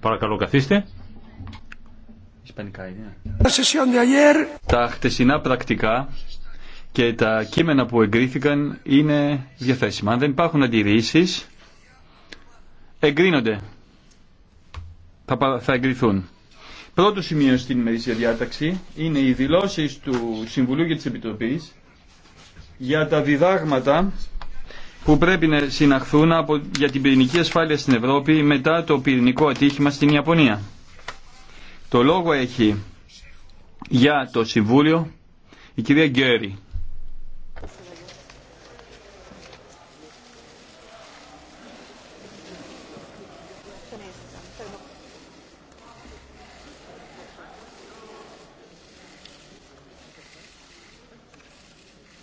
Παρακαλώ καθίστε. Τα χτεσινά πρακτικά και τα κείμενα που εγκρίθηκαν είναι διαθέσιμα. Αν δεν υπάρχουν αντιρρήσεις, εγκρίνονται. Θα, θα εγκριθούν. Πρώτο σημείο στην ημερήσια διάταξη είναι οι δηλώσεις του Συμβουλίου και τις Επιτροπή για τα διδάγματα που πρέπει να συναχθούν από, για την πυρηνική ασφάλεια στην Ευρώπη μετά το πυρηνικό ατύχημα στην Ιαπωνία. Το λόγο έχει για το Συμβούλιο η κυρία Γκέρι.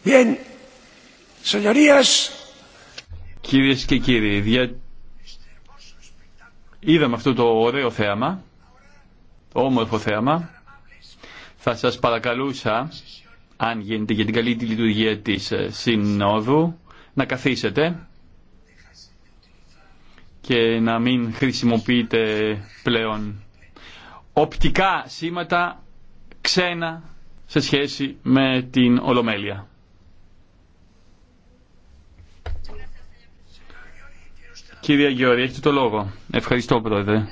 Bien, señorías, Κυρίες και κύριοι, δια... είδαμε αυτό το ωραίο θέαμα, όμορφο θέαμα. Θα σας παρακαλούσα, αν γίνεται για την καλή τη λειτουργία της ε, Συνόδου, να καθίσετε και να μην χρησιμοποιείτε πλέον οπτικά σήματα ξένα σε σχέση με την Ολομέλεια. Κύριε Γεώργη, έχετε το λόγο. Ευχαριστώ, Πρόεδρε.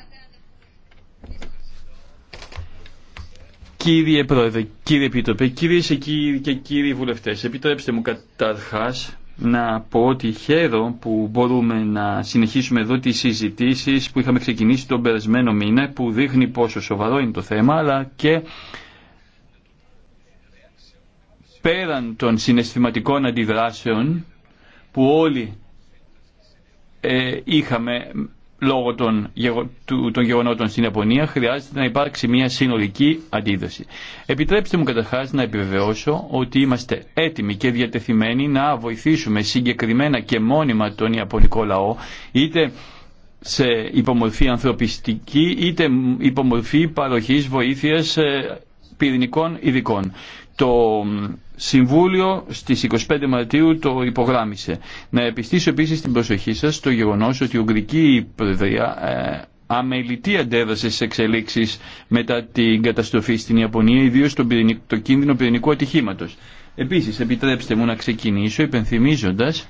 Κύριε Πρόεδρε, κύριε Επίτροπε, κυρίε και κύριοι βουλευτέ, επιτρέψτε μου καταρχά να πω ότι χαίρο που μπορούμε να συνεχίσουμε εδώ τις συζητήσεις που είχαμε ξεκινήσει τον περασμένο μήνα που δείχνει πόσο σοβαρό είναι το θέμα αλλά και πέραν των συναισθηματικών αντιδράσεων που όλοι ε, είχαμε λόγω των, των γεγονότων στην Ιαπωνία χρειάζεται να υπάρξει μια συνολική αντίδραση. Επιτρέψτε μου καταρχά να επιβεβαιώσω ότι είμαστε έτοιμοι και διατεθειμένοι να βοηθήσουμε συγκεκριμένα και μόνιμα τον Ιαπωνικό λαό είτε σε υπομορφή ανθρωπιστική είτε υπομορφή παροχής βοήθειας ε, πυρηνικών ειδικών. Το Συμβούλιο στις 25 Μαρτίου το υπογράμμισε. Να επιστήσω επίσης την προσοχή σας στο γεγονός ότι η Ουγγρική Προεδρία ε, αμελητή αντέδρασε στις εξελίξεις μετά την καταστροφή στην Ιαπωνία, ιδίως το κίνδυνο πυρηνικού ατυχήματος. Επίσης, επιτρέψτε μου να ξεκινήσω υπενθυμίζοντας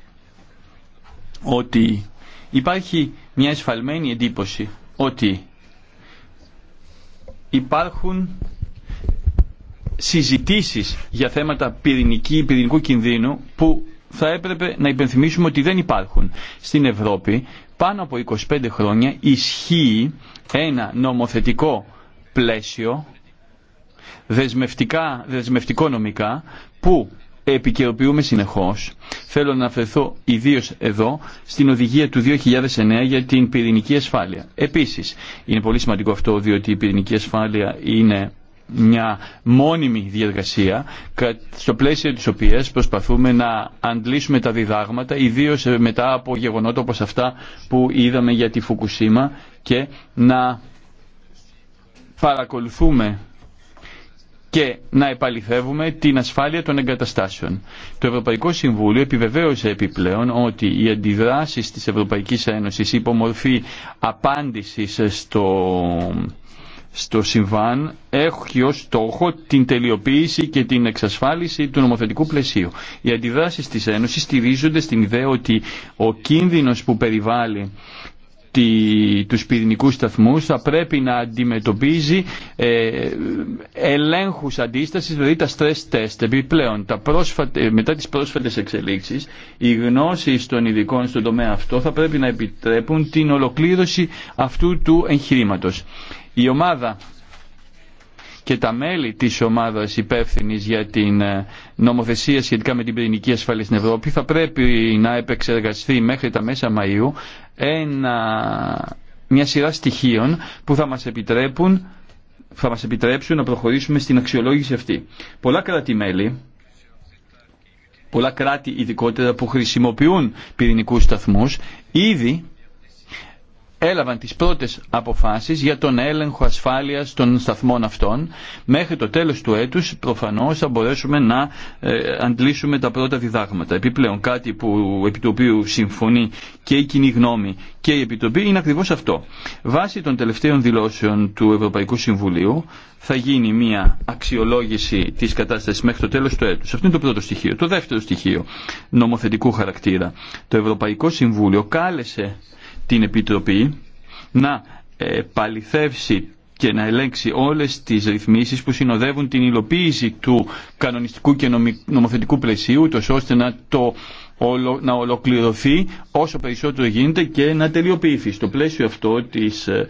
ότι υπάρχει μια εσφαλμένη εντύπωση ότι υπάρχουν συζητήσεις για θέματα πυρηνική, πυρηνικού κινδύνου που θα έπρεπε να υπενθυμίσουμε ότι δεν υπάρχουν. Στην Ευρώπη πάνω από 25 χρόνια ισχύει ένα νομοθετικό πλαίσιο δεσμευτικά, δεσμευτικό νομικά που επικαιροποιούμε συνεχώς. Θέλω να αναφερθώ ιδίω εδώ στην οδηγία του 2009 για την πυρηνική ασφάλεια. Επίσης, είναι πολύ σημαντικό αυτό διότι η πυρηνική ασφάλεια είναι μια μόνιμη διαδικασία στο πλαίσιο της οποίας προσπαθούμε να αντλήσουμε τα διδάγματα ιδίως ε, μετά από γεγονότα όπως αυτά που είδαμε για τη Φουκουσίμα και να παρακολουθούμε και να επαληθεύουμε την ασφάλεια των εγκαταστάσεων. Το Ευρωπαϊκό Συμβούλιο επιβεβαίωσε επιπλέον ότι οι αντιδράσεις της Ευρωπαϊκής Ένωσης υπό μορφή απάντησης στο στο συμβάν έχει ως στόχο την τελειοποίηση και την εξασφάλιση του νομοθετικού πλαισίου. Οι αντιδράσεις της Ένωσης στηρίζονται στην ιδέα ότι ο κίνδυνος που περιβάλλει τους πυρηνικούς σταθμούς θα πρέπει να αντιμετωπίζει ε, ελέγχους αντίστασης, δηλαδή τα stress test. Επιπλέον, τα μετά τις πρόσφατες εξελίξεις, οι γνώσεις των ειδικών στον τομέα αυτό θα πρέπει να επιτρέπουν την ολοκλήρωση αυτού του εγχειρήματος. Η ομάδα και τα μέλη της ομάδας υπεύθυνη για την ε, νομοθεσία σχετικά με την πυρηνική ασφάλεια στην Ευρώπη θα πρέπει να επεξεργαστεί μέχρι τα μέσα Μαΐου ένα, μια σειρά στοιχείων που θα μας επιτρέπουν θα μας επιτρέψουν να προχωρήσουμε στην αξιολόγηση αυτή. Πολλά κράτη-μέλη, πολλά κράτη ειδικότερα που χρησιμοποιούν πυρηνικούς σταθμούς, ήδη έλαβαν τις πρώτες αποφάσεις για τον έλεγχο ασφάλειας των σταθμών αυτών. Μέχρι το τέλος του έτους προφανώς θα μπορέσουμε να ε, αντλήσουμε τα πρώτα διδάγματα. Επιπλέον κάτι που, επί του οποίου συμφωνεί και η κοινή γνώμη και η Επιτροπή είναι ακριβώς αυτό. Βάσει των τελευταίων δηλώσεων του Ευρωπαϊκού Συμβουλίου θα γίνει μια αξιολόγηση της κατάστασης μέχρι το τέλος του έτους. Αυτό είναι το πρώτο στοιχείο. Το δεύτερο στοιχείο νομοθετικού χαρακτήρα. Το Ευρωπαϊκό Συμβούλιο κάλεσε την Επιτροπή να παληθεύσει και να ελέγξει όλες τις ρυθμίσεις που συνοδεύουν την υλοποίηση του κανονιστικού και νομοθετικού πλαισίου, ώστε να το να ολοκληρωθεί όσο περισσότερο γίνεται και να τελειοποιηθεί. Στο πλαίσιο αυτό της ε,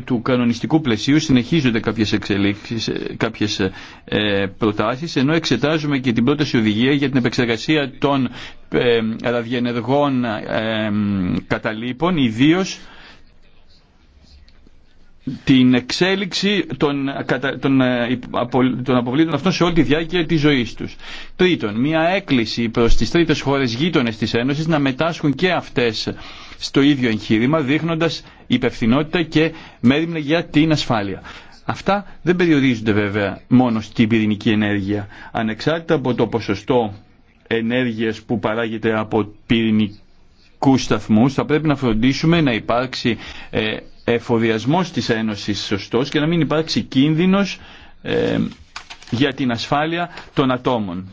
του, κανονιστικού πλαισίου συνεχίζονται κάποιες εξελίξεις, ε, κάποιες ε, προτάσεις, ενώ εξετάζουμε και την πρόταση οδηγία για την επεξεργασία των ε, ραδιενεργών ε, καταλήπων, ιδίως την εξέλιξη των, των, ε, των αποβλήτων αυτών σε όλη τη διάρκεια της ζωής τους. Τρίτον, μια έκκληση προς τις τρίτες χώρες γείτονες της Ένωσης να μετάσχουν και αυτές στο ίδιο εγχείρημα, δείχνοντα υπευθυνότητα και μέρημνα για την ασφάλεια. Αυτά δεν περιορίζονται βέβαια μόνο στην πυρηνική ενέργεια. Ανεξάρτητα από το ποσοστό ενέργειας που παράγεται από πυρηνικούς σταθμούς θα πρέπει να φροντίσουμε να υπάρξει ε, εφοδιασμός της Ένωσης σωστός και να μην υπάρξει κίνδυνος ε, για την ασφάλεια των ατόμων.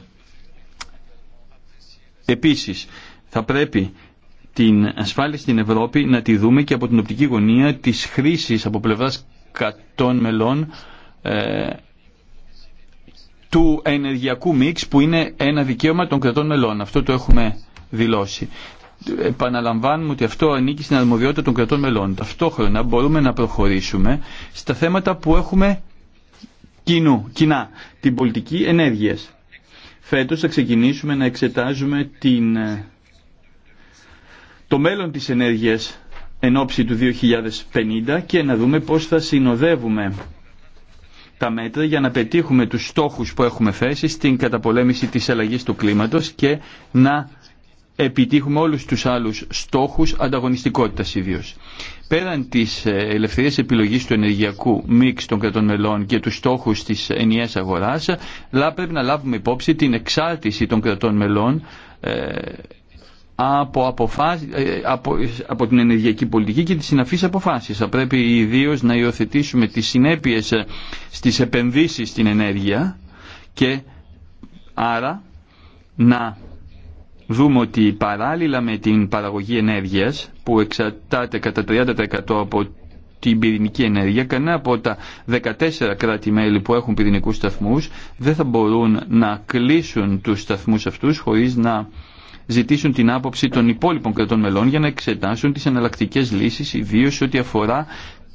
Επίσης, θα πρέπει την ασφάλεια στην Ευρώπη να τη δούμε και από την οπτική γωνία της χρήσης από πλευράς κατών μελών ε, του ενεργειακού μίξ που είναι ένα δικαίωμα των κρατών μελών. Αυτό το έχουμε δηλώσει. Επαναλαμβάνουμε ότι αυτό ανήκει στην αρμοδιότητα των κρατών μελών. Ταυτόχρονα μπορούμε να προχωρήσουμε στα θέματα που έχουμε κοινά, την πολιτική ενέργειας. Φέτος θα ξεκινήσουμε να εξετάζουμε την ε, το μέλλον της ενέργειας εν ώψη του 2050 και να δούμε πώς θα συνοδεύουμε τα μέτρα για να πετύχουμε τους στόχους που έχουμε θέσει στην καταπολέμηση της αλλαγής του κλίματος και να επιτύχουμε όλους τους άλλους στόχους ανταγωνιστικότητας ιδίως. Πέραν της ε, ελευθερίας επιλογής του ενεργειακού μίξ των κρατών μελών και τους στόχους της ενιαίας αγοράς, πρέπει να λάβουμε υπόψη την εξάρτηση των κρατών μελών ε, από, ε, από... από την ενεργειακή πολιτική και τις συναφείς αποφάσεις. Θα πρέπει ιδίω να υιοθετήσουμε τις συνέπειες ε, στις επενδύσεις στην ενέργεια και άρα να δούμε ότι παράλληλα με την παραγωγή ενέργειας που εξαρτάται κατά 30% από την πυρηνική ενέργεια, κανένα από τα 14 κράτη-μέλη που έχουν πυρηνικούς σταθμούς δεν θα μπορούν να κλείσουν τους σταθμούς αυτούς χωρίς να ζητήσουν την άποψη των υπόλοιπων κρατών μελών για να εξετάσουν τις εναλλακτικέ λύσεις, ιδίως ό,τι αφορά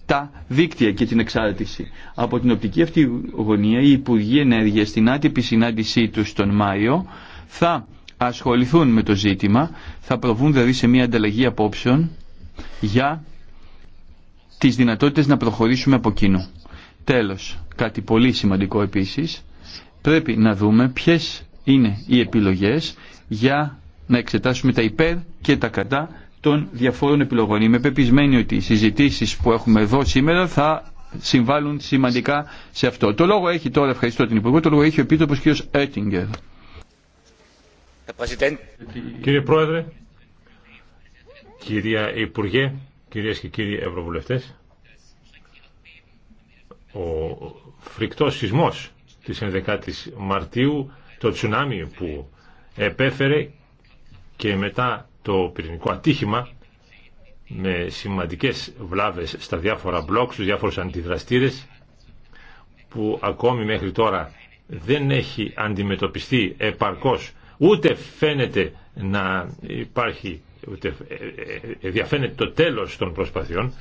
τα δίκτυα και την εξάρτηση. Από την οπτική αυτή γωνία, οι Υπουργοί Ενέργειας στην άτυπη συνάντησή τους τον Μάιο θα ασχοληθούν με το ζήτημα, θα προβούν δηλαδή σε μια ανταλλαγή απόψεων για τις δυνατότητες να προχωρήσουμε από κοινού. Τέλος, κάτι πολύ σημαντικό επίσης, πρέπει να δούμε ποιες είναι οι επιλογές για να εξετάσουμε τα υπέρ και τα κατά των διαφόρων επιλογών. Είμαι πεπισμένη ότι οι συζητήσεις που έχουμε εδώ σήμερα θα συμβάλλουν σημαντικά σε αυτό. Το λόγο έχει τώρα, ευχαριστώ την Υπουργό, το λόγο έχει ο Επίτροπος κ. Έτιγκερ. Κύριε Πρόεδρε, κυρία Υπουργέ, κυρίες και κύριοι Ευρωβουλευτές, ο φρικτός σεισμός της 11ης Μαρτίου, το τσουνάμι που επέφερε και μετά το πυρηνικό ατύχημα με σημαντικές βλάβες στα διάφορα μπλοκ, στους διάφορους αντιδραστήρες που ακόμη μέχρι τώρα δεν έχει αντιμετωπιστεί επαρκώς ούτε φαίνεται να υπάρχει ούτε ε, ε, διαφαίνεται το τέλος των προσπαθειών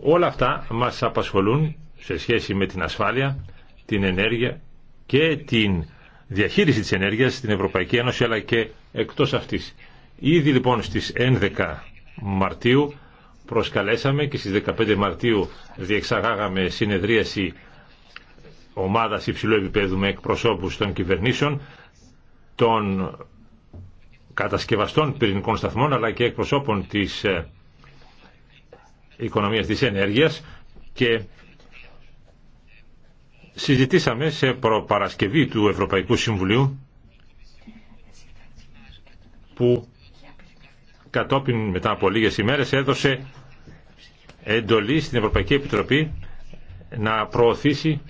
όλα αυτά μας απασχολούν σε σχέση με την ασφάλεια την ενέργεια και την διαχείριση της ενέργειας στην Ευρωπαϊκή Ένωση αλλά και εκτός αυτής. Ήδη λοιπόν στις 11 Μαρτίου προσκαλέσαμε και στις 15 Μαρτίου διεξαγάγαμε συνεδρίαση ομάδας υψηλού επίπεδου με εκπροσώπους των κυβερνήσεων, των κατασκευαστών πυρηνικών σταθμών αλλά και εκπροσώπων της ε, οικονομίας της ενέργειας και συζητήσαμε σε προπαρασκευή του Ευρωπαϊκού Συμβουλίου που κατόπιν μετά από λίγες ημέρες έδωσε εντολή στην Ευρωπαϊκή Επιτροπή να προωθήσει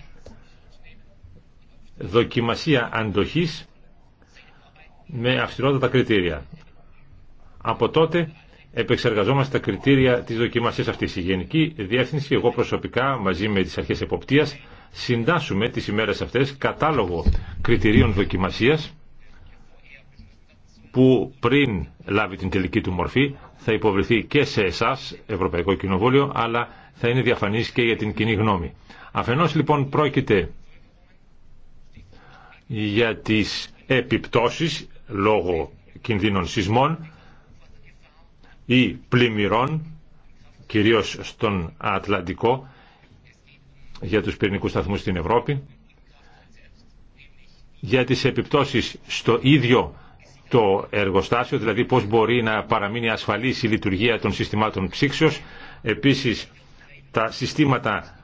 δοκιμασία αντοχής με αυστηρότατα κριτήρια. Από τότε επεξεργαζόμαστε τα κριτήρια της δοκιμασίας αυτής. Η Γενική Διεύθυνση, εγώ προσωπικά μαζί με τις αρχές εποπτείας, συντάσσουμε τις ημέρες αυτές κατάλογο κριτηρίων δοκιμασίας που πριν λάβει την τελική του μορφή θα υποβληθεί και σε εσάς, Ευρωπαϊκό Κοινοβούλιο, αλλά θα είναι διαφανής και για την κοινή γνώμη. Αφενός λοιπόν πρόκειται για τις επιπτώσεις λόγω κινδύνων σεισμών ή πλημμυρών, κυρίως στον Ατλαντικό, για τους πυρηνικούς σταθμούς στην Ευρώπη, για τις επιπτώσεις στο ίδιο το εργοστάσιο, δηλαδή πώς μπορεί να παραμείνει ασφαλής η λειτουργία των συστημάτων ψήξεως, επίσης τα συστήματα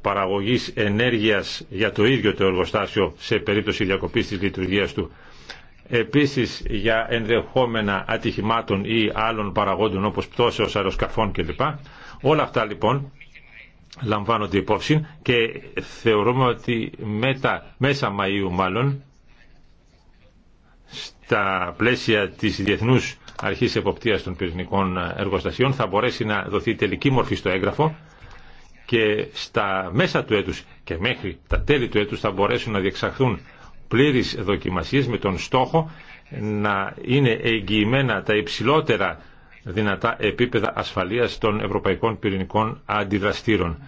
παραγωγής ενέργειας για το ίδιο το εργοστάσιο σε περίπτωση διακοπής της λειτουργίας του, επίσης για ενδεχόμενα ατυχημάτων ή άλλων παραγόντων όπως πτώσεως αεροσκαφών κλπ. Όλα αυτά λοιπόν λαμβάνονται υπόψη και θεωρούμε ότι μετά, μέσα Μαΐου μάλλον στα πλαίσια της Διεθνούς Αρχής Εποπτείας των Πυρηνικών Εργοστασιών θα μπορέσει να δοθεί τελική μορφή στο έγγραφο και στα μέσα του έτους και μέχρι τα τέλη του έτους θα μπορέσουν να διεξαχθούν πλήρεις δοκιμασίες με τον στόχο να είναι εγγυημένα τα υψηλότερα δυνατά επίπεδα ασφαλείας των ευρωπαϊκών πυρηνικών αντιδραστήρων.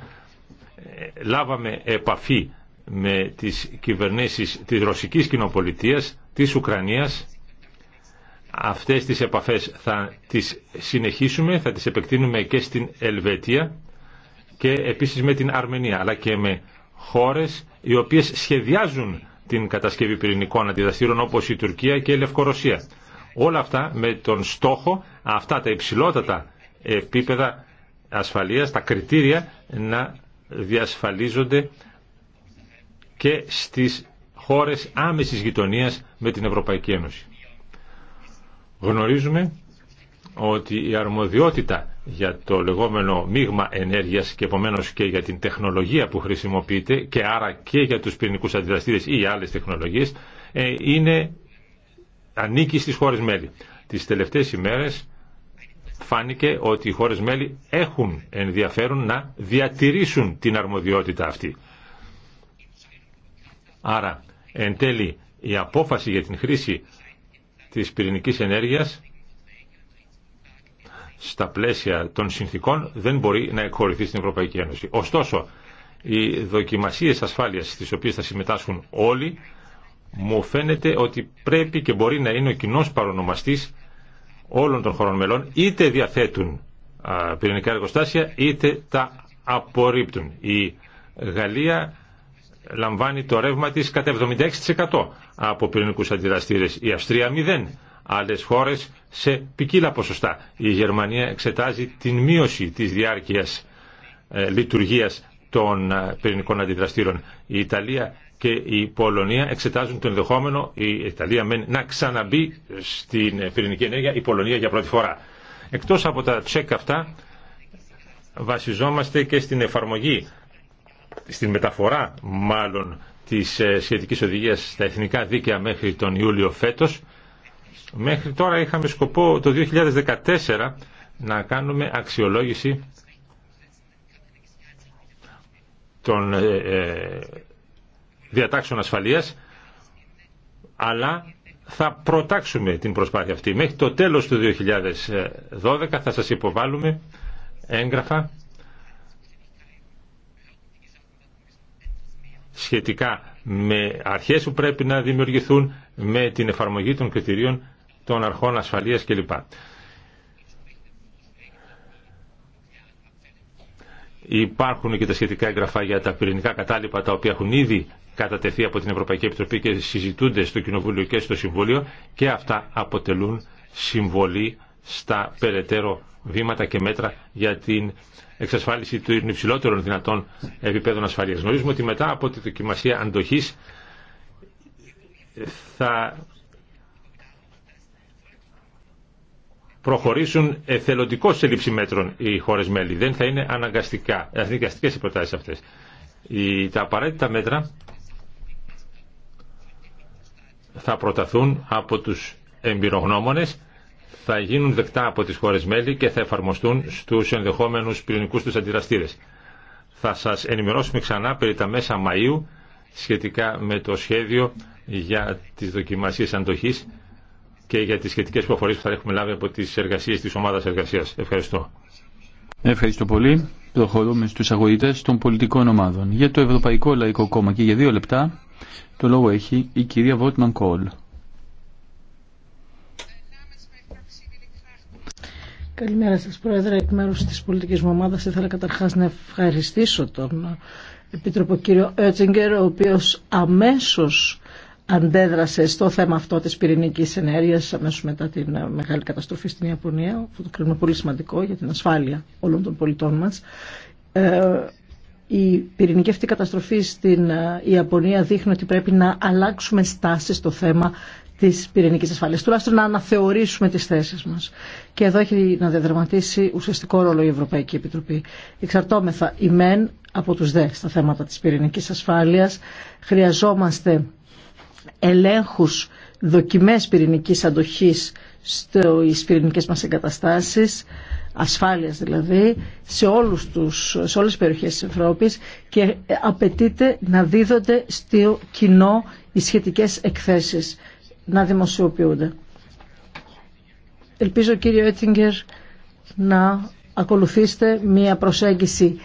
Ε, λάβαμε επαφή με τις κυβερνήσεις της Ρωσικής Κοινοπολιτείας, της Ουκρανίας. Αυτές τις επαφές θα τις συνεχίσουμε, θα τις επεκτείνουμε και στην Ελβετία και επίσης με την Αρμενία, αλλά και με χώρες οι οποίες σχεδιάζουν την κατασκευή πυρηνικών αντιδραστήρων όπως η Τουρκία και η Λευκορωσία. Όλα αυτά με τον στόχο αυτά τα υψηλότατα επίπεδα ασφαλείας, τα κριτήρια να διασφαλίζονται και στις χώρες άμεσης γειτονίας με την Ευρωπαϊκή Ένωση. Γνωρίζουμε ότι η αρμοδιότητα για το λεγόμενο μείγμα ενέργειας και επομένως και για την τεχνολογία που χρησιμοποιείται και άρα και για τους πυρηνικούς αντιδραστήρες ή άλλες τεχνολογίες ε, είναι ανήκει στις χώρες μέλη. Τις τελευταίες ημέρες φάνηκε ότι οι χώρες μέλη έχουν ενδιαφέρον να διατηρήσουν την αρμοδιότητα αυτή. Άρα, εν τέλει, η απόφαση για την χρήση της πυρηνικής ενέργειας στα πλαίσια των συνθήκων δεν μπορεί να εκχωρηθεί στην Ευρωπαϊκή Ένωση. Ωστόσο, οι δοκιμασίες ασφάλειας στις οποίες θα συμμετάσχουν όλοι μου φαίνεται ότι πρέπει και μπορεί να είναι ο κοινό παρονομαστή όλων των χωρών μελών, είτε διαθέτουν πυρηνικά εργοστάσια, είτε τα απορρίπτουν. Η Γαλλία λαμβάνει το ρεύμα της κατά 76% από πυρηνικούς αντιδραστήρες. Η Αυστρία 0%. Άλλες χώρες σε ποικίλα ποσοστά. Η Γερμανία εξετάζει την μείωση της διάρκειας ε, λειτουργίας των ε, πυρηνικών αντιδραστήρων. Η Ιταλία και η Πολωνία εξετάζουν το ενδεχόμενο η Ιταλία να ξαναμπεί στην πυρηνική ενέργεια, η Πολωνία για πρώτη φορά. Εκτός από τα τσέκ αυτά, βασιζόμαστε και στην εφαρμογή, στην μεταφορά μάλλον της ε, σχετικής οδηγίας στα εθνικά δίκαια μέχρι τον Ιούλιο φέτος. Μέχρι τώρα είχαμε σκοπό το 2014 να κάνουμε αξιολόγηση των ε, ε, διατάξεων ασφαλείας, αλλά θα προτάξουμε την προσπάθεια αυτή. Μέχρι το τέλος του 2012 θα σας υποβάλουμε έγγραφα σχετικά με αρχές που πρέπει να δημιουργηθούν με την εφαρμογή των κριτηρίων των αρχών ασφαλείας κλπ. Υπάρχουν και τα σχετικά εγγραφά για τα πυρηνικά κατάλοιπα τα οποία έχουν ήδη κατατεθεί από την Ευρωπαϊκή Επιτροπή και συζητούνται στο Κοινοβούλιο και στο Συμβούλιο και αυτά αποτελούν συμβολή στα περαιτέρω βήματα και μέτρα για την εξασφάλιση των υψηλότερων δυνατών επιπέδων ασφαλείας. Γνωρίζουμε ότι μετά από τη δοκιμασία αντοχής θα προχωρήσουν εθελοντικώ σε λήψη μέτρων οι χώρε μέλη. Δεν θα είναι αναγκαστικά, αναγκαστικέ οι προτάσει αυτέ. Τα απαραίτητα μέτρα θα προταθούν από του εμπειρογνώμονε, θα γίνουν δεκτά από τι χώρε μέλη και θα εφαρμοστούν στου ενδεχόμενου πυρηνικού του αντιδραστήρε. Θα σας ενημερώσουμε ξανά περί τα μέσα Μαΐου σχετικά με το σχέδιο για τις δοκιμασίες αντοχής και για τις σχετικές προφορίες που θα έχουμε λάβει από τις εργασίες της ομάδας εργασίας. Ευχαριστώ. Ευχαριστώ πολύ. Προχωρούμε στους αγωγητές των πολιτικών ομάδων. Για το Ευρωπαϊκό Λαϊκό Κόμμα και για δύο λεπτά το λόγο έχει η κυρία Βότμαν Κόλ. Καλημέρα σας Πρόεδρε, εκ μέρους της πολιτικής μου ομάδας ήθελα καταρχάς να ευχαριστήσω τον Επίτροπο κύριο Έτσιγκερ, ο οποίος αμέσως αντέδρασε στο θέμα αυτό της πυρηνικής ενέργειας αμέσως μετά την ε, μεγάλη καταστροφή στην Ιαπωνία, που το κρίνουμε πολύ σημαντικό για την ασφάλεια όλων των πολιτών μας. Ε, η πυρηνική αυτή καταστροφή στην ε, Ιαπωνία δείχνει ότι πρέπει να αλλάξουμε στάσεις στο θέμα τη πυρηνική ασφάλεια. Τουλάχιστον να αναθεωρήσουμε τι θέσει μα. Και εδώ έχει να διαδραματίσει ουσιαστικό ρόλο η Ευρωπαϊκή Επιτροπή. Εξαρτώμεθα ημέν από του δε στα θέματα τη πυρηνική ασφάλεια. Χρειαζόμαστε ελέγχους δοκιμές πυρηνικής αντοχής στις πυρηνικές μας εγκαταστάσεις, ασφάλειας δηλαδή, σε, όλους τους, σε όλες τις περιοχές της Ευρώπης και απαιτείται να δίδονται στο κοινό οι σχετικές εκθέσεις, να δημοσιοποιούνται. Ελπίζω κύριο Έτιγκερ να ακολουθήσετε μία προσέγγιση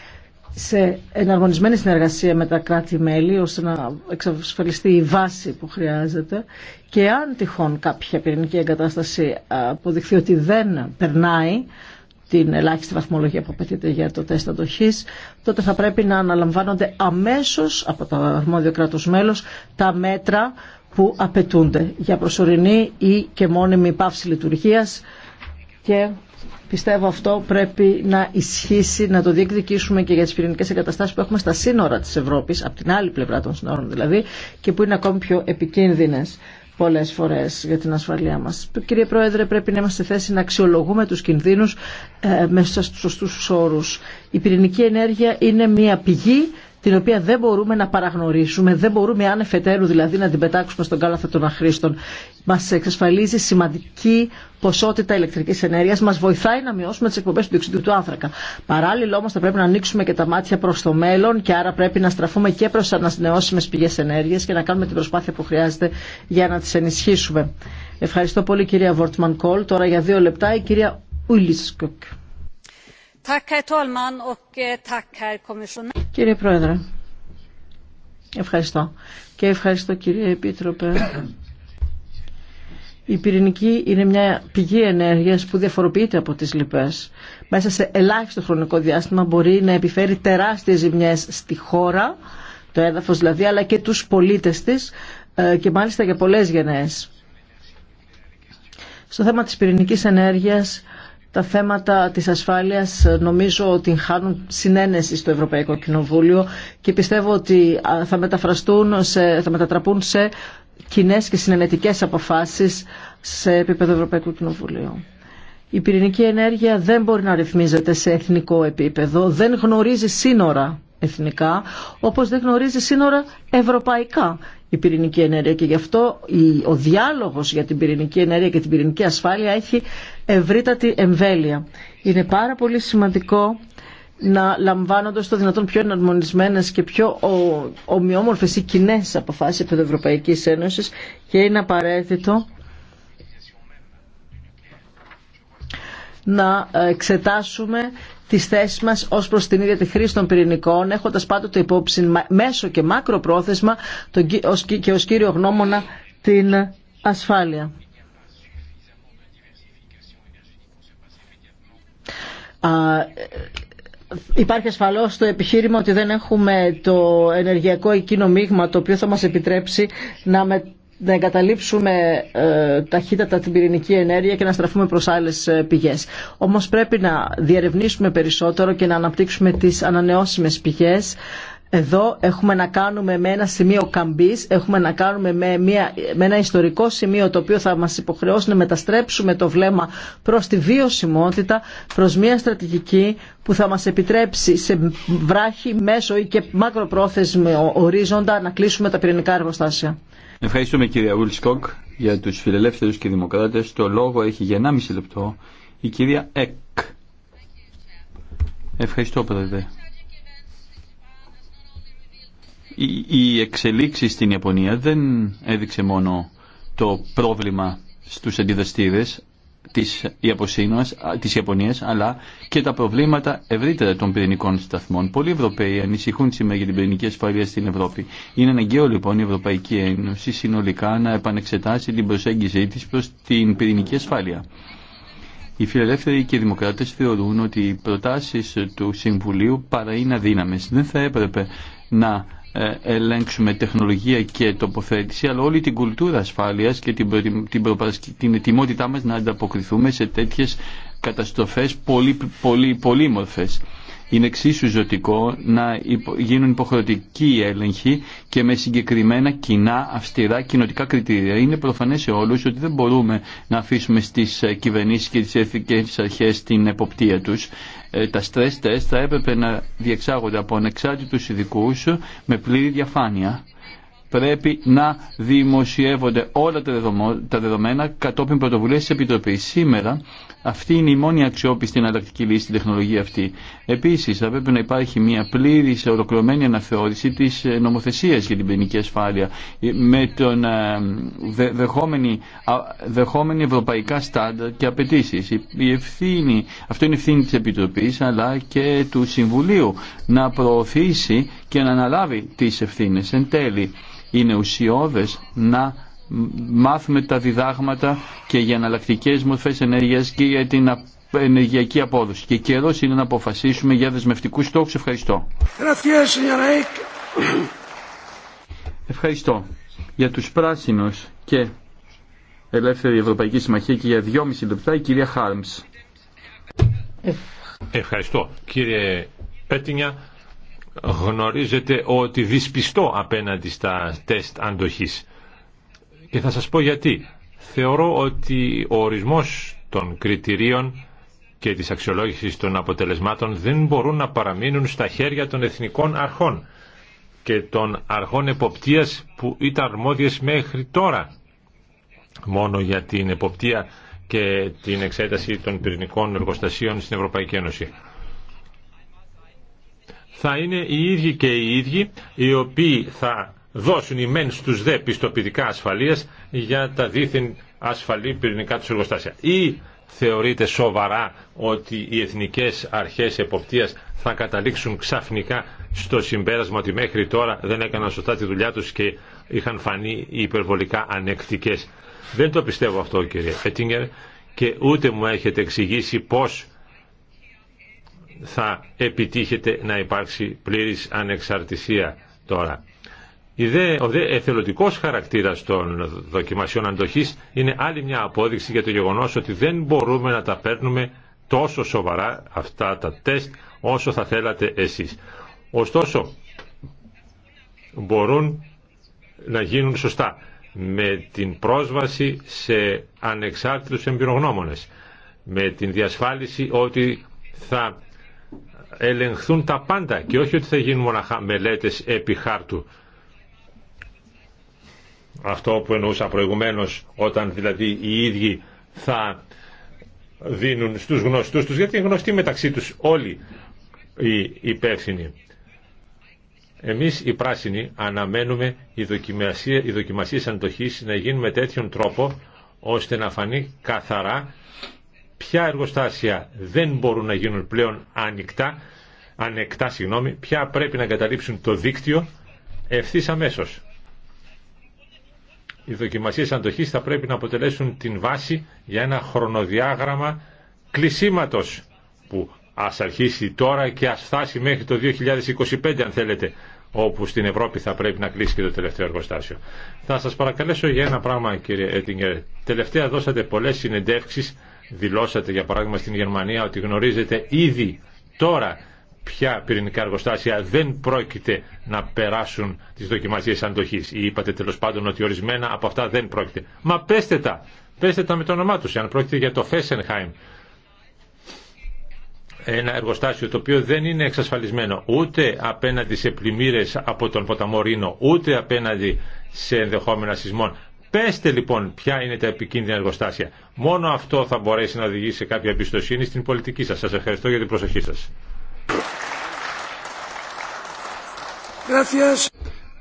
σε εναρμονισμένη συνεργασία με τα κράτη-μέλη ώστε να εξασφαλιστεί η βάση που χρειάζεται και αν τυχόν κάποια πυρηνική εγκατάσταση αποδειχθεί ότι δεν περνάει την ελάχιστη βαθμολογία που απαιτείται για το τεστ αντοχής, τότε θα πρέπει να αναλαμβάνονται αμέσως από το αρμόδιο κράτος μέλος τα μέτρα που απαιτούνται για προσωρινή ή και μόνιμη πάυση λειτουργίας και Πιστεύω αυτό πρέπει να ισχύσει, να το διεκδικήσουμε και για τις πυρηνικέ εγκαταστάσεις που έχουμε στα σύνορα της Ευρώπης, από την άλλη πλευρά των σύνορων δηλαδή, και που είναι ακόμη πιο επικίνδυνες πολλές φορές για την ασφαλεία μας. Κύριε Πρόεδρε, πρέπει να είμαστε θέση να αξιολογούμε τους κινδύνους ε, μέσα στου σωστού όρου. Η πυρηνική ενέργεια είναι μια πηγή την οποία δεν μπορούμε να παραγνωρίσουμε, δεν μπορούμε ανεφετέρου δηλαδή να την πετάξουμε στον κάλαθο των αχρήστων. Μα εξασφαλίζει σημαντική ποσότητα ηλεκτρική ενέργεια, μα βοηθάει να μειώσουμε τι εκπομπέ του διοξιδίου του άνθρακα. Παράλληλα όμω θα πρέπει να ανοίξουμε και τα μάτια προ το μέλλον και άρα πρέπει να στραφούμε και προ ανανεώσιμε πηγέ ενέργεια και να κάνουμε την προσπάθεια που χρειάζεται για να τι ενισχύσουμε. Ευχαριστώ πολύ κυρία Βόρτμαν Κόλ. Τώρα για δύο λεπτά η κυρία Ουλίσκοκ. Κύριε Πρόεδρε, ευχαριστώ. Και ευχαριστώ κύριε Επίτροπε. Η πυρηνική είναι μια πηγή ενέργειας που διαφοροποιείται από τις λοιπές. Μέσα σε ελάχιστο χρονικό διάστημα μπορεί να επιφέρει τεράστιες ζημιές στη χώρα, το έδαφος δηλαδή, αλλά και τους πολίτες της ε, και μάλιστα για πολλές γενναίες. Στο θέμα της πυρηνικής ενέργειας τα θέματα της ασφάλειας νομίζω ότι χάνουν συνένεση στο Ευρωπαϊκό Κοινοβούλιο και πιστεύω ότι θα, μεταφραστούν σε, θα μετατραπούν σε κοινέ και συνενετικές αποφάσεις σε επίπεδο Ευρωπαϊκού Κοινοβουλίου. Η πυρηνική ενέργεια δεν μπορεί να ρυθμίζεται σε εθνικό επίπεδο, δεν γνωρίζει σύνορα εθνικά, όπως δεν γνωρίζει σύνορα ευρωπαϊκά η πυρηνική ενέργεια. Και γι' αυτό ο διάλογος για την πυρηνική ενέργεια και την πυρηνική ασφάλεια έχει ευρύτατη εμβέλεια. Είναι πάρα πολύ σημαντικό να λαμβάνονται στο δυνατόν πιο εναρμονισμένε και πιο ομοιόμορφε ή κοινέ αποφάσει την Ευρωπαϊκή Ένωση και είναι απαραίτητο να εξετάσουμε τις θέσεις μας ως προς την ίδια τη χρήση των πυρηνικών, έχοντας πάντοτε υπόψη μέσο και μάκρο πρόθεσμα και ως κύριο γνώμονα την ασφάλεια. Υπάρχει ασφαλώ το επιχείρημα ότι δεν έχουμε το ενεργειακό εκείνο μείγμα το οποίο θα μας επιτρέψει να, με, να εγκαταλείψουμε ε, ταχύτατα την πυρηνική ενέργεια και να στραφούμε προς άλλες ε, πηγές. Όμως πρέπει να διερευνήσουμε περισσότερο και να αναπτύξουμε τις ανανεώσιμες πηγές εδώ έχουμε να κάνουμε με ένα σημείο καμπής, έχουμε να κάνουμε με, μια, με ένα ιστορικό σημείο το οποίο θα μας υποχρεώσει να μεταστρέψουμε το βλέμμα προς τη βιωσιμότητα, προς μια στρατηγική που θα μας επιτρέψει σε βράχη, μέσο ή και μακροπρόθεσμο ορίζοντα να κλείσουμε τα πυρηνικά εργοστάσια. Ευχαριστούμε κυρία Ουλσκοκ για του φιλελεύθερου και δημοκράτες. Το λόγο έχει για 1,5 λεπτό η κυρία Εκ. Ευχαριστώ πρόεδρε. Οι εξελίξη στην Ιαπωνία δεν έδειξε μόνο το πρόβλημα στους αντιδραστήρες της, της Ιαπωνίας αλλά και τα προβλήματα ευρύτερα των πυρηνικών σταθμών. Πολλοί Ευρωπαίοι ανησυχούν σήμερα για την πυρηνική ασφαλεία στην Ευρώπη. Είναι αναγκαίο λοιπόν η Ευρωπαϊκή Ένωση συνολικά να επανεξετάσει την προσέγγιση της προς την πυρηνική ασφάλεια. Οι φιλελεύθεροι και οι δημοκράτες θεωρούν ότι οι προτάσει του Συμβουλίου παρά είναι Δεν θα έπρεπε να ε, ελέγξουμε τεχνολογία και τοποθέτηση, αλλά όλη την κουλτούρα ασφάλειας και την, την, την ετοιμότητά μας να ανταποκριθούμε σε τέτοιες καταστροφές πολύ, πολύ, πολύ μορφές είναι εξίσου ζωτικό να γίνουν υποχρεωτικοί έλεγχοι και με συγκεκριμένα κοινά αυστηρά κοινοτικά κριτήρια. Είναι προφανές σε όλου ότι δεν μπορούμε να αφήσουμε στις ε, κυβερνήσει και τι εθνικέ αρχές την εποπτεία τους. Ε, τα stress test θα έπρεπε να διεξάγονται από ανεξάρτητους ειδικού με πλήρη διαφάνεια πρέπει να δημοσιεύονται όλα τα δεδομένα κατόπιν πρωτοβουλία τη Επιτροπή. Σήμερα αυτή είναι η μόνη αξιόπιστη εναλλακτική λύση στην τεχνολογία αυτή. Επίση, θα πρέπει να υπάρχει μια πλήρη, ολοκληρωμένη αναθεώρηση τη ε, νομοθεσία για την ποινική ασφάλεια, ε, με τον ε, δεχόμενη, δεχόμενη ευρωπαϊκά στάνταρ και απαιτήσει. αυτό είναι η ευθύνη τη Επιτροπή, αλλά και του Συμβουλίου να προωθήσει και να αναλάβει τι ευθύνε. Εν τέλει, είναι ουσιώδε να μάθουμε τα διδάγματα και για εναλλακτικέ μορφέ ενέργεια και για την ενεργειακή απόδοση. Και καιρό είναι να αποφασίσουμε για δεσμευτικού στόχου. Ευχαριστώ. Ευχαριστώ. Για τους πράσινους και Ελεύθερη Ευρωπαϊκή Συμμαχία και για δυόμιση λεπτά η κυρία Χάρμς. Ευχαριστώ. Κύριε Πέτινια, γνωρίζετε ότι δυσπιστώ απέναντι στα τεστ αντοχής. Και θα σας πω γιατί. Θεωρώ ότι ο ορισμός των κριτηρίων και της αξιολόγησης των αποτελεσμάτων δεν μπορούν να παραμείνουν στα χέρια των εθνικών αρχών και των αρχών εποπτείας που ήταν αρμόδιες μέχρι τώρα μόνο για την εποπτεία και την εξέταση των πυρηνικών εργοστασίων στην Ευρωπαϊκή Ένωση. Θα είναι οι ίδιοι και οι ίδιοι οι οποίοι θα δώσουν οι μεν στους δε πιστοποιητικά ασφαλείας για τα δίθεν ασφαλή πυρηνικά τους εργοστάσια. Ή θεωρείται σοβαρά ότι οι εθνικές αρχές εποπτείας θα καταλήξουν ξαφνικά στο συμπέρασμα ότι μέχρι τώρα δεν έκαναν σωστά τη δουλειά τους και είχαν φανεί υπερβολικά ανεκτικές. Δεν το πιστεύω αυτό κύριε Φέτιγκερ και ούτε μου έχετε εξηγήσει πώς θα επιτύχετε να υπάρξει πλήρης ανεξαρτησία τώρα ο δε εθελοντικός χαρακτήρας των δοκιμασιών αντοχής είναι άλλη μια απόδειξη για το γεγονός ότι δεν μπορούμε να τα παίρνουμε τόσο σοβαρά αυτά τα τεστ όσο θα θέλατε εσείς. Ωστόσο, μπορούν να γίνουν σωστά με την πρόσβαση σε ανεξάρτητους εμπειρογνώμονες, με την διασφάλιση ότι θα ελεγχθούν τα πάντα και όχι ότι θα γίνουν μοναχά μελέτες επί χάρτου αυτό που εννοούσα προηγουμένως όταν δηλαδή οι ίδιοι θα δίνουν στους γνωστούς τους γιατί είναι γνωστοί μεταξύ τους όλοι οι υπεύθυνοι. Εμείς οι πράσινοι αναμένουμε η δοκιμασία, οι δοκιμασίες αντοχής να γίνουν με τέτοιον τρόπο ώστε να φανεί καθαρά ποια εργοστάσια δεν μπορούν να γίνουν πλέον ανοιχτά, ανεκτά, συγγνώμη, ποια πρέπει να καταλήψουν το δίκτυο ευθύ αμέσω οι δοκιμασίες αντοχής θα πρέπει να αποτελέσουν την βάση για ένα χρονοδιάγραμμα κλεισίματος που ας αρχίσει τώρα και ας φτάσει μέχρι το 2025 αν θέλετε όπου στην Ευρώπη θα πρέπει να κλείσει και το τελευταίο εργοστάσιο. Θα σας παρακαλέσω για ένα πράγμα κύριε Έτιγκερ. Τελευταία δώσατε πολλές συνεντεύξεις, δηλώσατε για παράδειγμα στην Γερμανία ότι γνωρίζετε ήδη τώρα ποια πυρηνικά εργοστάσια δεν πρόκειται να περάσουν τι δοκιμασίε αντοχής. Ή είπατε τέλο πάντων ότι ορισμένα από αυτά δεν πρόκειται. Μα πέστε τα, πέστε τα με το όνομά του αν πρόκειται για το Φέσενχάιμ. Ένα εργοστάσιο το οποίο δεν είναι εξασφαλισμένο ούτε απέναντι σε πλημμύρε από τον ποταμό Ρήνο, ούτε απέναντι σε ενδεχόμενα σεισμών. Πέστε λοιπόν ποια είναι τα επικίνδυνα εργοστάσια. Μόνο αυτό θα μπορέσει να οδηγήσει σε κάποια εμπιστοσύνη στην πολιτική σας. Σας ευχαριστώ για την προσοχή σας.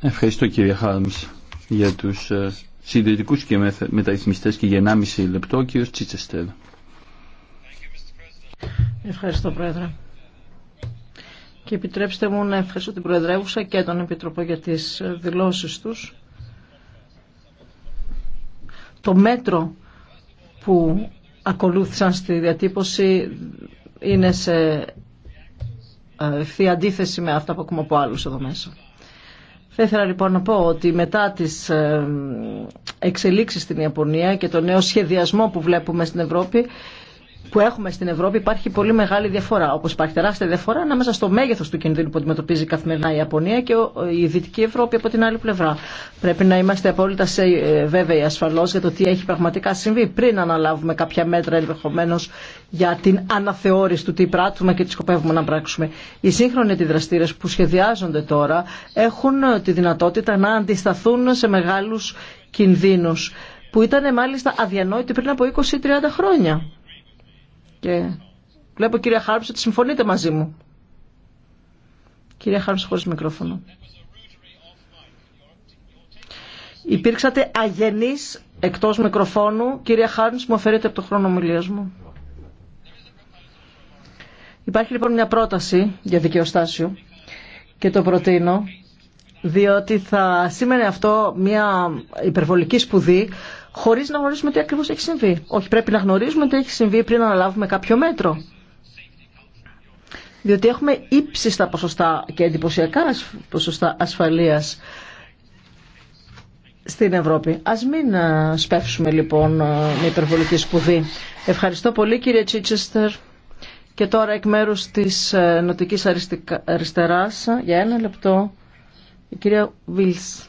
Ευχαριστώ κύριε Χάρμς για τους ε, συντηρητικούς και μεταρρυθμιστές και για 1,5 λεπτό κύριο Τσίτσεστερ. Ευχαριστώ Πρόεδρε. Και επιτρέψτε μου να ευχαριστώ την Προεδρεύουσα και τον Επιτροπό για τις ε, δηλώσεις τους. Το μέτρο που ακολούθησαν στη διατύπωση είναι σε ευθύ αντίθεση με αυτά που ακούμε από άλλους εδώ μέσα. Θα ήθελα λοιπόν να πω ότι μετά τις ε, εξελίξεις στην Ιαπωνία και το νέο σχεδιασμό που βλέπουμε στην Ευρώπη που έχουμε στην Ευρώπη υπάρχει πολύ μεγάλη διαφορά. Όπω υπάρχει τεράστια διαφορά ανάμεσα στο μέγεθο του κινδύνου που αντιμετωπίζει καθημερινά η Ιαπωνία και η Δυτική Ευρώπη από την άλλη πλευρά. Πρέπει να είμαστε απόλυτα σε, ε, βέβαιοι ασφαλώ για το τι έχει πραγματικά συμβεί πριν αναλάβουμε κάποια μέτρα ενδεχομένω για την αναθεώρηση του τι πράττουμε και τι σκοπεύουμε να πράξουμε. Οι σύγχρονοι αντιδραστήρε που σχεδιάζονται τώρα έχουν ε, τη δυνατότητα να αντισταθούν σε μεγάλου κινδύνου που ήταν μάλιστα αδιανόητοι πριν από 20-30 χρόνια. Και βλέπω κυρία Χάρμς ότι συμφωνείτε μαζί μου. Κυρία Χάρμς χωρίς μικρόφωνο. Υπήρξατε αγενείς εκτός μικροφώνου. Κυρία Χάρμς μου αφαιρείτε από το χρόνο ομιλίας μου. Υπάρχει λοιπόν μια πρόταση για δικαιοστάσιο και το προτείνω διότι θα σήμαινε αυτό μια υπερβολική σπουδή χωρί να γνωρίζουμε τι ακριβώ έχει συμβεί. Όχι, πρέπει να γνωρίζουμε τι έχει συμβεί πριν να αναλάβουμε κάποιο μέτρο. Διότι έχουμε ύψιστα ποσοστά και εντυπωσιακά ποσοστά ασφαλεία στην Ευρώπη. Ας μην ε, σπεύσουμε λοιπόν ε, με υπερβολική σπουδή. Ευχαριστώ πολύ κύριε Τσίτσεστερ. Και τώρα εκ μέρους της ε, Νοτικής Αριστεράς, για ένα λεπτό, η κυρία Βίλς.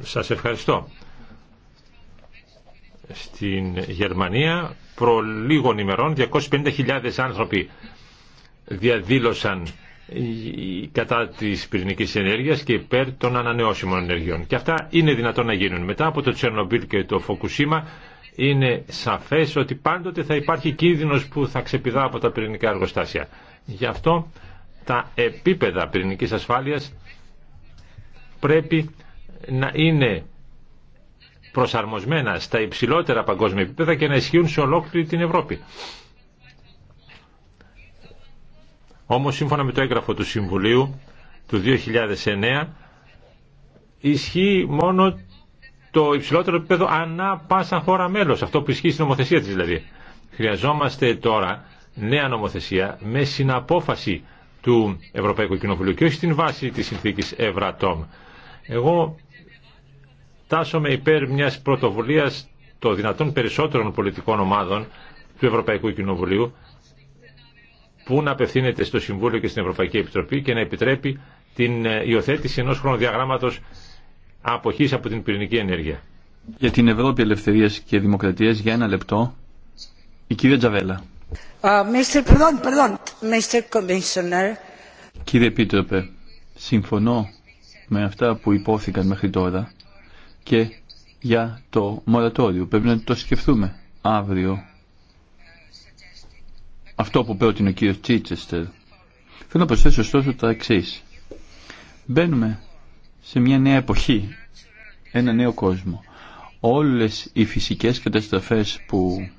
Σας ευχαριστώ. Στην Γερμανία προ λίγων ημερών 250.000 άνθρωποι διαδήλωσαν κατά της πυρηνικής ενέργειας και υπέρ των ανανεώσιμων ενεργειών. Και αυτά είναι δυνατόν να γίνουν. Μετά από το Τσερνομπίλ και το Φοκουσίμα είναι σαφές ότι πάντοτε θα υπάρχει κίνδυνος που θα ξεπηδά από τα πυρηνικά εργοστάσια. Γι' αυτό τα επίπεδα πυρηνικής ασφάλειας πρέπει να είναι προσαρμοσμένα στα υψηλότερα παγκόσμια επίπεδα και να ισχύουν σε ολόκληρη την Ευρώπη. Όμως σύμφωνα με το έγγραφο του Συμβουλίου του 2009 ισχύει μόνο το υψηλότερο επίπεδο ανά πάσα χώρα μέλος, αυτό που ισχύει στην νομοθεσία της δηλαδή. Χρειαζόμαστε τώρα νέα νομοθεσία με συναπόφαση του Ευρωπαϊκού Κοινοβουλίου και όχι στην βάση της συνθήκης Ευρατόμ. Εγώ τάσομαι υπέρ μιας πρωτοβουλίας των δυνατόν περισσότερων πολιτικών ομάδων του Ευρωπαϊκού Κοινοβουλίου που να απευθύνεται στο Συμβούλιο και στην Ευρωπαϊκή Επιτροπή και να επιτρέπει την ε, υιοθέτηση ενός χρονοδιαγράμματος αποχής από την πυρηνική ενέργεια. Για την Ευρώπη Ελευθερίας και Δημοκρατίας, για ένα λεπτό, η κυρία Τζαβέλα. Κύριε Επίτροπε, συμφωνώ με αυτά που υπόθηκαν μέχρι τώρα και για το μορατόριο. Πρέπει να το σκεφτούμε αύριο. Αυτό που πρότεινε ο κύριος Τσίτσεστερ. Θέλω να προσθέσω ωστόσο τα εξή. Μπαίνουμε σε μια νέα εποχή, ένα νέο κόσμο. Όλες οι φυσικές καταστροφές που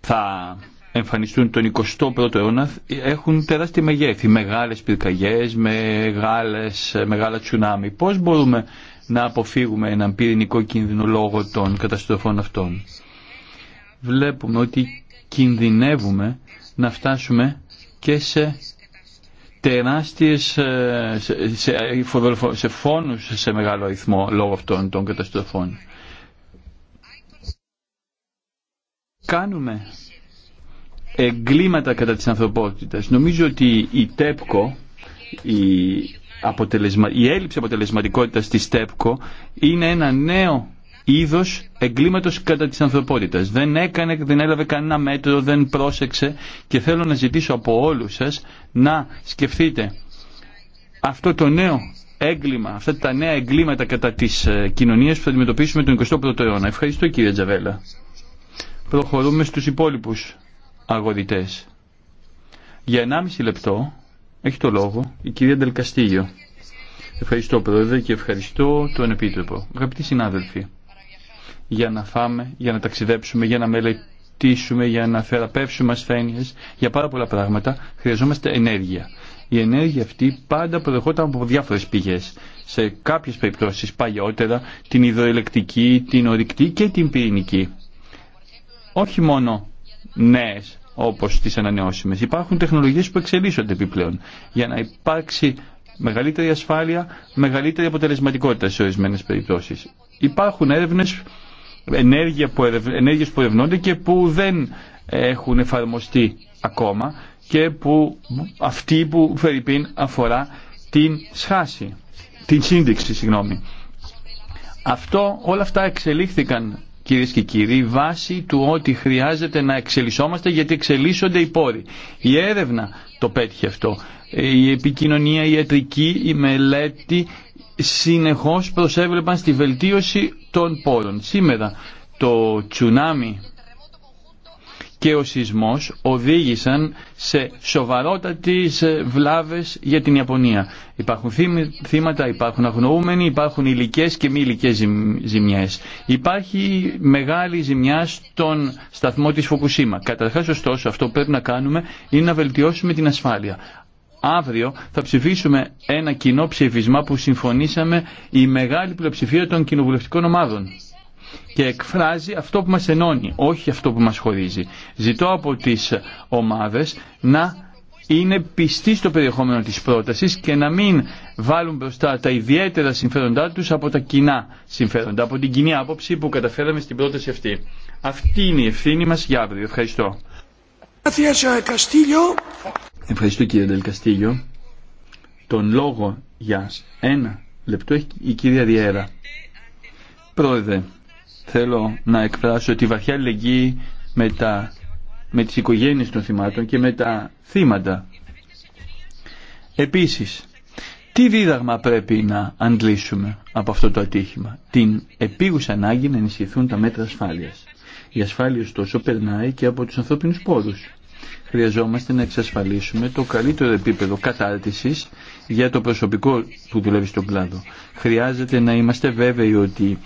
θα εμφανιστούν τον 21ο αιώνα έχουν τεράστια μεγέθη, μεγάλες πυρκαγιές, μεγάλες, μεγάλα τσουνάμι. Πώς μπορούμε να αποφύγουμε έναν πυρηνικό κίνδυνο λόγω των καταστροφών αυτών. Βλέπουμε ότι κινδυνεύουμε να φτάσουμε και σε τεράστιες ε, σε, σε φόνους σε μεγάλο αριθμό λόγω αυτών των καταστροφών. Κάνουμε εγκλήματα κατά της ανθρωπότητας. Νομίζω ότι η ΤΕΠΚΟ, η, αποτελεσμα... η έλλειψη αποτελεσματικότητας της ΤΕΠΚΟ είναι ένα νέο είδος εγκλήματος κατά της ανθρωπότητας. Δεν έκανε, δεν έλαβε κανένα μέτρο, δεν πρόσεξε και θέλω να ζητήσω από όλους σας να σκεφτείτε αυτό το νέο έγκλημα, αυτά τα νέα εγκλήματα κατά της ε, κοινωνίας που θα αντιμετωπίσουμε τον 21ο αιώνα. Ευχαριστώ κύριε Τζαβέλα. Προχωρούμε στους υπόλοιπους αγορητές. Για 1,5 λεπτό έχει το λόγο η κυρία Ντελκαστήγιο. Ευχαριστώ Πρόεδρε και ευχαριστώ τον Επίτροπο. Αγαπητοί συνάδελφοι, για να φάμε, για να ταξιδέψουμε, για να μελετήσουμε, για να θεραπεύσουμε ασθένειε. για πάρα πολλά πράγματα χρειαζόμαστε ενέργεια. Η ενέργεια αυτή πάντα προερχόταν από διάφορες πηγές. Σε κάποιες περιπτώσεις παλιότερα την υδροελεκτική, την ορυκτή και την πυρηνική. Όχι μόνο νέε όπως τι ανανεώσιμε. Υπάρχουν τεχνολογίες που εξελίσσονται επιπλέον για να υπάρξει μεγαλύτερη ασφάλεια, μεγαλύτερη αποτελεσματικότητα σε ορισμένε περιπτώσεις. Υπάρχουν έρευνε ενέργειε που, ενέργειες που ερευνώνται και που δεν έχουν εφαρμοστεί ακόμα και που αυτή που φερειπίν αφορά την σχάση, την σύνδεξη, συγγνώμη. Αυτό, όλα αυτά εξελίχθηκαν κυρίε και κύριοι, βάση του ότι χρειάζεται να εξελισσόμαστε γιατί εξελίσσονται οι πόροι. Η έρευνα το πέτυχε αυτό. Ε, η επικοινωνία, η ιατρική, η μελέτη συνεχώς προσέβλεπαν στη βελτίωση των πόρων. Σήμερα το τσουνάμι και ο σεισμός οδήγησαν σε σοβαρότατες ε, βλάβες για την Ιαπωνία. Υπάρχουν θύματα, υπάρχουν αγνοούμενοι, υπάρχουν υλικέ και μη υλικέ ζημιές. Υπάρχει μεγάλη ζημιά στον σταθμό της Φουκουσίμα. Καταρχάς ωστόσο αυτό που πρέπει να κάνουμε είναι να βελτιώσουμε την ασφάλεια. Αύριο θα ψηφίσουμε ένα κοινό ψηφισμά που συμφωνήσαμε η μεγάλη πλειοψηφία των κοινοβουλευτικών ομάδων και εκφράζει αυτό που μας ενώνει, όχι αυτό που μας χωρίζει. Ζητώ από τις ομάδες να είναι πιστοί στο περιεχόμενο της πρότασης και να μην βάλουν μπροστά τα ιδιαίτερα συμφέροντά τους από τα κοινά συμφέροντα, από την κοινή άποψη που καταφέραμε στην πρόταση αυτή. Αυτή είναι η ευθύνη μας για αύριο. Ευχαριστώ. Ευχαριστώ κύριε Ντελκαστήλιο. Τον λόγο για ένα λεπτό έχει η κυρία Ριέρα. Πρόεδρε, θέλω να εκφράσω τη βαθιά λεγγύη με, τα, με τις οικογένειες των θυμάτων και με τα θύματα. Επίσης, τι δίδαγμα πρέπει να αντλήσουμε από αυτό το ατύχημα. Την επίγουσα ανάγκη να ενισχυθούν τα μέτρα ασφάλειας. Η ασφάλεια ωστόσο περνάει και από τους ανθρώπινους πόρους. Χρειαζόμαστε να εξασφαλίσουμε το καλύτερο επίπεδο κατάρτισης για το προσωπικό που δουλεύει στον κλάδο. Χρειάζεται να είμαστε βέβαιοι ότι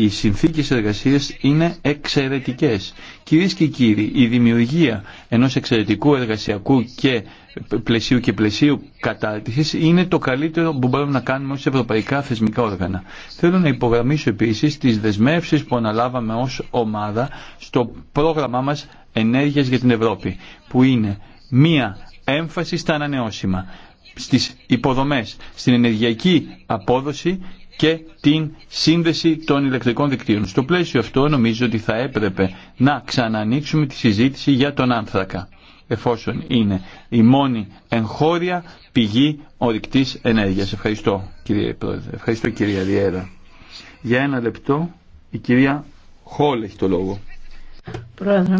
οι συνθήκες εργασίας είναι εξαιρετικές. Κυρίες και κύριοι, η δημιουργία ενός εξαιρετικού εργασιακού και πλαισίου και πλαισίου κατάρτισης είναι το καλύτερο που μπορούμε να κάνουμε ως ευρωπαϊκά θεσμικά όργανα. Θέλω να υπογραμμίσω επίσης τις δεσμεύσεις που αναλάβαμε ως ομάδα στο πρόγραμμά μας Ενέργειας για την Ευρώπη, που είναι μία έμφαση στα ανανεώσιμα, στις υποδομές, στην ενεργειακή απόδοση και την σύνδεση των ηλεκτρικών δικτύων. Στο πλαίσιο αυτό νομίζω ότι θα έπρεπε να ξανανοίξουμε τη συζήτηση για τον άνθρακα εφόσον είναι η μόνη εγχώρια πηγή ορυκτής ενέργειας. Ευχαριστώ κύριε Πρόεδρε. Ευχαριστώ κυρία Ριέρα. Για ένα λεπτό η κυρία Χόλ έχει το λόγο. Πρόεδρε,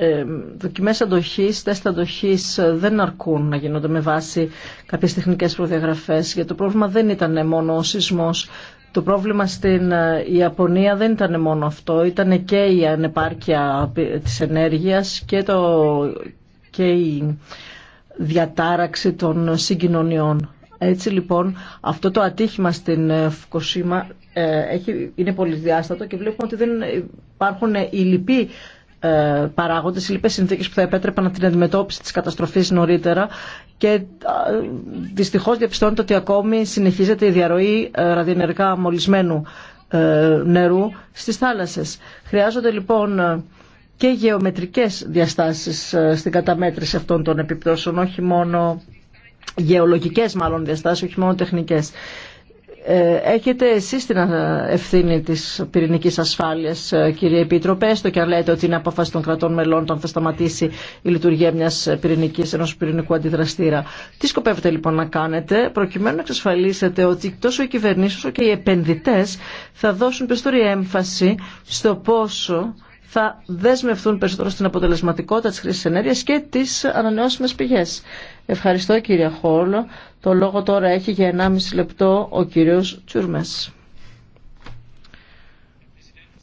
ε, δοκιμές αντοχής, τεστ αντοχής ε, δεν αρκούν να γίνονται με βάση κάποιες τεχνικές προδιαγραφές γιατί το πρόβλημα δεν ήταν μόνο ο σεισμός το πρόβλημα στην Ιαπωνία ε, δεν ήταν μόνο αυτό, ήταν και η ανεπάρκεια της ενέργειας και, το, και η διατάραξη των συγκοινωνιών. Έτσι λοιπόν αυτό το ατύχημα στην Φουκοσίμα έχει, είναι πολυδιάστατο και βλέπουμε ότι δεν υπάρχουν οι λοιποί ε, παράγοντε, οι λοιπέ συνθήκε που θα επέτρεπαν την αντιμετώπιση τη καταστροφή νωρίτερα. Και ε, δυστυχώ διαπιστώνεται ότι ακόμη συνεχίζεται η διαρροή ε, ραδιενεργά μολυσμένου νερού στι θάλασσε. Χρειάζονται λοιπόν και γεωμετρικές διαστάσεις στην καταμέτρηση αυτών των επιπτώσεων, όχι μόνο γεωλογικές μάλλον διαστάσεις, όχι μόνο τεχνικές. Ε, έχετε εσείς την ε, ευθύνη της πυρηνικής ασφάλειας, ε, κύριε Επίτροπε, έστω και αν λέτε ότι είναι απόφαση των κρατών μελών το αν θα σταματήσει η λειτουργία μιας πυρηνικής, ενός πυρηνικού αντιδραστήρα. Τι σκοπεύετε λοιπόν να κάνετε προκειμένου να εξασφαλίσετε ότι τόσο οι κυβερνήσεις όσο και οι επενδυτές θα δώσουν περισσότερη έμφαση στο πόσο θα δεσμευτούν περισσότερο στην αποτελεσματικότητα της χρήσης ενέργειας και τις ανανεώσιμες πηγές. Ευχαριστώ κύριε Χόλ. Το λόγο τώρα έχει για 1,5 λεπτό ο κύριος Τσουρμές.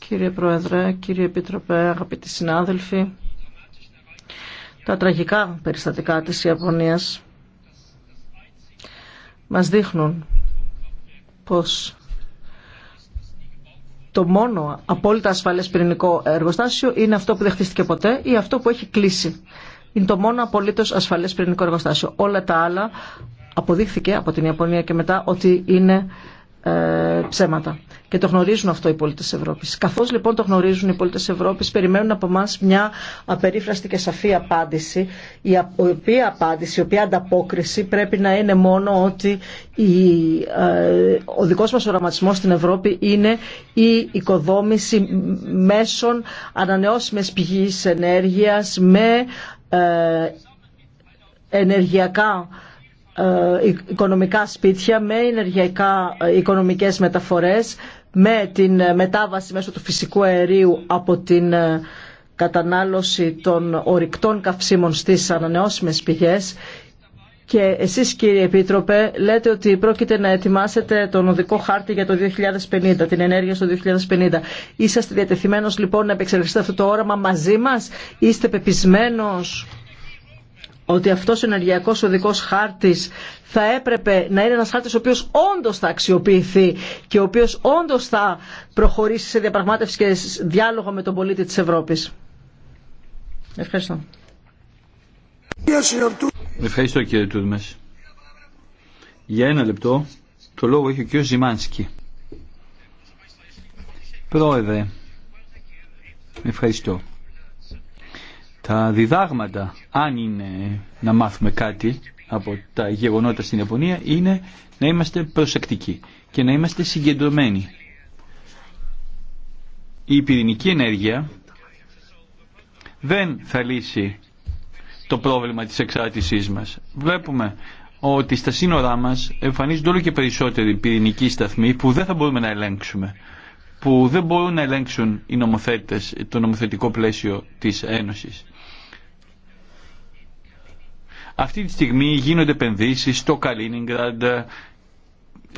Κύριε Πρόεδρε, κύριε Επίτροπε, αγαπητοί συνάδελφοι, τα τραγικά περιστατικά της Ιαπωνίας μας δείχνουν πως το μόνο απόλυτα ασφαλές πυρηνικό εργοστάσιο είναι αυτό που δεν χτίστηκε ποτέ ή αυτό που έχει κλείσει είναι το μόνο απολύτω ασφαλέ πυρηνικό εργοστάσιο. Όλα τα άλλα αποδείχθηκε από την Ιαπωνία και μετά ότι είναι ε, ψέματα. Και το γνωρίζουν αυτό οι πολίτε Ευρώπη. Καθώ λοιπόν το γνωρίζουν οι πολίτε Ευρώπη, περιμένουν από εμά μια απερίφραστη και σαφή απάντηση. Η οποία απάντηση, η οποία ανταπόκριση πρέπει να είναι μόνο ότι η, ε, ο δικό μα οραματισμό στην Ευρώπη είναι η οικοδόμηση μέσων ανανεώσιμε πηγή ενέργεια με ε, ενεργειακά ε, οικονομικά σπίτια, με ενεργειακά ε, οικονομικές μεταφορές, με την μετάβαση μέσω του φυσικού αερίου από την κατανάλωση των ορυκτών καυσίμων στις ανανεώσιμες πηγές και εσείς κύριε Επίτροπε λέτε ότι πρόκειται να ετοιμάσετε τον οδικό χάρτη για το 2050, την ενέργεια στο 2050. Είσαστε διατεθειμένος λοιπόν να επεξεργαστείτε αυτό το όραμα μαζί μας, είστε πεπισμένος ότι αυτός ο ενεργειακός οδικός χάρτης θα έπρεπε να είναι ένας χάρτης ο οποίος όντως θα αξιοποιηθεί και ο οποίος όντως θα προχωρήσει σε διαπραγμάτευση και διάλογο με τον πολίτη της Ευρώπης. Ευχαριστώ. Ευχαριστώ κύριε Τούρμες. Για ένα λεπτό το λόγο έχει ο κύριος Ζημάνσκι. Πρόεδρε, ευχαριστώ. Τα διδάγματα, αν είναι να μάθουμε κάτι από τα γεγονότα στην Ιαπωνία, είναι να είμαστε προσεκτικοί και να είμαστε συγκεντρωμένοι. Η πυρηνική ενέργεια δεν θα λύσει το πρόβλημα της εξάρτησής μας. Βλέπουμε ότι στα σύνορά μας εμφανίζονται όλο και περισσότεροι πυρηνικοί σταθμοί που δεν θα μπορούμε να ελέγξουμε που δεν μπορούν να ελέγξουν οι νομοθέτες το νομοθετικό πλαίσιο της Ένωσης. Αυτή τη στιγμή γίνονται επενδύσεις στο Καλίνιγκραντ,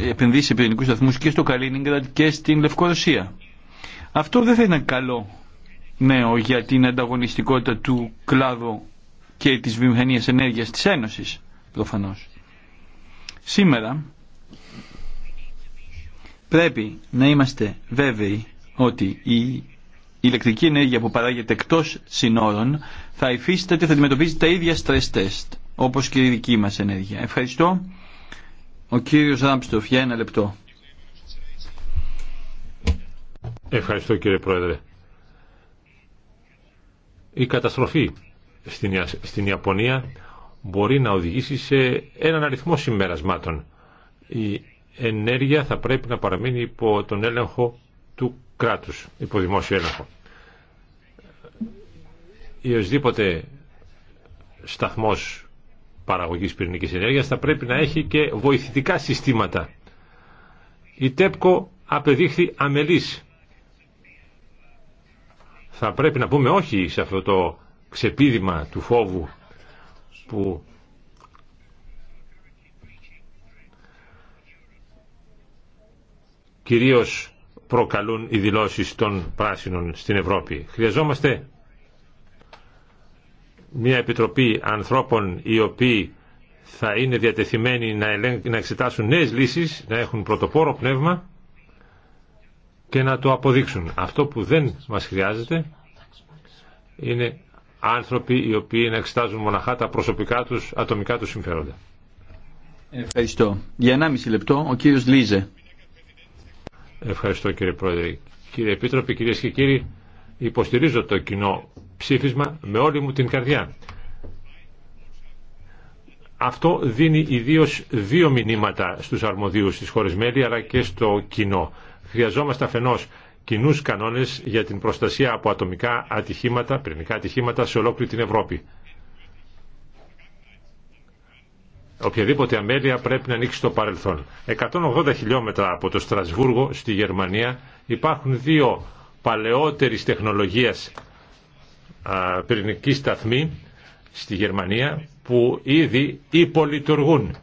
επενδύσεις σε πυρηνικούς σταθμούς και στο Καλίνιγκραντ και στην Λευκορωσία. Αυτό δεν θα είναι καλό νέο για την ανταγωνιστικότητα του κλάδου και της βιομηχανίας ενέργειας της Ένωσης προφανώς. Σήμερα πρέπει να είμαστε βέβαιοι ότι η ηλεκτρική ενέργεια που παράγεται εκτός συνόρων θα υφίσταται, θα αντιμετωπίζει τα ίδια stress test όπως και η δική μας ενέργεια. Ευχαριστώ. Ο κύριος Ράμπστοφ για ένα λεπτό. Ευχαριστώ κύριε Πρόεδρε. Η καταστροφή στην Ιαπωνία μπορεί να οδηγήσει σε έναν αριθμό συμπερασμάτων. Η ενέργεια θα πρέπει να παραμείνει υπό τον έλεγχο του κράτους, υπό δημόσιο έλεγχο. Ή οσδήποτε σταθμός παραγωγής πυρηνικής ενέργειας θα πρέπει να έχει και βοηθητικά συστήματα. Η ΤΕΠΚΟ απεδείχθη αμελής. Θα πρέπει να πούμε όχι σε αυτό το ξεπίδημα του φόβου που κυρίως προκαλούν οι δηλώσεις των πράσινων στην Ευρώπη. Χρειαζόμαστε μια επιτροπή ανθρώπων οι οποίοι θα είναι διατεθειμένοι να εξετάσουν νέες λύσεις, να έχουν πρωτοπόρο πνεύμα και να το αποδείξουν. Αυτό που δεν μας χρειάζεται είναι άνθρωποι οι οποίοι να εξετάζουν μοναχά τα προσωπικά τους, ατομικά τους συμφέροντα. Ευχαριστώ. Για 1,5 λεπτό ο κύριος Λίζε. Ευχαριστώ κύριε Πρόεδρε. Κύριε Επίτροπε, κυρίες και κύριοι, υποστηρίζω το κοινό ψήφισμα με όλη μου την καρδιά. Αυτό δίνει ιδίω δύο μηνύματα στους αρμοδίους της χώρες μέλη αλλά και στο κοινό. Χρειαζόμαστε αφενός κοινού κανόνες για την προστασία από ατομικά ατυχήματα, πυρηνικά ατυχήματα σε ολόκληρη την Ευρώπη. Οποιαδήποτε αμέλεια πρέπει να ανοίξει το παρελθόν. 180 χιλιόμετρα από το Στρασβούργο στη Γερμανία υπάρχουν δύο παλαιότερης τεχνολογίας πυρηνική σταθμή στη Γερμανία που ήδη υπολειτουργούν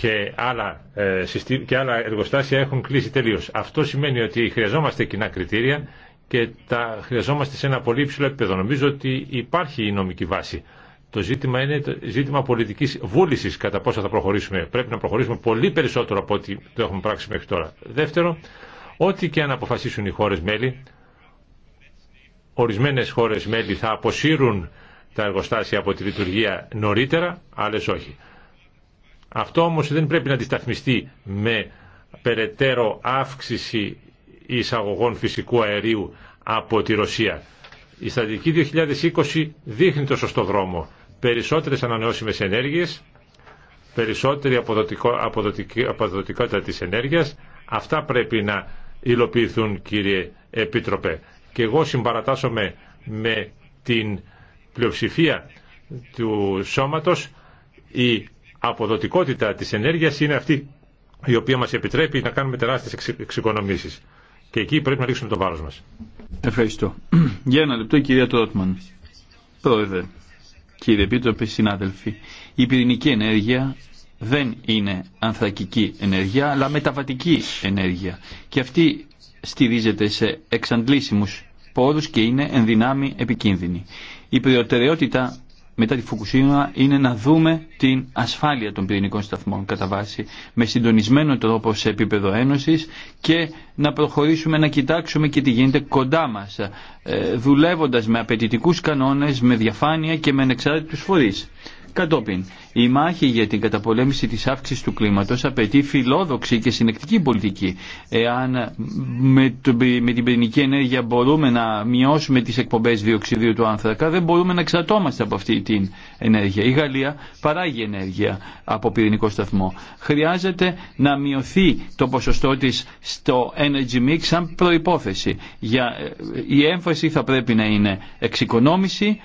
και άλλα, ε, και άλλα εργοστάσια έχουν κλείσει τελείω. Αυτό σημαίνει ότι χρειαζόμαστε κοινά κριτήρια και τα χρειαζόμαστε σε ένα πολύ υψηλό επίπεδο. Νομίζω ότι υπάρχει η νομική βάση. Το ζήτημα είναι το ζήτημα πολιτική βούληση κατά πόσο θα προχωρήσουμε. Πρέπει να προχωρήσουμε πολύ περισσότερο από ό,τι το έχουμε πράξει μέχρι τώρα. Δεύτερο, ό,τι και αν αποφασίσουν οι χώρε μέλη, ορισμένε χώρε μέλη θα αποσύρουν τα εργοστάσια από τη λειτουργία νωρίτερα, άλλε όχι. Αυτό όμως δεν πρέπει να αντισταθμιστεί με περαιτέρω αύξηση εισαγωγών φυσικού αερίου από τη Ρωσία. Η στρατηγική 2020 δείχνει το σωστό δρόμο. Περισσότερες ανανεώσιμες ενέργειες, περισσότερη αποδοτικό, αποδοτικότητα της ενέργειας. Αυτά πρέπει να υλοποιηθούν κύριε Επίτροπε. Και εγώ συμπαρατάσσομαι με την πλειοψηφία του σώματος. Η αποδοτικότητα της ενέργειας είναι αυτή η οποία μας επιτρέπει να κάνουμε τεράστιες εξοικονομήσεις. Και εκεί πρέπει να ρίξουμε το βάρος μας. Ευχαριστώ. Για ένα λεπτό κυρία Τρότμαν. Πρόεδρε, κύριε Επίτροπε, συνάδελφοι, η πυρηνική ενέργεια δεν είναι ανθρακική ενέργεια, αλλά μεταβατική ενέργεια. Και αυτή στηρίζεται σε εξαντλήσιμους πόρους και είναι ενδυνάμει επικίνδυνη. Η προτεραιότητα μετά τη φουκουσίνα είναι να δούμε την ασφάλεια των πυρηνικών σταθμών κατά βάση με συντονισμένο τρόπο σε επίπεδο ένωσης και να προχωρήσουμε να κοιτάξουμε και τι γίνεται κοντά μας ε, δουλεύοντας με απαιτητικούς κανόνες, με διαφάνεια και με ανεξάρτητους φορείς. Κατόπιν, η μάχη για την καταπολέμηση της αύξησης του κλίματος απαιτεί φιλόδοξη και συνεκτική πολιτική. Εάν με, την πυρηνική ενέργεια μπορούμε να μειώσουμε τις εκπομπές διοξιδίου του άνθρακα, δεν μπορούμε να εξαρτώμαστε από αυτή την ενέργεια. Η Γαλλία παράγει ενέργεια από πυρηνικό σταθμό. Χρειάζεται να μειωθεί το ποσοστό της στο energy mix σαν προϋπόθεση. Για, ε, η έμφαση θα πρέπει να είναι εξοικονόμηση,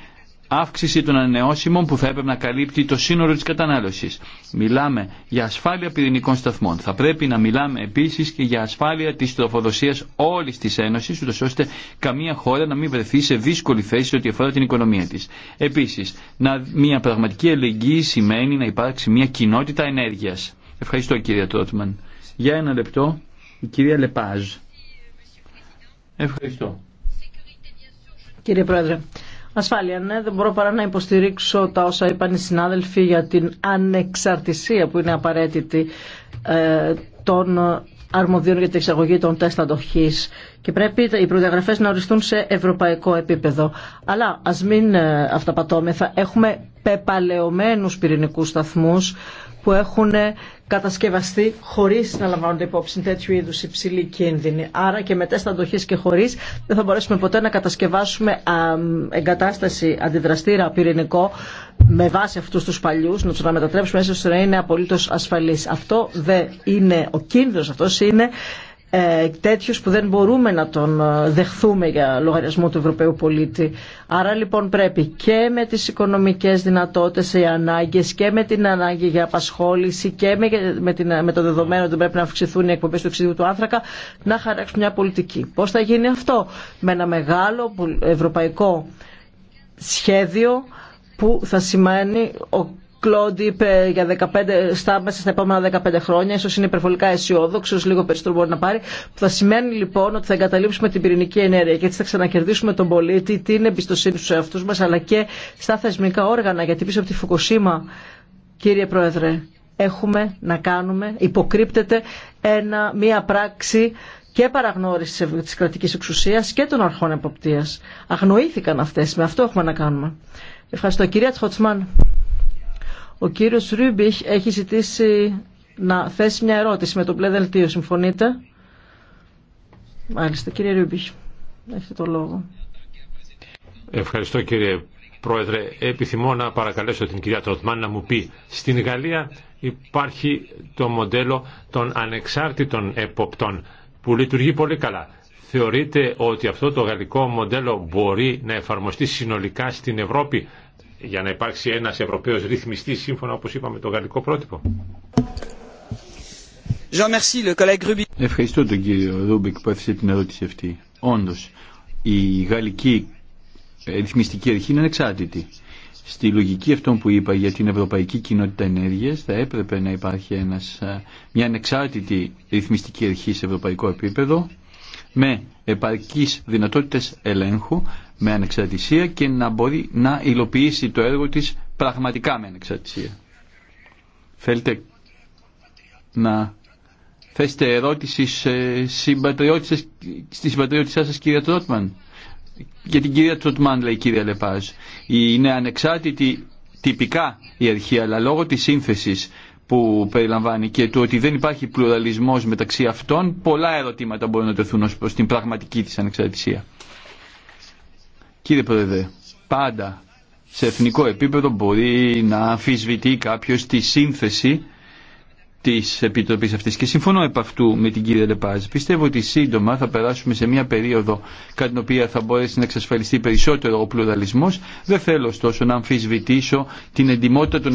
αύξηση των ανανεώσιμων που θα έπρεπε να καλύπτει το σύνολο της κατανάλωσης. Μιλάμε για ασφάλεια πυρηνικών σταθμών. Θα πρέπει να μιλάμε επίσης και για ασφάλεια της τροφοδοσίας όλης της Ένωσης, ούτως ώστε καμία χώρα να μην βρεθεί σε δύσκολη θέση σε ό,τι αφορά την οικονομία της. Επίσης, να, μια πραγματική ελεγγύη σημαίνει να υπάρξει μια κοινότητα ενέργειας. Ευχαριστώ κύριε Τρότμαν. Για ένα λεπτό, η κυρία Λεπάζ. Ευχαριστώ. Κύριε Πρόεδρε, ασφάλεια. Ναι, δεν μπορώ παρά να υποστηρίξω τα όσα είπαν οι συνάδελφοι για την ανεξαρτησία που είναι απαραίτητη ε, των αρμοδίων για την εξαγωγή των τεστ αντοχής και πρέπει οι προδιαγραφές να οριστούν σε ευρωπαϊκό επίπεδο. Αλλά ας μην ε, αυταπατώμεθα, έχουμε πεπαλαιωμένους πυρηνικούς σταθμούς που έχουν ε, κατασκευαστεί χωρί να λαμβάνονται υπόψη τέτοιου είδου υψηλή κίνδυνη. Άρα και με τεστ αντοχή και χωρί δεν θα μπορέσουμε ποτέ να κατασκευάσουμε εγκατάσταση αντιδραστήρα πυρηνικό με βάση αυτού του παλιού, να του να μετατρέψουμε έτσι ώστε να είναι απολύτω ασφαλής. Αυτό δεν είναι ο κίνδυνο αυτό είναι ε, που δεν μπορούμε να τον ε, δεχθούμε για λογαριασμό του Ευρωπαίου πολίτη. Άρα λοιπόν πρέπει και με τις οικονομικές δυνατότητες, οι ανάγκες και με την ανάγκη για απασχόληση και με, με, την, με το δεδομένο ότι πρέπει να αυξηθούν οι εκπομπές του οξυδίου του άνθρακα να χαράξουν μια πολιτική. Πώς θα γίνει αυτό με ένα μεγάλο ευρωπαϊκό σχέδιο που θα σημαίνει Κλοντ είπε 15, στα, μέσα στα επόμενα 15 χρόνια, ίσω είναι υπερβολικά αισιόδοξο, λίγο περισσότερο μπορεί να πάρει. Που θα σημαίνει λοιπόν ότι θα εγκαταλείψουμε την πυρηνική ενέργεια και έτσι θα ξανακερδίσουμε τον πολίτη, την εμπιστοσύνη στου εαυτού μα, αλλά και στα θεσμικά όργανα. Γιατί πίσω από τη Φουκοσίμα, κύριε Πρόεδρε, έχουμε να κάνουμε, υποκρύπτεται ένα, μία πράξη και παραγνώριση τη κρατική εξουσία και των αρχών εποπτεία. Αγνοήθηκαν αυτέ, με αυτό έχουμε να κάνουμε. Ευχαριστώ. Κυρία Τσχοτσμάν. Ο κύριος Ρούμπιχ έχει ζητήσει να θέσει μια ερώτηση με το μπλε δελτίο. Συμφωνείτε. Μάλιστα, κύριε Ρούμπιχ. Έχετε το λόγο. Ευχαριστώ κύριε Πρόεδρε. Επιθυμώ να παρακαλέσω την κυρία Τροτμάν να μου πει στην Γαλλία υπάρχει το μοντέλο των ανεξάρτητων εποπτών που λειτουργεί πολύ καλά. Θεωρείτε ότι αυτό το γαλλικό μοντέλο μπορεί να εφαρμοστεί συνολικά στην Ευρώπη για να υπάρξει ένας Ευρωπαίος ρυθμιστής σύμφωνα όπως είπαμε το γαλλικό πρότυπο. Ευχαριστώ τον κύριο Ρούμπικ που έθεσε την ερώτηση αυτή. Όντω, η γαλλική ρυθμιστική αρχή είναι ανεξάρτητη. Στη λογική αυτών που είπα για την Ευρωπαϊκή Κοινότητα ενέργεια, θα έπρεπε να υπάρχει ένας, μια ανεξάρτητη ρυθμιστική αρχή σε ευρωπαϊκό επίπεδο με επαρκείς δυνατότητε ελέγχου με ανεξαρτησία και να μπορεί να υλοποιήσει το έργο της πραγματικά με ανεξαρτησία. Θέλετε να θέσετε ερώτηση σε συμπατριώτη στη σας κυρία Τρότμαν. Για την κυρία Τρότμαν λέει η κυρία Λεπάζ. Είναι ανεξάρτητη τυπικά η αρχή αλλά λόγω της σύνθεσης που περιλαμβάνει και του ότι δεν υπάρχει πλουραλισμός μεταξύ αυτών πολλά ερωτήματα μπορούν να τεθούν ως προς την πραγματική της ανεξαρτησία. Κύριε Πρόεδρε, πάντα σε εθνικό επίπεδο μπορεί να αμφισβητεί κάποιο τη σύνθεση τη επιτροπή αυτή. και συμφωνώ επ' αυτού με την κυρία Λεπάζ. Πιστεύω ότι σύντομα θα περάσουμε σε μια περίοδο κατά την οποία θα μπορέσει να εξασφαλιστεί περισσότερο ο πλουραλισμό, Δεν θέλω ωστόσο να αμφισβητήσω την εντυμότητα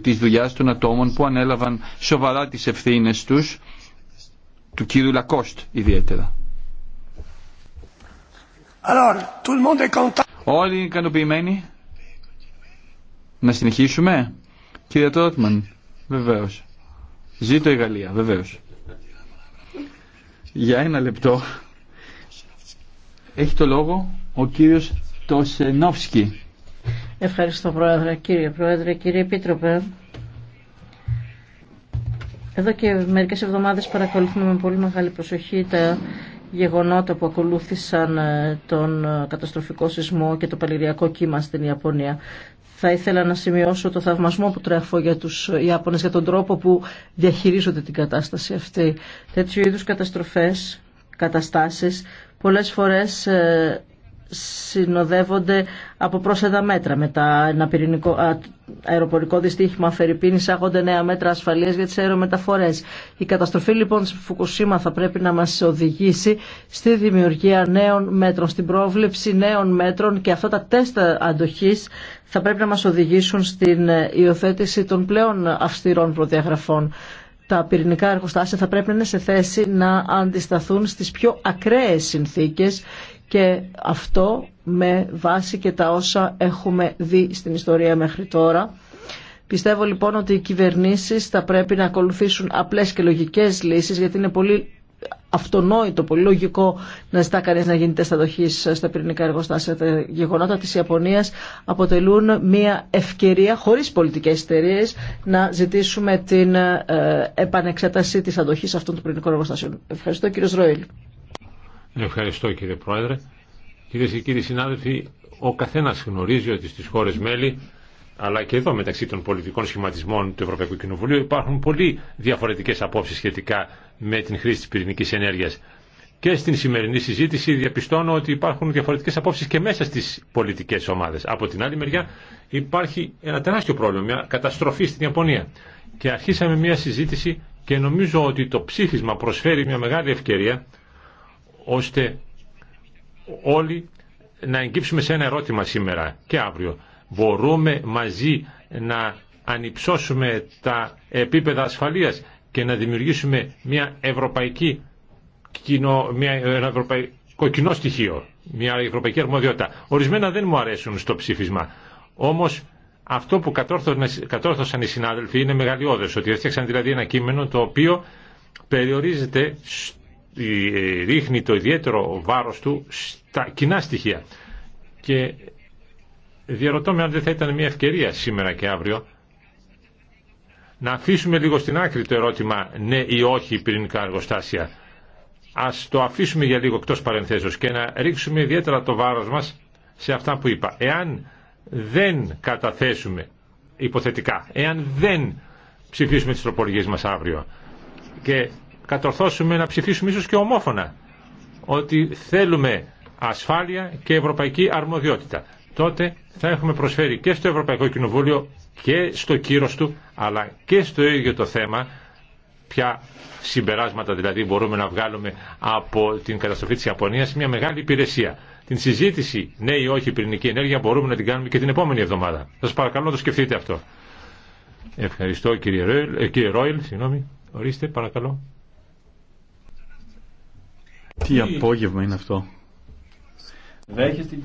της δουλειά των ατόμων που ανέλαβαν σοβαρά τι ευθύνε του, του κύριου Λακώστ ιδιαίτερα. Όλοι είναι ικανοποιημένοι. Να συνεχίσουμε. Κύριε Τρότμαν, βεβαίω. Ζήτω η Γαλλία, βεβαίω. Για ένα λεπτό έχει το λόγο ο κύριος Τοσενόφσκι. Ευχαριστώ Πρόεδρε, κύριε Πρόεδρε, κύριε Επίτροπε. Εδώ και μερικές εβδομάδες παρακολουθούμε με πολύ μεγάλη προσοχή τα γεγονότα που ακολούθησαν ε, τον ε, καταστροφικό σεισμό και το παλαιριακό κύμα στην Ιαπωνία. Θα ήθελα να σημειώσω το θαυμασμό που τρέφω για τους Ιάπωνες για τον τρόπο που διαχειρίζονται την κατάσταση αυτή. Τέτοιου είδους καταστροφές, καταστάσεις πολλές φορές ε, συνοδεύονται από πρόσθετα μέτρα. Μετά ένα πυρηνικό αεροπορικό δυστύχημα Φερρυπίνη, εισάγονται νέα μέτρα ασφαλείας για τις αερομεταφορές. Η καταστροφή λοιπόν στη Φουκουσίμα θα πρέπει να μας οδηγήσει στη δημιουργία νέων μέτρων, στην πρόβλεψη νέων μέτρων και αυτά τα τεστ αντοχής θα πρέπει να μας οδηγήσουν στην υιοθέτηση των πλέον αυστηρών προδιαγραφών τα πυρηνικά εργοστάσια θα πρέπει να είναι σε θέση να αντισταθούν στις πιο ακραίες συνθήκες και αυτό με βάση και τα όσα έχουμε δει στην ιστορία μέχρι τώρα. Πιστεύω λοιπόν ότι οι κυβερνήσεις θα πρέπει να ακολουθήσουν απλές και λογικές λύσεις γιατί είναι πολύ αυτονόητο, πολύ λογικό να ζητά κανείς να γίνεται δοχής στα πυρηνικά εργοστάσια. Τα γεγονότα της Ιαπωνίας αποτελούν μια ευκαιρία, χωρίς πολιτικές εταιρείε να ζητήσουμε την ε, επανεξέταση της αντοχής αυτών των πυρηνικών εργοστάσεων. Ευχαριστώ κύριο Ροήλ. Ευχαριστώ κύριε Πρόεδρε. Κυρίε και κύριοι συνάδελφοι, ο καθένα γνωρίζει ότι στι χώρε μέλη, αλλά και εδώ μεταξύ των πολιτικών σχηματισμών του Ευρωπαϊκού Κοινοβουλίου, υπάρχουν πολύ διαφορετικέ απόψει σχετικά με την χρήση τη πυρηνική ενέργεια. Και στην σημερινή συζήτηση διαπιστώνω ότι υπάρχουν διαφορετικέ απόψει και μέσα στι πολιτικέ ομάδε. Από την άλλη μεριά υπάρχει ένα τεράστιο πρόβλημα, μια καταστροφή στην Ιαπωνία. Και αρχίσαμε μια συζήτηση και νομίζω ότι το ψήφισμα προσφέρει μια μεγάλη ευκαιρία ώστε όλοι να εγκύψουμε σε ένα ερώτημα σήμερα και αύριο. Μπορούμε μαζί να ανυψώσουμε τα επίπεδα ασφαλείας και να δημιουργήσουμε μια ευρωπαϊκή κοινο, μια, ένα ευρωπαϊκό κοινό στοιχείο, μια ευρωπαϊκή αρμοδιότητα. Ορισμένα δεν μου αρέσουν στο ψήφισμα. Όμως αυτό που κατόρθωσαν οι συνάδελφοι είναι μεγαλειώδες, ότι έφτιαξαν δηλαδή ένα κείμενο το οποίο περιορίζεται ε, ρίχνει το ιδιαίτερο βάρος του στα κοινά στοιχεία. Και διαρωτώ με αν δεν θα ήταν μια ευκαιρία σήμερα και αύριο να αφήσουμε λίγο στην άκρη το ερώτημα ναι ή όχι πριν εργοστάσια. Ας το αφήσουμε για λίγο εκτός παρενθέσεως και να ρίξουμε ιδιαίτερα το βάρος μας σε αυτά που είπα. Εάν δεν καταθέσουμε υποθετικά, εάν δεν ψηφίσουμε τις τροπολογίες μας αύριο και κατορθώσουμε να ψηφίσουμε ίσως και ομόφωνα ότι θέλουμε ασφάλεια και ευρωπαϊκή αρμοδιότητα. Τότε θα έχουμε προσφέρει και στο Ευρωπαϊκό Κοινοβούλιο και στο κύρος του, αλλά και στο ίδιο το θέμα, ποια συμπεράσματα δηλαδή μπορούμε να βγάλουμε από την καταστροφή της Ιαπωνίας, μια μεγάλη υπηρεσία. Την συζήτηση ναι ή όχι πυρηνική ενέργεια μπορούμε να την κάνουμε και την επόμενη εβδομάδα. Σας παρακαλώ να το σκεφτείτε αυτό. Ευχαριστώ κύριε Ρόιλ, ε, συγγνώμη. ορίστε παρακαλώ. Τι απόγευμα είναι αυτό. Δέχεστε,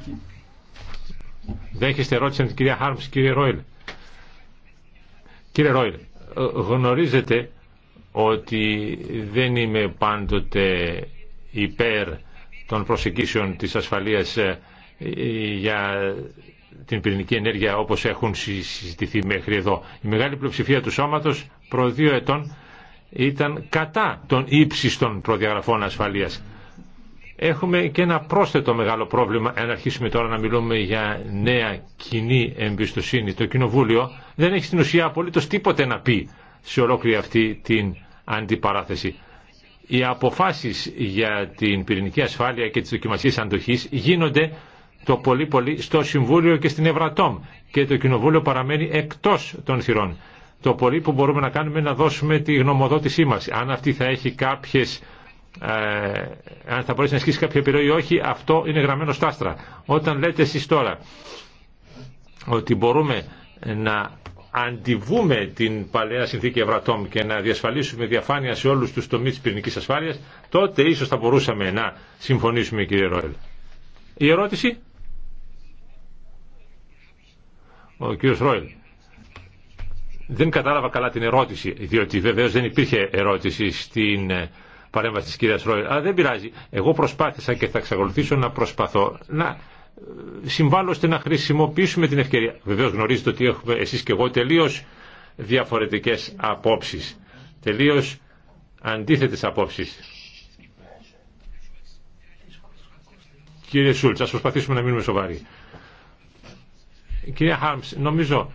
Δέχεστε ερώτηση από την κυρία Χάρμς, κύριε Ρόιλ. Κύριε Ρόιλ, ε, γνωρίζετε ότι δεν είμαι πάντοτε υπέρ των προσεγγίσεων της ασφαλείας ε, για την πυρηνική ενέργεια όπως έχουν συζητηθεί μέχρι εδώ. Η μεγάλη πλειοψηφία του σώματος προ δύο ετών ήταν κατά των ύψιστων προδιαγραφών ασφαλείας. Έχουμε και ένα πρόσθετο μεγάλο πρόβλημα, αν αρχίσουμε τώρα να μιλούμε για νέα κοινή εμπιστοσύνη. Το Κοινοβούλιο δεν έχει στην ουσία απολύτως τίποτε να πει σε ολόκληρη αυτή την αντιπαράθεση. Οι αποφάσεις για την πυρηνική ασφάλεια και τις δοκιμασίες αντοχής γίνονται το πολύ πολύ στο Συμβούλιο και στην Ευρατόμ και το Κοινοβούλιο παραμένει εκτός των θυρών. Το πολύ που μπορούμε να κάνουμε είναι να δώσουμε τη γνωμοδότησή μας. Αν αυτή θα έχει κάποιες ε, αν θα μπορέσει να ασκήσει κάποια επιρροή ή όχι, αυτό είναι γραμμένο στα άστρα. Όταν λέτε εσείς τώρα ότι μπορούμε να αντιβούμε την παλαιά συνθήκη Ευρατόμ και να διασφαλίσουμε διαφάνεια σε όλους τους τομείς της πυρηνικής ασφάλειας, τότε ίσως θα μπορούσαμε να συμφωνήσουμε κύριε Ρόελ. Η ερώτηση. Ο κύριος Ρόελ. Δεν κατάλαβα καλά την ερώτηση, διότι βεβαίως δεν υπήρχε ερώτηση στην ε, παρέμβαση τη Αλλά δεν πειράζει. Εγώ προσπάθησα και θα εξακολουθήσω να προσπαθώ να ε, συμβάλλω ώστε να χρησιμοποιήσουμε την ευκαιρία. Βεβαίω γνωρίζετε ότι έχουμε εσεί και εγώ τελείω διαφορετικέ απόψει, τελείω αντίθετε απόψει. Κύριε Σουλτ, α προσπαθήσουμε να μείνουμε σοβαροί. Κυρία Χάρμ, νομίζω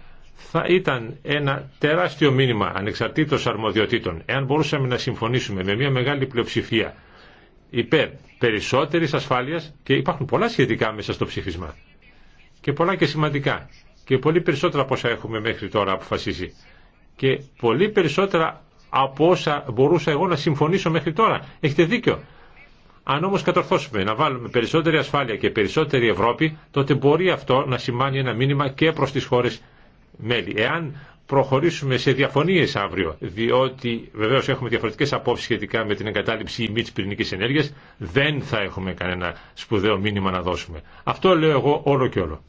θα ήταν ένα τεράστιο μήνυμα ανεξαρτήτως αρμοδιοτήτων εάν μπορούσαμε να συμφωνήσουμε με μια μεγάλη πλειοψηφία υπέρ περισσότερη ασφάλεια και υπάρχουν πολλά σχετικά μέσα στο ψήφισμα και πολλά και σημαντικά και πολύ περισσότερα από όσα έχουμε μέχρι τώρα αποφασίσει και πολύ περισσότερα από όσα μπορούσα εγώ να συμφωνήσω μέχρι τώρα. Έχετε δίκιο. Αν όμω κατορθώσουμε να βάλουμε περισσότερη ασφάλεια και περισσότερη Ευρώπη, τότε μπορεί αυτό να σημάνει ένα μήνυμα και προ τι χώρε μέλη. Εάν προχωρήσουμε σε διαφωνίες αύριο, διότι βεβαίως έχουμε διαφορετικές απόψεις σχετικά με την εγκατάλειψη ή μη της ενέργειας, δεν θα έχουμε κανένα σπουδαίο μήνυμα να δώσουμε. Αυτό λέω εγώ όλο και όλο.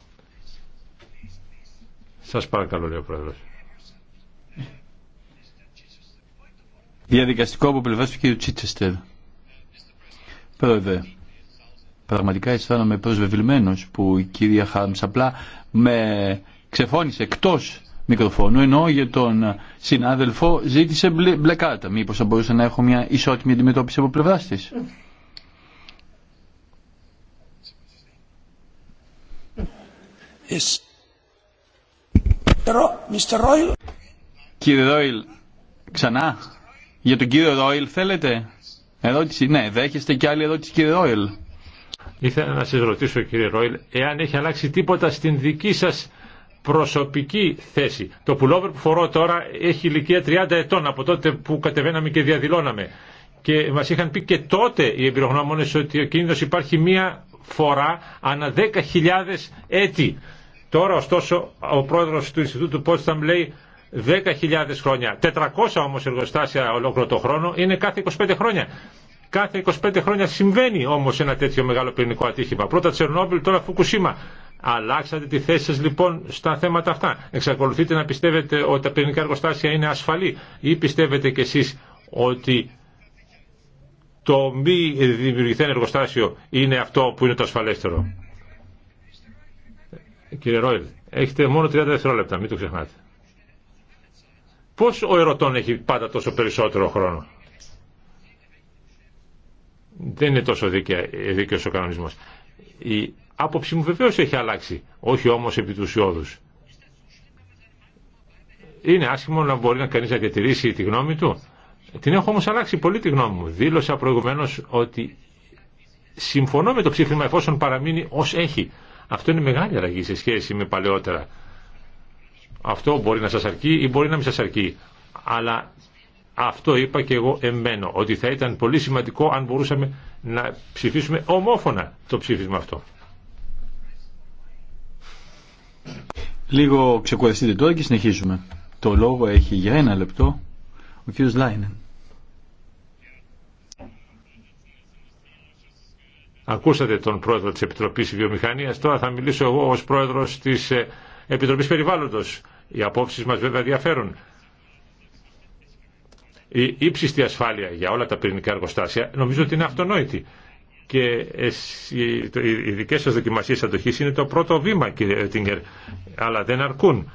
Σας παρακαλώ, λέει ο Πρόεδρος. Διαδικαστικό από πλευρά του κ. Τσίτσεστερ. Πρόεδρε, πραγματικά αισθάνομαι προσβεβλημένος που η κυρία Χάρμς απλά με ξεφώνησε εκτός μικροφώνου, ενώ για τον συνάδελφο ζήτησε μπλε, μπλε κάρτα. Μήπως θα μπορούσε να έχω μια ισότιμη αντιμετώπιση από πλευρά τη. Κύριε Ρόιλ, ξανά, για τον κύριο Ρόιλ θέλετε ερώτηση. Ναι, δέχεστε και άλλη ερώτηση κύριε Ρόιλ. Ήθελα να σας ρωτήσω κύριε Ρόιλ, εάν έχει αλλάξει τίποτα στην δική σας προσωπική θέση. Το πουλόβερ που φορώ τώρα έχει ηλικία 30 ετών από τότε που κατεβαίναμε και διαδηλώναμε. Και μα είχαν πει και τότε οι εμπειρογνώμονε ότι ο κίνητο υπάρχει μία φορά ανά 10.000 έτη. Τώρα ωστόσο ο πρόεδρο του Ινστιτούτου Πότσταμ λέει 10.000 χρόνια. 400 όμω εργοστάσια ολόκληρο το χρόνο είναι κάθε 25 χρόνια. Κάθε 25 χρόνια συμβαίνει όμω ένα τέτοιο μεγάλο πυρηνικό ατύχημα. Πρώτα Τσερνόμπιλ, τώρα Φουκουσίμα. Αλλάξατε τη θέση σας λοιπόν στα θέματα αυτά. Εξακολουθείτε να πιστεύετε ότι τα πυρηνικά εργοστάσια είναι ασφαλή ή πιστεύετε κι εσείς ότι το μη δημιουργηθέν εργοστάσιο είναι αυτό που είναι το ασφαλέστερο. Κύριε Ρόιλ, έχετε μόνο 30 δευτερόλεπτα, μην το ξεχνάτε. Πώς ο ερωτών έχει πάντα τόσο περισσότερο χρόνο. Δεν είναι τόσο δίκαιο, ο κανονισμός. Η άποψη μου βεβαίως έχει αλλάξει, όχι όμως επί του ουσιώδους. Είναι άσχημο να μπορεί να κανείς να διατηρήσει τη γνώμη του. Την έχω όμως αλλάξει πολύ τη γνώμη μου. Δήλωσα προηγουμένως ότι συμφωνώ με το ψήφισμα εφόσον παραμείνει ως έχει. Αυτό είναι μεγάλη αλλαγή σε σχέση με παλαιότερα. Αυτό μπορεί να σας αρκεί ή μπορεί να μην σας αρκεί. Αλλά αυτό είπα και εγώ εμένω ότι θα ήταν πολύ σημαντικό αν μπορούσαμε να ψηφίσουμε ομόφωνα το ψήφισμα αυτό. Λίγο ξεκουραστείτε τώρα και συνεχίζουμε. Το λόγο έχει για ένα λεπτό ο κ. Λάινεν. Ακούσατε τον πρόεδρο της Επιτροπής Βιομηχανίας, τώρα θα μιλήσω εγώ ως πρόεδρος της ε, Επιτροπής Περιβάλλοντος. Οι απόψεις μας βέβαια διαφέρουν. Η ύψιστη ασφάλεια για όλα τα πυρηνικά εργοστάσια νομίζω ότι είναι αυτονόητη και οι δικές σας δοκιμασίες αντοχής είναι το πρώτο βήμα κύριε Τίνκερ, αλλά δεν αρκούν.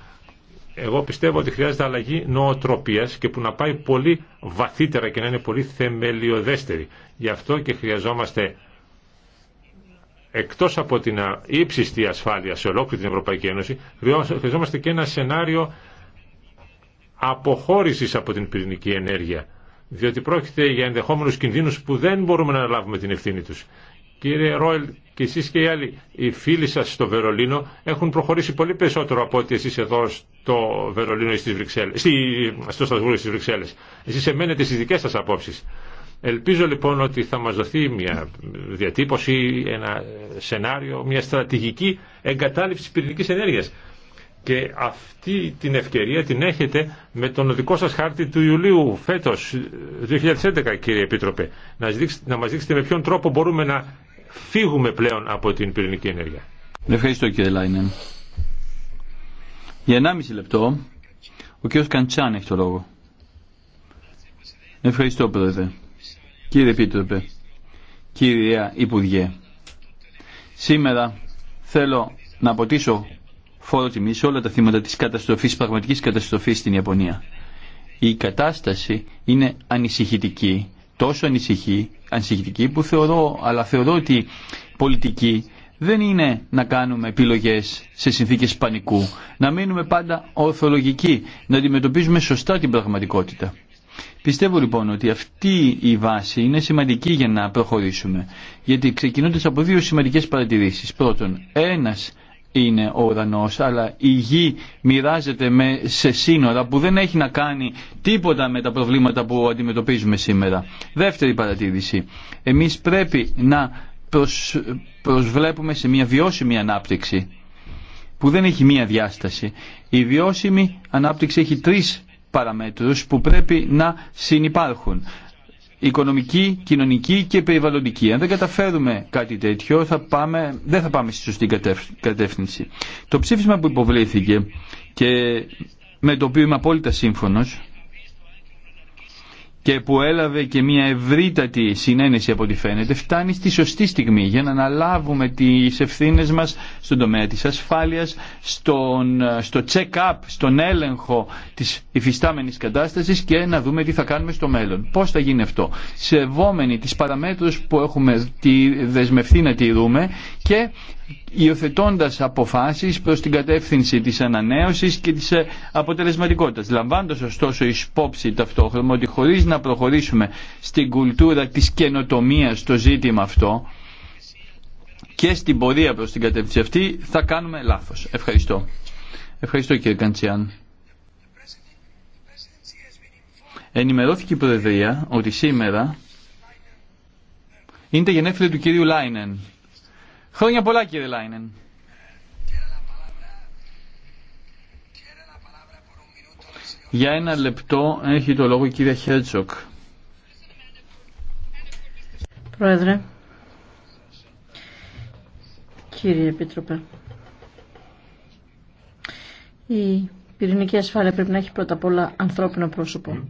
Εγώ πιστεύω ότι χρειάζεται αλλαγή νοοτροπίας και που να πάει πολύ βαθύτερα και να είναι πολύ θεμελιωδέστερη. Γι' αυτό και χρειαζόμαστε εκτός από την ύψιστη ασφάλεια σε ολόκληρη την Ευρωπαϊκή Ένωση, χρειαζόμαστε και ένα σενάριο αποχώρησης από την πυρηνική ενέργεια διότι πρόκειται για ενδεχόμενους κινδύνους που δεν μπορούμε να λάβουμε την ευθύνη τους. Κύριε Ρόιλ, και εσείς και οι άλλοι, οι φίλοι σας στο Βερολίνο έχουν προχωρήσει πολύ περισσότερο από ότι εσείς εδώ στο Βερολίνο ή στις Βρυξέλλες, στο Στασβούργο ή στι Εσείς εμένετε στις δικές σας απόψεις. Ελπίζω λοιπόν ότι θα μας δοθεί μια διατύπωση, ένα σενάριο, μια στρατηγική εγκατάλειψη πυρηνικής ενέργειας. Και αυτή την ευκαιρία την έχετε με τον δικό σας χάρτη του Ιουλίου φέτος 2011 κύριε Επίτροπε. Να, να μας δείξετε με ποιον τρόπο μπορούμε να φύγουμε πλέον από την πυρηνική ενέργεια. Ευχαριστώ κύριε Λάινεν. Για 1,5 λεπτό ο κύριος Καντσάν έχει το λόγο. Ευχαριστώ πρόεδρε. Κύριε Επίτροπε, κύριε Υπουργέ, σήμερα θέλω να αποτίσω φόρο τιμή σε όλα τα θύματα τη καταστροφή, πραγματικής καταστροφής στην Ιαπωνία. Η κατάσταση είναι ανησυχητική, τόσο ανησυχή, ανησυχητική που θεωρώ, αλλά θεωρώ ότι πολιτική δεν είναι να κάνουμε επιλογές σε συνθήκες πανικού, να μείνουμε πάντα ορθολογικοί, να αντιμετωπίζουμε σωστά την πραγματικότητα. Πιστεύω λοιπόν ότι αυτή η βάση είναι σημαντική για να προχωρήσουμε, γιατί ξεκινώντας από δύο σημαντικές παρατηρήσεις. Πρώτον, ένας είναι ουρανός, αλλά η γη μοιράζεται με, σε σύνορα που δεν έχει να κάνει τίποτα με τα προβλήματα που αντιμετωπίζουμε σήμερα. Δεύτερη παρατήρηση. Εμείς πρέπει να προσ, προσβλέπουμε σε μια βιώσιμη ανάπτυξη που δεν έχει μία διάσταση. Η βιώσιμη ανάπτυξη έχει τρεις παραμέτρους που πρέπει να συνυπάρχουν οικονομική, κοινωνική και περιβαλλοντική. Αν δεν καταφέρουμε κάτι τέτοιο, θα πάμε, δεν θα πάμε στη σωστή κατεύθυνση. Το ψήφισμα που υποβλήθηκε και με το οποίο είμαι απόλυτα σύμφωνος, και που έλαβε και μια ευρύτατη συνένεση από ό,τι φαίνεται, φτάνει στη σωστή στιγμή για να αναλάβουμε τις ευθύνες μας στον τομέα της ασφάλειας, στον, στο check-up, στον έλεγχο της υφιστάμενης κατάστασης και να δούμε τι θα κάνουμε στο μέλλον. Πώς θα γίνει αυτό. Σεβόμενοι τις παραμέτρους που έχουμε τη δεσμευτεί να τηρούμε και υιοθετώντα αποφάσεις προς την κατεύθυνση της ανανέωσης και της ε, αποτελεσματικότητας. Λαμβάνοντας ωστόσο πόψη ταυτόχρονα ότι χωρίς να προχωρήσουμε στην κουλτούρα της καινοτομία στο ζήτημα αυτό και στην πορεία προς την κατεύθυνση αυτή θα κάνουμε λάθος. Ευχαριστώ. Ευχαριστώ κύριε Καντσιάν. Ενημερώθηκε η Προεδρία ότι σήμερα είναι τα του κύριου Λάινεν. Χρόνια πολλά κύριε Λάινεν. Για ένα λεπτό έχει το λόγο η κυρία Χέρτσοκ. Πρόεδρε, κύριε Επίτροπε, η πυρηνική ασφάλεια πρέπει να έχει πρώτα απ' όλα ανθρώπινο πρόσωπο.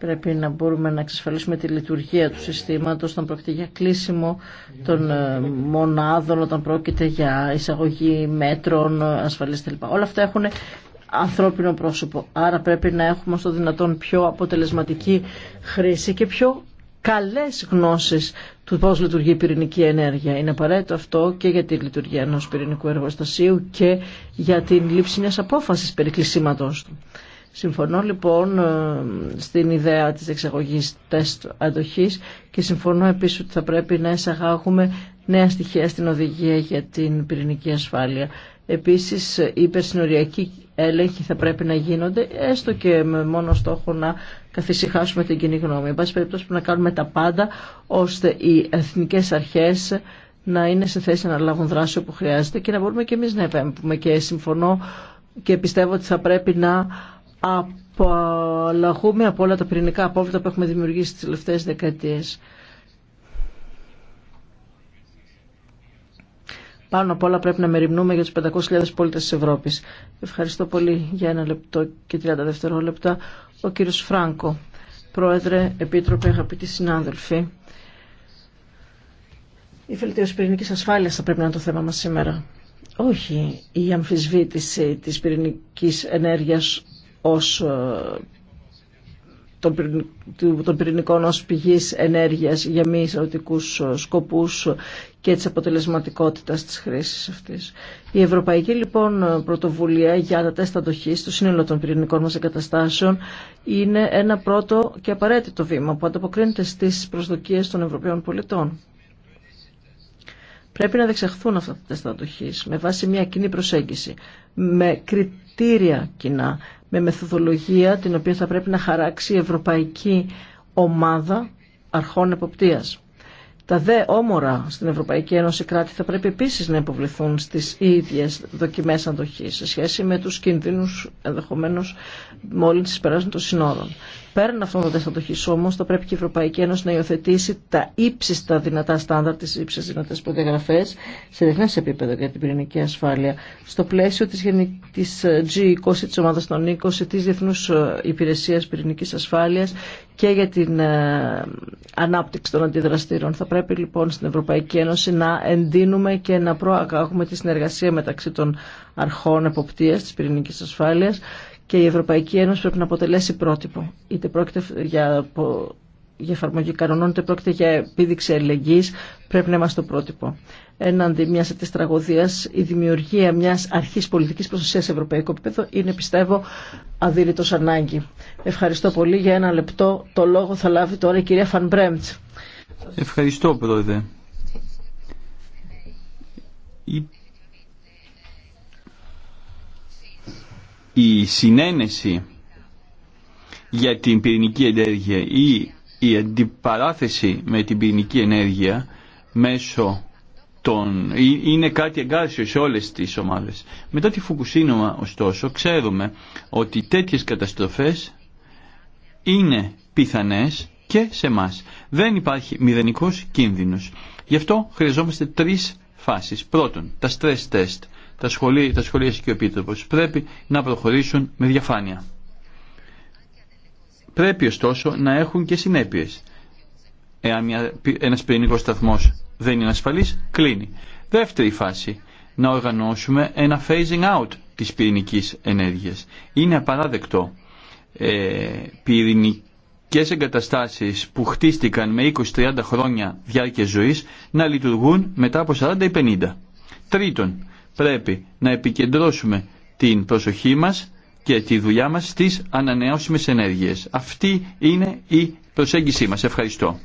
Πρέπει να μπορούμε να εξασφαλίσουμε τη λειτουργία του συστήματος όταν πρόκειται για κλείσιμο των ε, μονάδων, όταν πρόκειται για εισαγωγή μέτρων, ασφαλής κλπ. Όλα αυτά έχουν ανθρώπινο πρόσωπο. Άρα πρέπει να έχουμε στο δυνατόν πιο αποτελεσματική χρήση και πιο καλές γνώσεις του πώς λειτουργεί η πυρηνική ενέργεια. Είναι απαραίτητο αυτό και για τη λειτουργία ενός πυρηνικού εργοστασίου και για την λήψη μιας απόφασης περί κλεισίματος του. Συμφωνώ λοιπόν ε, στην ιδέα της εξαγωγής τεστ αντοχής και συμφωνώ επίσης ότι θα πρέπει να εισαγάγουμε νέα στοιχεία στην οδηγία για την πυρηνική ασφάλεια. Επίσης οι υπερσυνοριακοί έλεγχοι θα πρέπει να γίνονται έστω και με μόνο στόχο να καθησυχάσουμε την κοινή γνώμη. Εν πάση περιπτώσει πρέπει να κάνουμε τα πάντα ώστε οι εθνικές αρχές να είναι σε θέση να λάβουν δράση όπου χρειάζεται και να μπορούμε και εμείς να επέμπουμε και συμφωνώ και πιστεύω ότι θα πρέπει να απαλλαγούμε από όλα τα πυρηνικά απόβλητα που έχουμε δημιουργήσει τις τελευταίες δεκαετίες. Πάνω απ' όλα πρέπει να μεριμνούμε για τους 500.000 πολίτες της Ευρώπης. Ευχαριστώ πολύ για ένα λεπτό και 30 δευτερόλεπτα. Ο κύριος Φράνκο, Πρόεδρε, Επίτροπε, αγαπητοί συνάδελφοι. Η βελτίωση πυρηνική ασφάλεια θα πρέπει να είναι το θέμα μα σήμερα. Όχι η αμφισβήτηση τη πυρηνική ενέργεια ως ε, των πυρηνικών ως πηγής ενέργειας για μη εισαρωτικούς ε, σκοπούς και της αποτελεσματικότητας της χρήσης αυτής. Η Ευρωπαϊκή λοιπόν πρωτοβουλία για τα τεστ αντοχής στο σύνολο των πυρηνικών μας εγκαταστάσεων είναι ένα πρώτο και απαραίτητο βήμα που ανταποκρίνεται στις προσδοκίες των Ευρωπαίων πολιτών. Πρέπει να δεξαχθούν αυτά τα τεστ αντοχής με βάση μια κοινή προσέγγιση, με κριτήρια κοινά, με μεθοδολογία την οποία θα πρέπει να χαράξει η Ευρωπαϊκή Ομάδα Αρχών Εποπτείας. Τα δε όμορα στην Ευρωπαϊκή Ένωση κράτη θα πρέπει επίσης να υποβληθούν στις ίδιες δοκιμές αντοχής σε σχέση με τους κινδύνους ενδεχομένως μόλις περάσουν των συνόρων. Πέραν αυτών των τεστατοχή όμω, θα πρέπει και η Ευρωπαϊκή Ένωση να υιοθετήσει τα ύψιστα δυνατά στάνταρ, τι ύψιστα δυνατέ προδιαγραφέ σε διεθνέ επίπεδο για την πυρηνική ασφάλεια. Στο πλαίσιο τη G20, τη ομάδα των 20, τη Διεθνού ε, Υπηρεσία Πυρηνική Ασφάλεια και για την ε, ανάπτυξη των αντιδραστήρων. Θα πρέπει λοιπόν στην Ευρωπαϊκή Ένωση να εντείνουμε και να προαγάγουμε τη συνεργασία μεταξύ των αρχών εποπτεία τη πυρηνική ασφάλεια και η Ευρωπαϊκή Ένωση πρέπει να αποτελέσει πρότυπο. Είτε πρόκειται για, για εφαρμογή κανονών, είτε πρόκειται για επίδειξη ελεγγύης, πρέπει να είμαστε το πρότυπο. Έναντι μια τέτοια τραγωδία, η δημιουργία μια αρχή πολιτική προστασία σε ευρωπαϊκό επίπεδο είναι, πιστεύω, αδύρυτο ανάγκη. Ευχαριστώ πολύ. Για ένα λεπτό το λόγο θα λάβει τώρα η κυρία Φανμπρέμπτ. Ευχαριστώ, Πρόεδρε. η συνένεση για την πυρηνική ενέργεια ή η αντιπαράθεση με την πυρηνική ενέργεια μέσω των... είναι κάτι εγκάρσιο σε όλες τις ομάδες. Μετά τη Φουκουσίνωμα, ωστόσο, ξέρουμε ότι τέτοιες καταστροφές είναι πιθανές και σε εμά. Δεν υπάρχει μηδενικός κίνδυνος. Γι' αυτό χρειαζόμαστε τρεις φάσεις. Πρώτον, τα stress test τα σχολεία, τα σχολεία και ο Επίτροπος πρέπει να προχωρήσουν με διαφάνεια. Πρέπει ωστόσο να έχουν και συνέπειες. Εάν μια, ένας σταθμό σταθμός δεν είναι ασφαλής, κλείνει. Δεύτερη φάση, να οργανώσουμε ένα phasing out της πυρηνικής ενέργειας. Είναι απαράδεκτο ε, πυρηνικές εγκαταστάσεις που χτίστηκαν με 20-30 χρόνια διάρκεια ζωής να λειτουργούν μετά από 40 ή 50. Τρίτον, πρέπει να επικεντρώσουμε την προσοχή μας και τη δουλειά μας στις ανανεώσιμες ενέργειες. Αυτή είναι η προσέγγιση μας. Ευχαριστώ.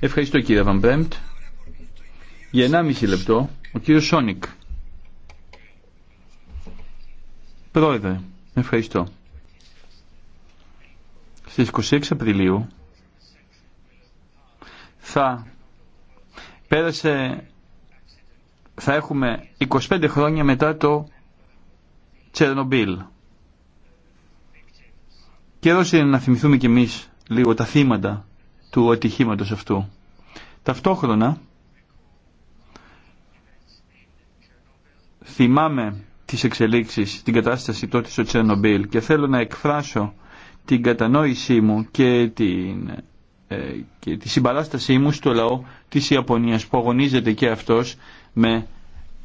Ευχαριστώ κύριε Βαμπρέμπτ. Για 1,5 λεπτό ο κύριος Σόνικ. Πρόεδρε, ευχαριστώ. Στις 26 Απριλίου θα πέρασε θα έχουμε 25 χρόνια μετά το Τσερνομπίλ. Καιρός είναι να θυμηθούμε κι εμείς λίγο τα θύματα του ατυχήματος αυτού. Ταυτόχρονα θυμάμαι τις εξελίξεις, την κατάσταση τότε στο Τσερνομπίλ και θέλω να εκφράσω την κατανόησή μου και την ε, και τη συμπαράστασή μου στο λαό της Ιαπωνίας που αγωνίζεται και αυτός με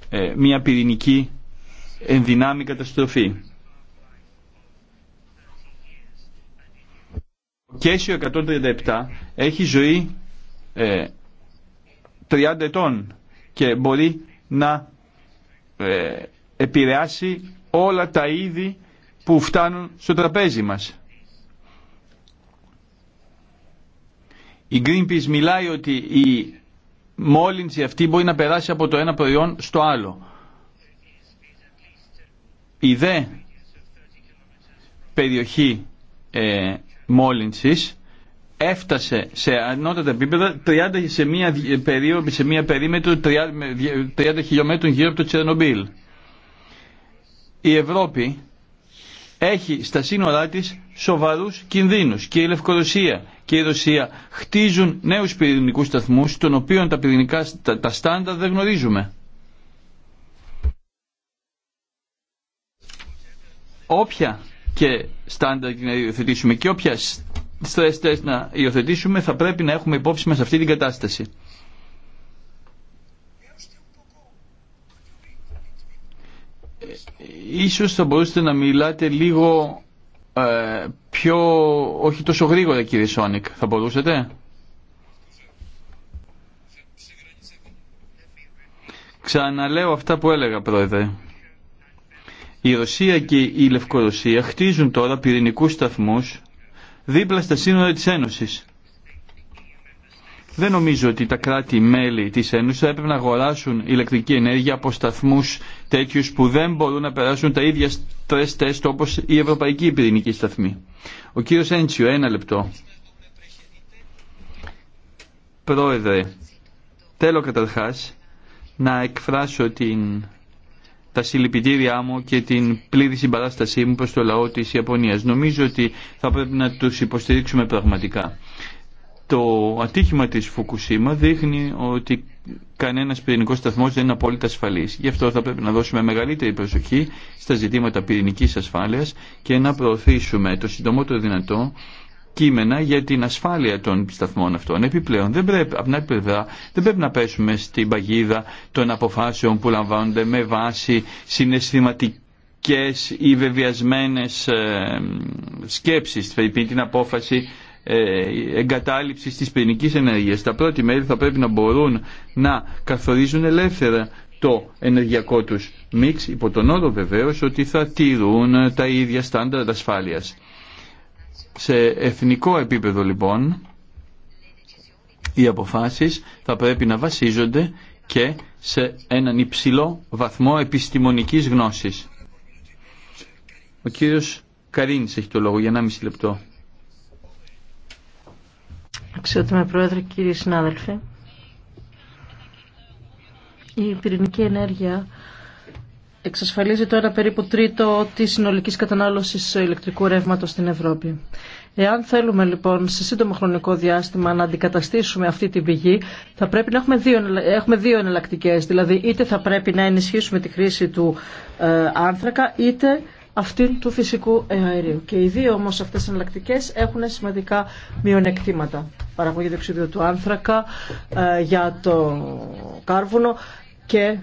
ε, μια πυρηνική ενδυνάμει καταστροφή. Ο Κέσιο 137 έχει ζωή 30 ε, ετών και μπορεί να ε, επηρεάσει όλα τα είδη που φτάνουν στο τραπέζι μας. Η Greenpeace μιλάει ότι η μόλυνση αυτή μπορεί να περάσει από το ένα προϊόν στο άλλο. Η δε περιοχή ε, μόλυνσης έφτασε σε ανώτατα επίπεδα ε, σε μία, περίμετρο 30, χιλιόμετρων γύρω από το Τσερνομπίλ. Η Ευρώπη έχει στα σύνορά της σοβαρούς κινδύνους και η Λευκορωσία και η Ρωσία χτίζουν νέους πυρηνικούς σταθμούς των οποίων τα πυρηνικά τα, στάντα δεν γνωρίζουμε. Όποια και στάντα να υιοθετήσουμε και όποια stress να υιοθετήσουμε θα πρέπει να έχουμε υπόψη μας αυτή την κατάσταση. Ε, ε, ίσως θα μπορούσατε να μιλάτε λίγο ε, πιο, όχι τόσο γρήγορα κύριε Σόνικ, θα μπορούσατε. Ξαναλέω αυτά που έλεγα πρόεδρε. Η Ρωσία και η Λευκορωσία χτίζουν τώρα πυρηνικούς σταθμούς δίπλα στα σύνορα της Ένωσης. Δεν νομίζω ότι τα κράτη-μέλη της Ένωσης θα έπρεπε να αγοράσουν ηλεκτρική ενέργεια από σταθμού τέτοιου που δεν μπορούν να περάσουν τα ίδια στρες τεστ όπως η Ευρωπαϊκή Πυρηνική Σταθμή. Ο κύριος Έντσιο, ένα λεπτό. Πρόεδρε, θέλω καταρχά να εκφράσω την τα συλληπιτήριά μου και την πλήρη συμπαράστασή μου προς το λαό της Ιαπωνίας. Νομίζω ότι θα πρέπει να τους υποστηρίξουμε πραγματικά. Το ατύχημα της Φουκουσίμα δείχνει ότι κανένας πυρηνικό σταθμό δεν είναι απόλυτα ασφαλή. Γι' αυτό θα πρέπει να δώσουμε μεγαλύτερη προσοχή στα ζητήματα πυρηνική ασφάλειας και να προωθήσουμε το συντομότερο δυνατό κείμενα για την ασφάλεια των σταθμών αυτών. Επιπλέον, δεν πρέπει, από την πλευρά, δεν πρέπει να πέσουμε στην παγίδα των αποφάσεων που λαμβάνονται με βάση συναισθηματικές ή βεβαιασμένες ε, σκέψεις. την απόφαση ε, εγκατάλειψης της πυρηνικής ενέργειας. Τα πρώτη μέρη θα πρέπει να μπορούν να καθορίζουν ελεύθερα το ενεργειακό τους μίξ υπό τον όρο βεβαίως ότι θα τηρούν τα ίδια στάνταρ ασφάλειας. Σε εθνικό επίπεδο λοιπόν οι αποφάσεις θα πρέπει να βασίζονται και σε έναν υψηλό βαθμό επιστημονικής γνώσης. Ο κύριος Καρίνης έχει το λόγο για 1,5 λεπτό. Αξιότιμα Πρόεδρε, κύριοι συνάδελφοι, η πυρηνική ενέργεια εξασφαλίζει τώρα περίπου τρίτο τη συνολική κατανάλωση ηλεκτρικού ρεύματο στην Ευρώπη. Εάν θέλουμε λοιπόν σε σύντομο χρονικό διάστημα να αντικαταστήσουμε αυτή την πηγή, θα πρέπει να έχουμε δύο, έχουμε δύο εναλλακτικέ. Δηλαδή, είτε θα πρέπει να ενισχύσουμε τη χρήση του ε, άνθρακα, είτε αυτήν του φυσικού αερίου. Και οι δύο όμως αυτές εναλλακτικέ έχουν σημαντικά μειονεκτήματα. Παραγωγή διοξιδίου του άνθρακα ε, για το κάρβουνο και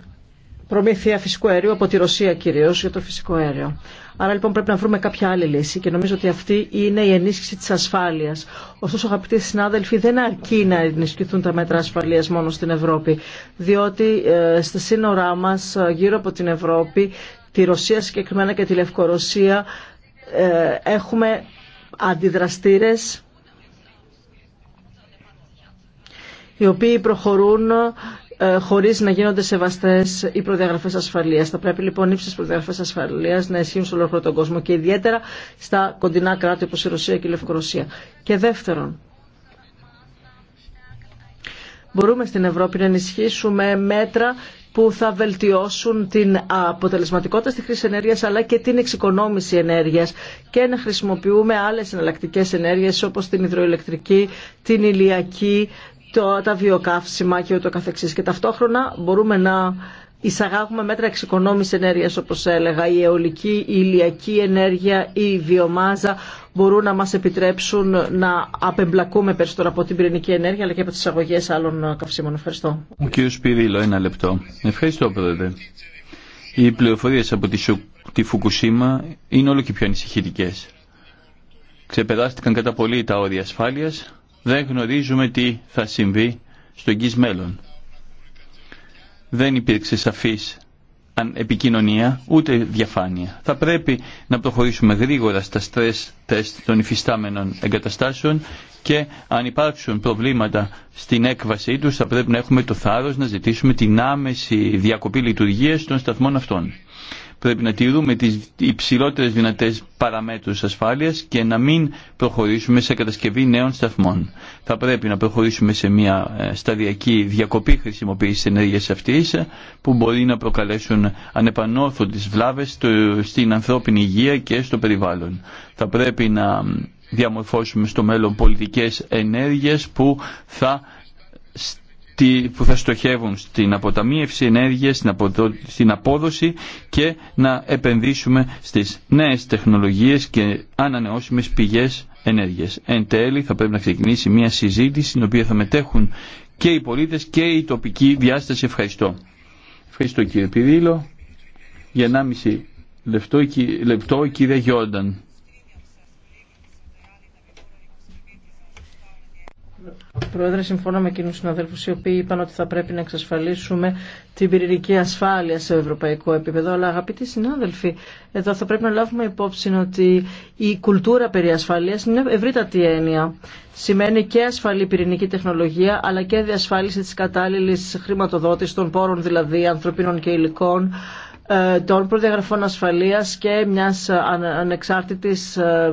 προμήθεια φυσικού αερίου από τη Ρωσία κυρίως για το φυσικό αέριο. Άρα λοιπόν πρέπει να βρούμε κάποια άλλη λύση και νομίζω ότι αυτή είναι η ενίσχυση της ασφάλειας. Ωστόσο αγαπητοί συνάδελφοι δεν αρκεί να ενισχυθούν τα μέτρα ασφαλείας μόνο στην Ευρώπη διότι ε, στα σύνορά μας ε, γύρω από την Ευρώπη τη Ρωσία συγκεκριμένα και τη Λευκορωσία ε, έχουμε αντιδραστήρες οι οποίοι προχωρούν ε, χωρίς να γίνονται σεβαστές οι προδιαγραφές ασφαλείας. Θα πρέπει λοιπόν ύψε προδιαγραφές ασφαλείας να ισχύουν σε ολόκληρο τον κόσμο και ιδιαίτερα στα κοντινά κράτη όπω η Ρωσία και η Λευκορωσία. Και δεύτερον, μπορούμε στην Ευρώπη να ενισχύσουμε μέτρα που θα βελτιώσουν την αποτελεσματικότητα στη χρήση ενέργειας αλλά και την εξοικονόμηση ενέργειας και να χρησιμοποιούμε άλλες εναλλακτικές ενέργειες όπως την υδροηλεκτρική, την ηλιακή, το, τα βιοκαύσιμα και ούτω καθεξής. Και ταυτόχρονα μπορούμε να εισαγάγουμε μέτρα εξοικονόμηση ενέργεια όπω έλεγα. Η αιωλική, η ηλιακή ενέργεια, η βιομάζα μπορούν να μα επιτρέψουν να απεμπλακούμε περισσότερο από την πυρηνική ενέργεια αλλά και από τι αγωγέ άλλων καυσίμων. Ευχαριστώ. Ο κ. Σπυρίλο, ένα λεπτό. Ευχαριστώ πρόεδρε. Οι πληροφορίε από τη Φουκουσίμα είναι όλο και πιο ανησυχητικέ. Ξεπεράστηκαν κατά πολύ τα όρια ασφάλεια, Δεν γνωρίζουμε τι θα συμβεί στο εγγύς μέλλον δεν υπήρξε σαφής επικοινωνία ούτε διαφάνεια. Θα πρέπει να προχωρήσουμε γρήγορα στα στρες τεστ των υφιστάμενων εγκαταστάσεων και αν υπάρξουν προβλήματα στην έκβασή τους θα πρέπει να έχουμε το θάρρος να ζητήσουμε την άμεση διακοπή λειτουργίας των σταθμών αυτών πρέπει να τηρούμε τις υψηλότερες δυνατές παραμέτρους ασφάλειας και να μην προχωρήσουμε σε κατασκευή νέων σταθμών. Θα πρέπει να προχωρήσουμε σε μια ε, σταδιακή διακοπή χρησιμοποίησης ενέργειας αυτής που μπορεί να προκαλέσουν ανεπανόρθωτες βλάβες στην ανθρώπινη υγεία και στο περιβάλλον. Θα πρέπει να διαμορφώσουμε στο μέλλον πολιτικές ενέργειες που θα που θα στοχεύουν στην αποταμίευση ενέργειας, στην απόδοση και να επενδύσουμε στις νέες τεχνολογίες και ανανεώσιμες πηγές ενέργειας. Εν τέλει θα πρέπει να ξεκινήσει μια συζήτηση στην οποία θα μετέχουν και οι πολίτες και η τοπική διάσταση. Ευχαριστώ. Ευχαριστώ κύριε Πυρίλο. Για 1,5 λεπτό, λεπτό η κυρία Γιόνταν. Πρόεδρε, συμφωνώ με εκείνου συναδέλφου οι οποίοι είπαν ότι θα πρέπει να εξασφαλίσουμε την πυρηνική ασφάλεια σε ευρωπαϊκό επίπεδο. Αλλά αγαπητοί συνάδελφοι, εδώ θα πρέπει να λάβουμε υπόψη ότι η κουλτούρα περί ασφάλεια είναι ευρύτατη έννοια. Σημαίνει και ασφαλή πυρηνική τεχνολογία, αλλά και διασφάλιση τη κατάλληλη χρηματοδότηση των πόρων, δηλαδή ανθρωπίνων και υλικών, ε, των προδιαγραφών ασφαλεία και μια ανεξάρτητη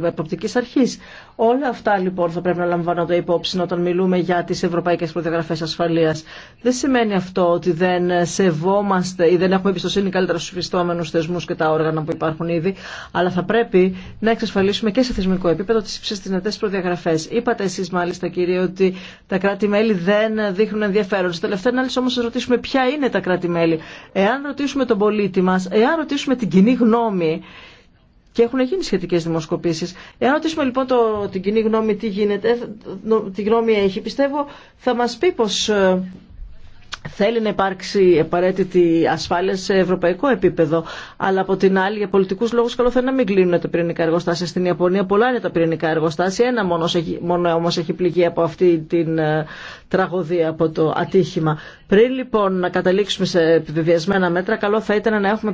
ε, εποπτική αρχή. Όλα αυτά λοιπόν θα πρέπει να λαμβάνονται υπόψη όταν μιλούμε για τι ευρωπαϊκέ προδιαγραφέ ασφαλεία. Δεν σημαίνει αυτό ότι δεν σεβόμαστε ή δεν έχουμε εμπιστοσύνη καλύτερα στου φυστόμενου θεσμού και τα όργανα που υπάρχουν ήδη, αλλά θα πρέπει να εξασφαλίσουμε και σε θεσμικό επίπεδο τι υψηλέ δυνατέ προδιαγραφέ. Είπατε εσεί μάλιστα κύριε ότι τα κράτη-μέλη δεν δείχνουν ενδιαφέρον. Στην τελευταία ανάλυση όμω θα ρωτήσουμε ποια είναι τα κράτη-μέλη. Εάν ρωτήσουμε τον πολίτη μα, εάν ρωτήσουμε την κοινή γνώμη, και έχουν γίνει σχετικέ δημοσκοπήσει. Εάν ρωτήσουμε λοιπόν το, την κοινή γνώμη τι γίνεται, ε, τι γνώμη έχει, πιστεύω θα μα πει πω ε, θέλει να υπάρξει απαραίτητη ασφάλεια σε ευρωπαϊκό επίπεδο. Αλλά από την άλλη, για πολιτικού λόγου, καλό θα είναι να μην κλείνουν τα πυρηνικά εργοστάσια στην Ιαπωνία. Πολλά είναι τα πυρηνικά εργοστάσια. Ένα μόνος μόνο όμω έχει πληγεί από αυτή την ε, τραγωδία, από το ατύχημα. Πριν λοιπόν να καταλήξουμε σε επιβεβαιασμένα μέτρα, καλό θα ήταν να έχουμε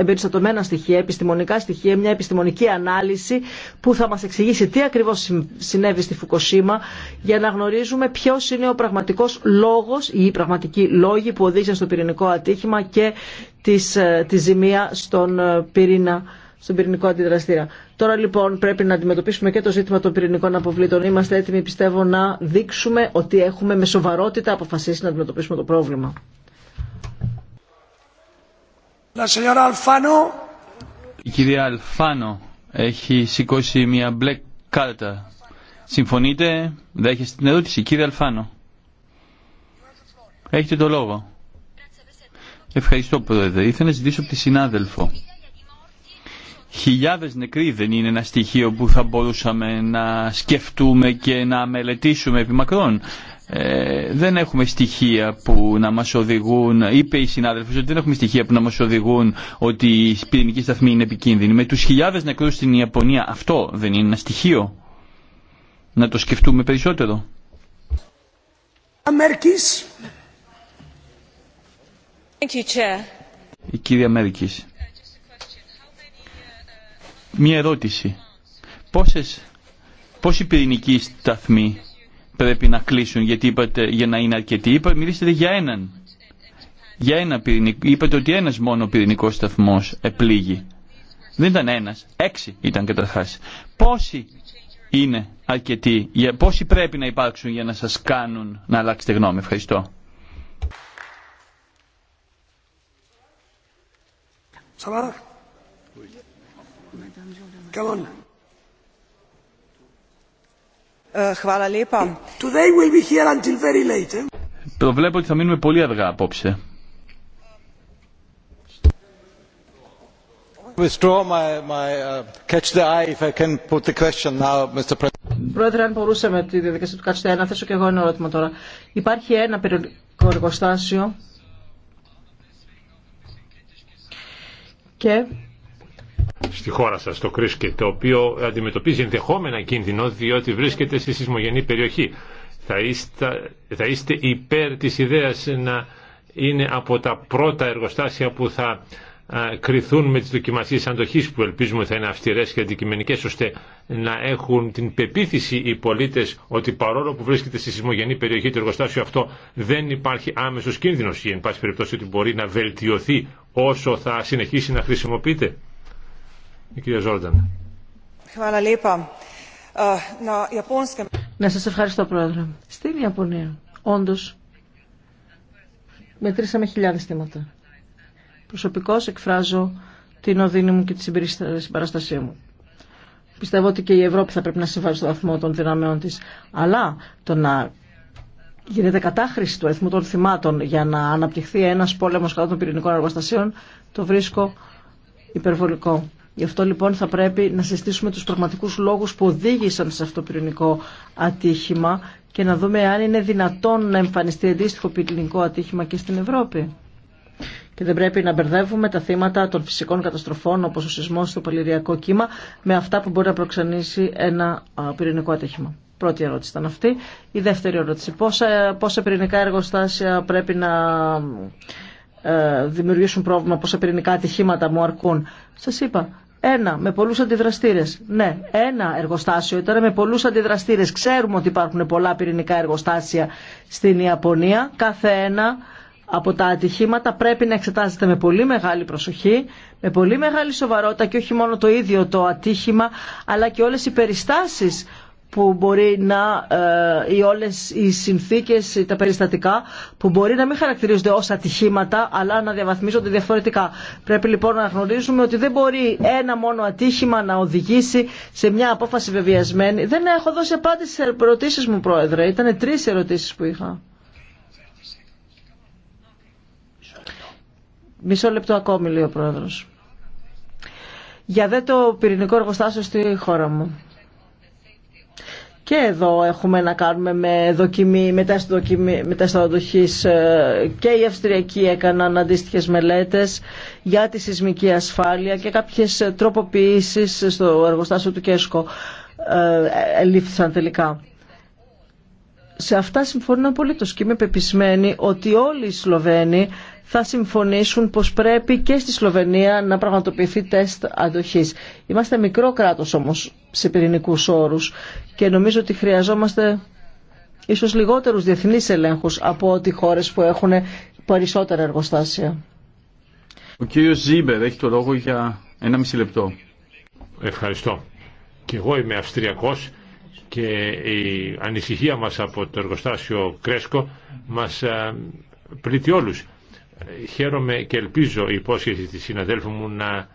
εμπεριστατωμένα στοιχεία, επιστημονικά στοιχεία, μια επιστημονική ανάλυση που θα μας εξηγήσει τι ακριβώς συνέβη στη Φουκοσίμα για να γνωρίζουμε ποιος είναι ο πραγματικός λόγος ή οι πραγματικοί λόγοι που οδήγησαν στο πυρηνικό ατύχημα και ε, τη ζημία στον ε, πυρήνα στον πυρηνικό αντιδραστήρα. Τώρα λοιπόν πρέπει να αντιμετωπίσουμε και το ζήτημα των πυρηνικών αποβλήτων. Είμαστε έτοιμοι πιστεύω να δείξουμε ότι έχουμε με σοβαρότητα αποφασίσει να αντιμετωπίσουμε το πρόβλημα. Η κυρία Αλφάνο έχει σηκώσει μια μπλε κάρτα. Συμφωνείτε, δέχεστε την ερώτηση. Κύριε Αλφάνο, έχετε το λόγο. Ευχαριστώ, Πρόεδρε. Ήθελα να ζητήσω από τη συνάδελφο. Χιλιάδες νεκροί δεν είναι ένα στοιχείο που θα μπορούσαμε να σκεφτούμε και να μελετήσουμε επί μακρόν. Ε, δεν έχουμε στοιχεία που να μας οδηγούν, είπε η συνάδελφος ότι δεν έχουμε στοιχεία που να μας οδηγούν ότι η πυρηνική σταθμή είναι επικίνδυνη. Με τους χιλιάδες νεκρούς στην Ιαπωνία αυτό δεν είναι ένα στοιχείο. Να το σκεφτούμε περισσότερο. Η κυρία Μέρκης. Μία ερώτηση. Πόσες, πόσοι πυρηνικοί σταθμοί πρέπει να κλείσουν γιατί είπατε για να είναι αρκετοί. Είπα, μιλήσατε για έναν. Για ένα πυρηνικό. Είπατε ότι ένας μόνο πυρηνικό σταθμός επλήγει. Δεν ήταν ένας. Έξι ήταν καταρχάς. Πόσοι είναι αρκετοί, για, πόσοι πρέπει να υπάρξουν για να σας κάνουν να αλλάξετε γνώμη. Ευχαριστώ. Come on. Ε, Προβλέπω ε. ότι θα μείνουμε πολύ αργά απόψε. Uh, Πρόεδρε, αν μπορούσα με τη διαδικασία του ΚΑΤΣΤΕΑ να θέσω και εγώ ένα ερώτημα τώρα. Υπάρχει ένα περιοδικό εργοστάσιο και στη χώρα σας, το Κρίσκε, το οποίο αντιμετωπίζει ενδεχόμενα κίνδυνο διότι βρίσκεται στη σεισμογενή περιοχή. Θα είστε, θα είστε υπέρ της ιδέας να είναι από τα πρώτα εργοστάσια που θα κριθούν με τις δοκιμασίες αντοχής που ελπίζουμε θα είναι αυστηρές και αντικειμενικές ώστε να έχουν την πεποίθηση οι πολίτες ότι παρόλο που βρίσκεται στη σεισμογενή περιοχή το εργοστάσιο αυτό δεν υπάρχει άμεσος κίνδυνος ή εν πάση περιπτώσει ότι μπορεί να βελτιωθεί όσο θα συνεχίσει να χρησιμοποιείται. Η κυρία ε, Να σας ευχαριστώ πρόεδρε. Στην Ιαπωνία, όντως, μετρήσαμε χιλιάδες θύματα. Προσωπικώς εκφράζω την οδύνη μου και τη συμπαραστασία μου. Πιστεύω ότι και η Ευρώπη θα πρέπει να συμβάλλει στο βαθμό των δυναμεών της. Αλλά το να γίνεται κατάχρηση του αριθμού των θυμάτων για να αναπτυχθεί ένας πόλεμος κατά των πυρηνικών εργοστασίων, το βρίσκω υπερβολικό. Γι' αυτό λοιπόν θα πρέπει να συστήσουμε τους πραγματικούς λόγους που οδήγησαν σε αυτό το πυρηνικό ατύχημα και να δούμε αν είναι δυνατόν να εμφανιστεί αντίστοιχο πυρηνικό ατύχημα και στην Ευρώπη. Και δεν πρέπει να μπερδεύουμε τα θύματα των φυσικών καταστροφών όπως ο σεισμός στο παλαιριακό κύμα με αυτά που μπορεί να προξενήσει ένα πυρηνικό ατύχημα. Πρώτη ερώτηση ήταν αυτή. Η δεύτερη ερώτηση. Πόσα, πόσα πυρηνικά εργοστάσια πρέπει να ε, δημιουργήσουν πρόβλημα, πόσα πυρηνικά ατυχήματα μου αρκούν. Σας είπα, ένα με πολλούς αντιδραστήρες. Ναι, ένα εργοστάσιο ήταν με πολλούς αντιδραστήρες. Ξέρουμε ότι υπάρχουν πολλά πυρηνικά εργοστάσια στην Ιαπωνία. Κάθε ένα από τα ατυχήματα πρέπει να εξετάζεται με πολύ μεγάλη προσοχή, με πολύ μεγάλη σοβαρότητα και όχι μόνο το ίδιο το ατύχημα, αλλά και όλες οι περιστάσεις που μπορεί να, ε, οι όλες οι συνθήκες, τα περιστατικά που μπορεί να μην χαρακτηρίζονται ως ατυχήματα αλλά να διαβαθμίζονται διαφορετικά. Πρέπει λοιπόν να γνωρίζουμε ότι δεν μπορεί ένα μόνο ατύχημα να οδηγήσει σε μια απόφαση βεβαιασμένη. Δεν έχω δώσει απάντηση σε ερωτήσεις μου πρόεδρε, ήταν τρεις ερωτήσεις που είχα. Μισό λεπτό ακόμη λέει ο πρόεδρος. Για δε το πυρηνικό εργοστάσιο στη χώρα μου. Και εδώ έχουμε να κάνουμε με δοκιμή, με δοκιμή, ε, και οι Αυστριακοί έκαναν αντίστοιχες μελέτες για τη σεισμική ασφάλεια και κάποιες τροποποιήσεις στο εργοστάσιο του Κέσκο ε, ελήφθησαν τελικά. Σε αυτά συμφωνώ απολύτως και είμαι πεπισμένη ότι όλοι οι Σλοβαίνοι θα συμφωνήσουν πως πρέπει και στη Σλοβενία να πραγματοποιηθεί τεστ αντοχής. Είμαστε μικρό κράτος όμως σε πυρηνικού όρους και νομίζω ότι χρειαζόμαστε ίσως λιγότερους διεθνείς ελέγχους από ό,τι χώρες που έχουν περισσότερα εργοστάσια. Ο κύριος Ζίμπερ έχει το λόγο για ένα μισή λεπτό. Ευχαριστώ. Και εγώ είμαι Αυστριακός και η ανησυχία μας από το εργοστάσιο Κρέσκο μας ε, πλήττει όλους χαίρομαι και ελπίζω η υπόσχεση της συναδέλφου μου να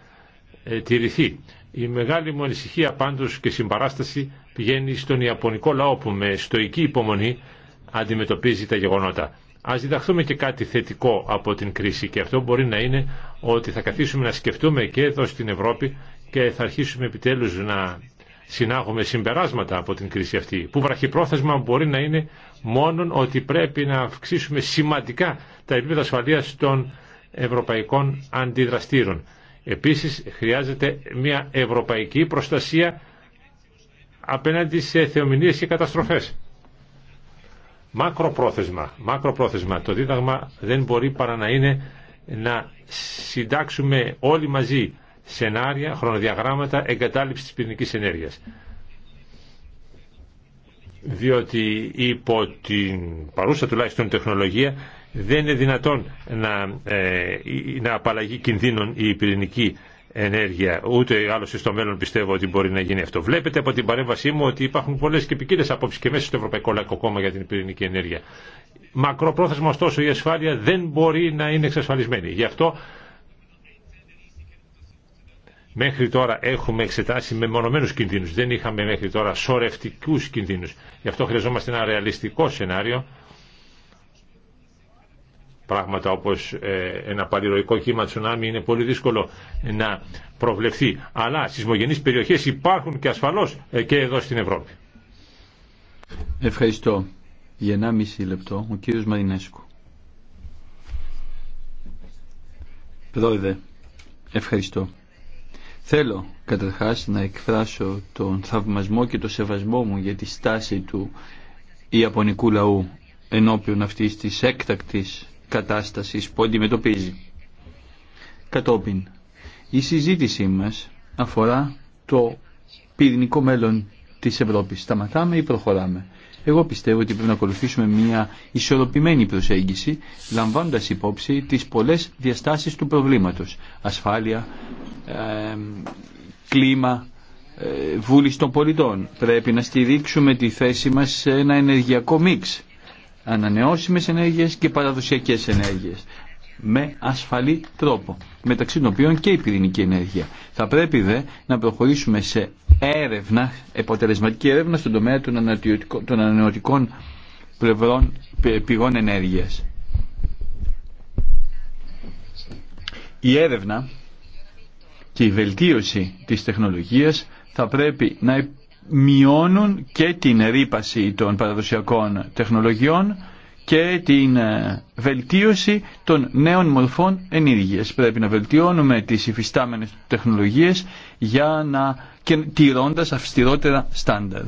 ε, τηρηθεί. Η μεγάλη μου ανησυχία πάντως και συμπαράσταση πηγαίνει στον Ιαπωνικό λαό που με στοική υπομονή αντιμετωπίζει τα γεγονότα. Ας διδαχθούμε και κάτι θετικό από την κρίση και αυτό μπορεί να είναι ότι θα καθίσουμε να σκεφτούμε και εδώ στην Ευρώπη και θα αρχίσουμε επιτέλους να συνάγουμε συμπεράσματα από την κρίση αυτή που βραχυπρόθεσμα μπορεί να είναι μόνον ότι πρέπει να αυξήσουμε σημαντικά τα επίπεδα ασφαλείας των ευρωπαϊκών αντιδραστήρων. Επίσης χρειάζεται μια ευρωπαϊκή προστασία απέναντι σε θεομηνίες και καταστροφές. Μακροπρόθεσμα, μακροπρόθεσμα. Το δίδαγμα δεν μπορεί παρά να είναι να συντάξουμε όλοι μαζί σενάρια, χρονοδιαγράμματα εγκατάλειψης της πυρηνικής ενέργειας διότι υπό την παρούσα τουλάχιστον τεχνολογία δεν είναι δυνατόν να, ε, να απαλλαγεί κινδύνων η πυρηνική ενέργεια. Ούτε άλλωστε στο μέλλον πιστεύω ότι μπορεί να γίνει αυτό. Βλέπετε από την παρέμβασή μου ότι υπάρχουν πολλέ και ποικίλε απόψει και μέσα στο Ευρωπαϊκό Λαϊκό Κόμμα για την πυρηνική ενέργεια. Μακροπρόθεσμα, ωστόσο, η ασφάλεια δεν μπορεί να είναι εξασφαλισμένη. Γι' αυτό Μέχρι τώρα έχουμε εξετάσει με μονομένους κινδύνους. Δεν είχαμε μέχρι τώρα σωρευτικούς κινδύνους. Γι' αυτό χρειαζόμαστε ένα ρεαλιστικό σενάριο. Πράγματα όπως ε, ένα παλιροϊκό κύμα τσουνάμι είναι πολύ δύσκολο να προβλεφθεί. Αλλά σεισμογενείς περιοχές υπάρχουν και ασφαλώς ε, και εδώ στην Ευρώπη. Ευχαριστώ. Για 1,5 λεπτό ο κύριος Μαρινέσκου. Πρόεδρε, ευχαριστώ. Θέλω καταρχάς να εκφράσω τον θαυμασμό και το σεβασμό μου για τη στάση του Ιαπωνικού λαού ενώπιον αυτής της έκτακτης κατάσταση που αντιμετωπίζει. Κατόπιν, η συζήτησή μας αφορά το πυρηνικό μέλλον της Ευρώπης. Σταματάμε ή προχωράμε. Εγώ πιστεύω ότι πρέπει να ακολουθήσουμε μια ισορροπημένη προσέγγιση, λαμβάνοντα υπόψη τι πολλέ διαστάσει του προβλήματο. Ασφάλεια, κλίμα, ε, βούληση των πολιτών. Πρέπει να στηρίξουμε τη θέση μα σε ένα ενεργειακό μίξ. Ανανεώσιμε ενέργειε και παραδοσιακέ ενέργειε. Με ασφαλή τρόπο μεταξύ των οποίων και η πυρηνική ενέργεια. Θα πρέπει δε να προχωρήσουμε σε έρευνα, αποτελεσματική έρευνα στον τομέα των ανανεωτικών πηγών ενέργειας. Η έρευνα και η βελτίωση της τεχνολογίας θα πρέπει να μειώνουν και την ρήπαση των παραδοσιακών τεχνολογιών και την ε, βελτίωση των νέων μορφών ενέργειας. Πρέπει να βελτιώνουμε τις υφιστάμενες τεχνολογίες για να και τηρώντας αυστηρότερα στάνταρ.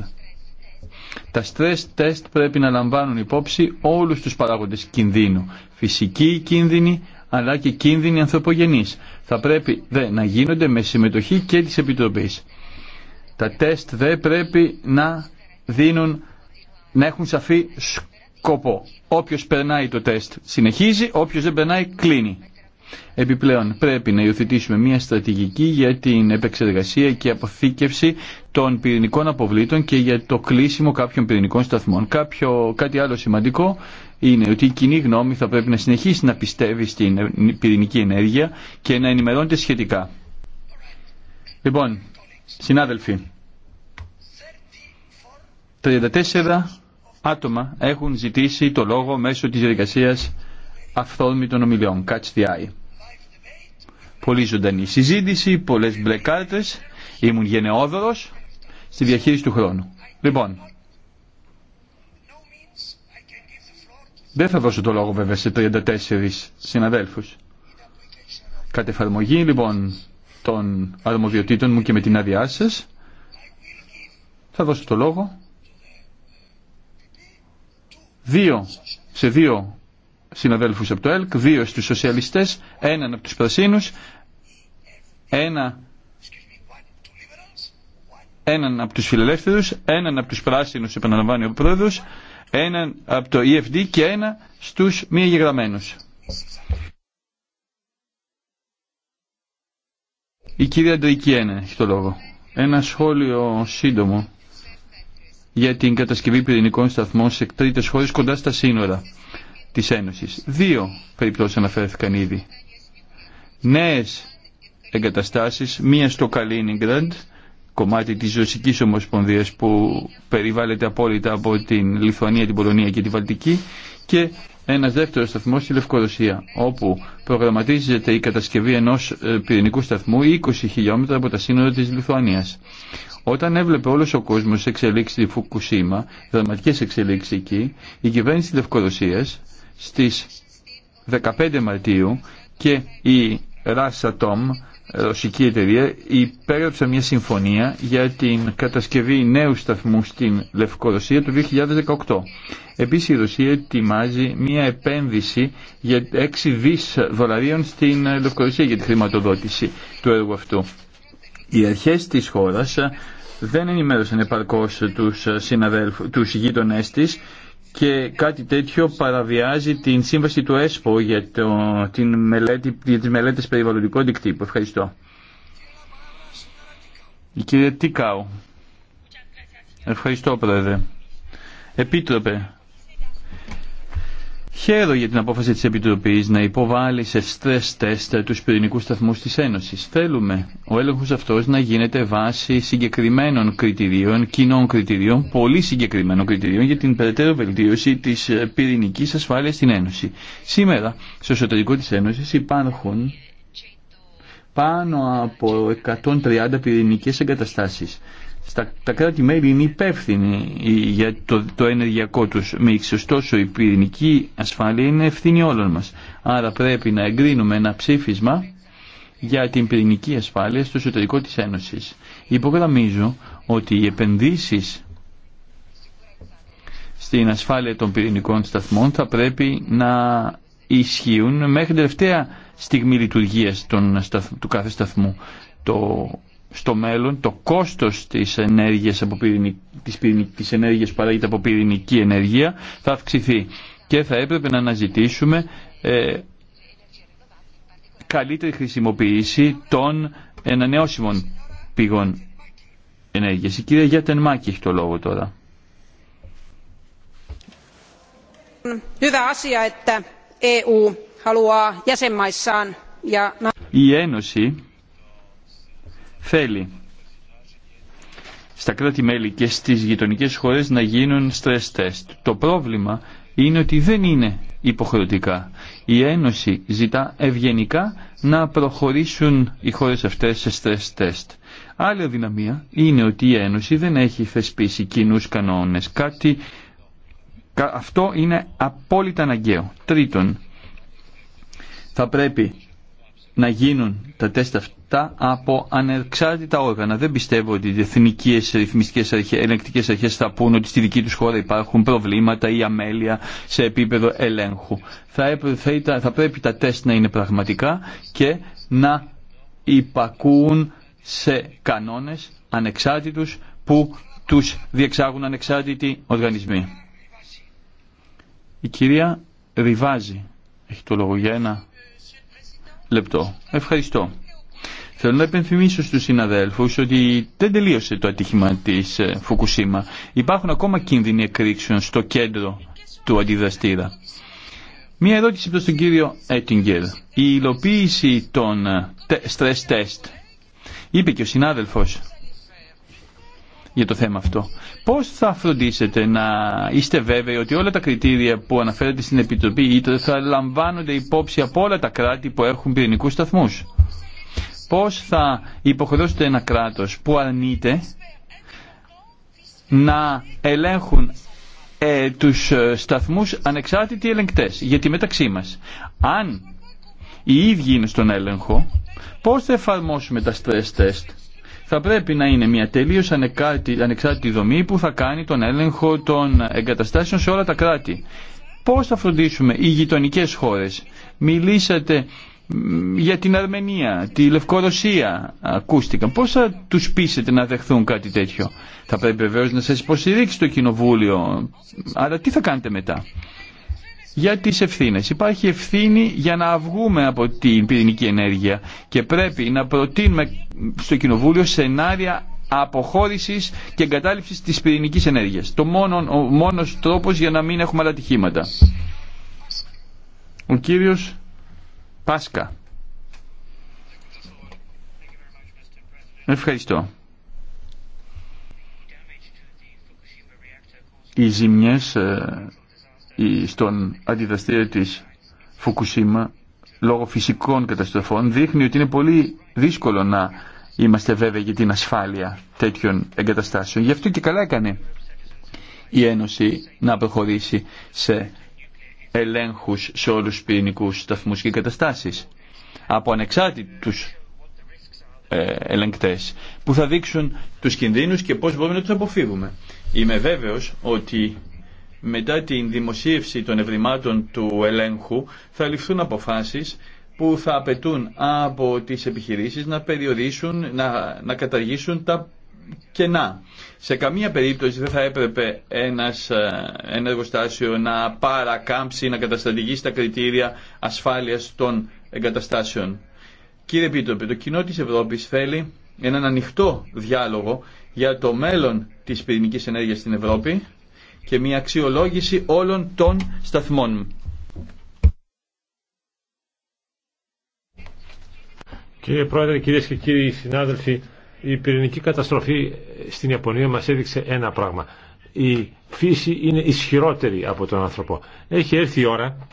Τα stress test πρέπει να λαμβάνουν υπόψη όλους τους παράγοντες κινδύνου. Φυσική κίνδυνη, αλλά και κίνδυνοι ανθρωπογενής. Θα πρέπει δε να γίνονται με συμμετοχή και της Επιτροπής. Τα τεστ δε πρέπει να δίνουν, να έχουν σαφή σκοπό. Όποιος περνάει το τεστ συνεχίζει, όποιος δεν περνάει κλείνει. Επιπλέον πρέπει να υιοθετήσουμε μια στρατηγική για την επεξεργασία και αποθήκευση των πυρηνικών αποβλήτων και για το κλείσιμο κάποιων πυρηνικών σταθμών. Κάποιο, κάτι άλλο σημαντικό είναι ότι η κοινή γνώμη θα πρέπει να συνεχίσει να πιστεύει στην πυρηνική ενέργεια και να ενημερώνεται σχετικά. Λοιπόν, συνάδελφοι, 34 άτομα έχουν ζητήσει το λόγο μέσω της διαδικασίας αυθόρμητων ομιλιών, catch the eye. Πολύ ζωντανή συζήτηση, πολλές μπλε κάρτες, ήμουν γενναιόδωρος στη διαχείριση του χρόνου. Λοιπόν, δεν θα δώσω το λόγο βέβαια σε 34 συναδέλφους. Κατ' εφαρμογή λοιπόν των αρμοδιοτήτων μου και με την άδειά σας, θα δώσω το λόγο δύο, σε δύο συναδέλφους από το ΕΛΚ, δύο στους σοσιαλιστές, έναν από τους Πρασίνους, ένα, έναν από τους φιλελεύθερους, έναν από τους Πράσινους, επαναλαμβάνει ο Πρόεδρος, έναν από το EFD και ένα στους μη εγγεγραμμένους. Η κυρία Αντρική έχει το λόγο. Ένα σχόλιο σύντομο για την κατασκευή πυρηνικών σταθμών σε τρίτε χώρε κοντά στα σύνορα της Ένωσης. Δύο περιπτώσεις αναφέρθηκαν ήδη. Νέε εγκαταστάσεις, μία στο Καλίνιγκραντ, κομμάτι της Ρωσικής Ομοσπονδίας που περιβάλλεται απόλυτα από την Λιθουανία, την Πολωνία και την Βαλτική και ένα δεύτερο σταθμό στη Λευκορωσία, όπου προγραμματίζεται η κατασκευή ενός ε, πυρηνικού σταθμού 20 χιλιόμετρα από τα σύνορα της Λιθουανίας. Όταν έβλεπε όλος ο κόσμος εξελίξει στη Φουκουσίμα, δραματικέ εξελίξει εκεί, η κυβέρνηση της Λευκορωσία στις 15 Μαρτίου και η Ράσατομ ρωσική ε, εταιρεία υπέγραψε μια συμφωνία για την κατασκευή νέου σταθμού στην Λευκορωσία το 2018. Επίσης η Ρωσία ετοιμάζει μια επένδυση για 6 δις δολαρίων στην Λευκορωσία για τη χρηματοδότηση του έργου αυτού. Οι αρχές της χώρας δεν ενημέρωσαν επαρκώς τους, συναδέλφους, τους γείτονές της και κάτι τέτοιο παραβιάζει την σύμβαση του ΕΣΠΟ για, το, την μελέτη, για τις μελέτες περιβαλλοντικών δικτύπου. Ευχαριστώ. Η κυρία Τίκαου. Ευχαριστώ, Πρόεδρε. Επίτροπε, Χαίρο για την απόφαση της Επιτροπής να υποβάλει σε stress τεστ τους πυρηνικούς σταθμούς της Ένωσης. Θέλουμε ο έλεγχος αυτός να γίνεται βάσει συγκεκριμένων κριτηρίων, κοινών κριτηρίων, πολύ συγκεκριμένων κριτηρίων για την περαιτέρω βελτίωση της πυρηνικής ασφάλειας στην Ένωση. Σήμερα, στο εσωτερικό της Ένωσης υπάρχουν πάνω από 130 πυρηνικές εγκαταστάσεις. Στα, τα κράτη-μέλη είναι υπεύθυνοι για το, το ενεργειακό τους μίξ. Ωστόσο η πυρηνική ασφάλεια είναι ευθύνη όλων μας. Άρα πρέπει να εγκρίνουμε ένα ψήφισμα για την πυρηνική ασφάλεια στο εσωτερικό της Ένωσης. Υπογραμμίζω ότι οι επενδύσεις στην ασφάλεια των πυρηνικών σταθμών θα πρέπει να ισχύουν μέχρι τελευταία στιγμή λειτουργίας του κάθε σταθμού. Το στο μέλλον το κόστος της ενέργειας, από ενέργειας που παράγεται από πυρηνική ενέργεια θα αυξηθεί και θα έπρεπε να αναζητήσουμε ε, καλύτερη χρησιμοποίηση των ενανεώσιμων πηγών ενέργειας. Η κυρία Γιάτεν Μάκη έχει το λόγο τώρα. E Η Ένωση θέλει στα κράτη-μέλη και στις γειτονικές χώρες να γίνουν stress test. Το πρόβλημα είναι ότι δεν είναι υποχρεωτικά. Η Ένωση ζητά ευγενικά να προχωρήσουν οι χώρες αυτές σε stress test. Άλλη δυναμία είναι ότι η Ένωση δεν έχει θεσπίσει κοινούς κανόνες. Κάτι... Αυτό είναι απόλυτα αναγκαίο. Τρίτον, θα πρέπει να γίνουν τα τεστ τα από ανεξάρτητα όργανα. Δεν πιστεύω ότι οι εθνικέ ρυθμιστικέ ελεγκτικέ αρχέ θα πούν ότι στη δική του χώρα υπάρχουν προβλήματα ή αμέλεια σε επίπεδο ελέγχου. Θα, θα, θα πρέπει τα τεστ να είναι πραγματικά και να υπακούουν σε κανόνες ανεξάρτητους που τους διεξάγουν ανεξάρτητοι οργανισμοί. Η κυρία Ριβάζη έχει το λόγο για ένα λεπτό. Ευχαριστώ. Θέλω να επενθυμίσω στους συναδέλφους ότι δεν τελείωσε το ατύχημα της ε, Φουκουσίμα. Υπάρχουν ακόμα κίνδυνοι εκρήξεων στο κέντρο του αντιδραστήρα. Μία ερώτηση προς τον κύριο Έτιγκερ. Η υλοποίηση των ε, stress test, είπε και ο συνάδελφος για το θέμα αυτό. Πώς θα φροντίσετε να είστε βέβαιοι ότι όλα τα κριτήρια που αναφέρετε στην Επιτροπή ΙΤΡΕ θα λαμβάνονται υπόψη από όλα τα κράτη που έχουν πυρηνικούς σταθμούς. Πώς θα υποχρεώσετε ένα κράτος που αρνείται να ελέγχουν ε, τους ε, σταθμούς ανεξάρτητοι ελεγκτές. Γιατί μεταξύ μας, αν οι ίδιοι είναι στον έλεγχο, πώς θα εφαρμόσουμε τα stress test. Θα πρέπει να είναι μια τελείως ανεξάρτητη δομή που θα κάνει τον έλεγχο των εγκαταστάσεων σε όλα τα κράτη. Πώς θα φροντίσουμε οι γειτονικέ χώρες. Μιλήσατε για την Αρμενία, τη Λευκορωσία ακούστηκαν. Πώς θα τους πείσετε να δεχθούν κάτι τέτοιο. Θα πρέπει βεβαίω να σας υποστηρίξει το Κοινοβούλιο, αλλά τι θα κάνετε μετά. Για τις ευθύνες. Υπάρχει ευθύνη για να αυγούμε από την πυρηνική ενέργεια και πρέπει να προτείνουμε στο Κοινοβούλιο σενάρια αποχώρησης και εγκατάλειψης της πυρηνικής ενέργειας. Το μόνο, ο μόνος τρόπος για να μην έχουμε άλλα Ο κύριος Πάσκα. Ευχαριστώ. Οι ζημιές ε, στον αντιδραστήριο της Φουκουσίμα λόγω φυσικών καταστροφών δείχνει ότι είναι πολύ δύσκολο να είμαστε βέβαιοι για την ασφάλεια τέτοιων εγκαταστάσεων. Γι' αυτό και καλά έκανε η Ένωση να προχωρήσει σε ελέγχους σε όλους τους πυρηνικούς σταθμούς και καταστάσεις από ανεξάρτητους ε, ελεγκτές που θα δείξουν τους κινδύνους και πώς μπορούμε να τους αποφύγουμε. Είμαι βέβαιος ότι μετά την δημοσίευση των ευρημάτων του ελέγχου θα ληφθούν αποφάσεις που θα απαιτούν από τις επιχειρήσεις να περιορίσουν, να, να καταργήσουν τα και να, Σε καμία περίπτωση δεν θα έπρεπε ένας, ε, ένα εργοστάσιο να παρακάμψει, να καταστατηγήσει τα κριτήρια ασφάλειας των εγκαταστάσεων. Κύριε Επίτροπε, το κοινό της Ευρώπης θέλει έναν ανοιχτό διάλογο για το μέλλον της πυρηνικής ενέργειας στην Ευρώπη και μια αξιολόγηση όλων των σταθμών. Κύριε Πρόεδρε, κυρίες και κύριοι συνάδελφοι, η πυρηνική καταστροφή στην Ιαπωνία μας έδειξε ένα πράγμα. Η φύση είναι ισχυρότερη από τον άνθρωπο. Έχει έρθει η ώρα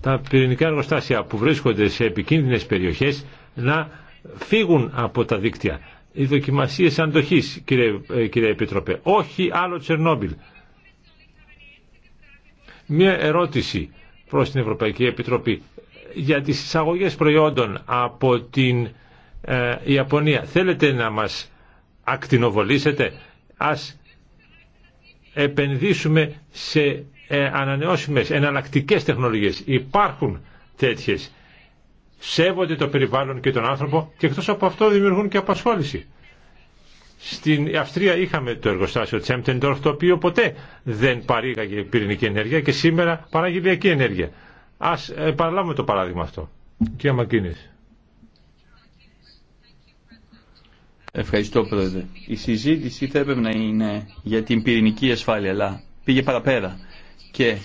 τα πυρηνικά εργοστάσια που βρίσκονται σε επικίνδυνες περιοχές να φύγουν από τα δίκτυα. Οι δοκιμασίες αντοχής, κύριε, ε, κύριε Επίτροπε. Όχι άλλο Τσερνόμπιλ. Μία ερώτηση προς την Ευρωπαϊκή Επιτροπή για τις εισαγωγές προϊόντων από την ε, Ιαπωνία. Θέλετε να μας ακτινοβολήσετε. Ας επενδύσουμε σε ε, ανανεώσιμες εναλλακτικές τεχνολογίες. Υπάρχουν τέτοιες. Σέβονται το περιβάλλον και τον άνθρωπο και εκτός από αυτό δημιουργούν και απασχόληση. Στην Αυστρία είχαμε το εργοστάσιο Τσέμπτεντορφ το οποίο ποτέ δεν παρήγαγε πυρηνική ενέργεια και σήμερα παράγει ηλιακή ενέργεια. Ας επαναλάβουμε το παράδειγμα αυτό. Κύριε Μακίνης. Ευχαριστώ πρόεδρε. Η συζήτηση θα έπρεπε να είναι για την πυρηνική ασφάλεια, αλλά πήγε παραπέρα και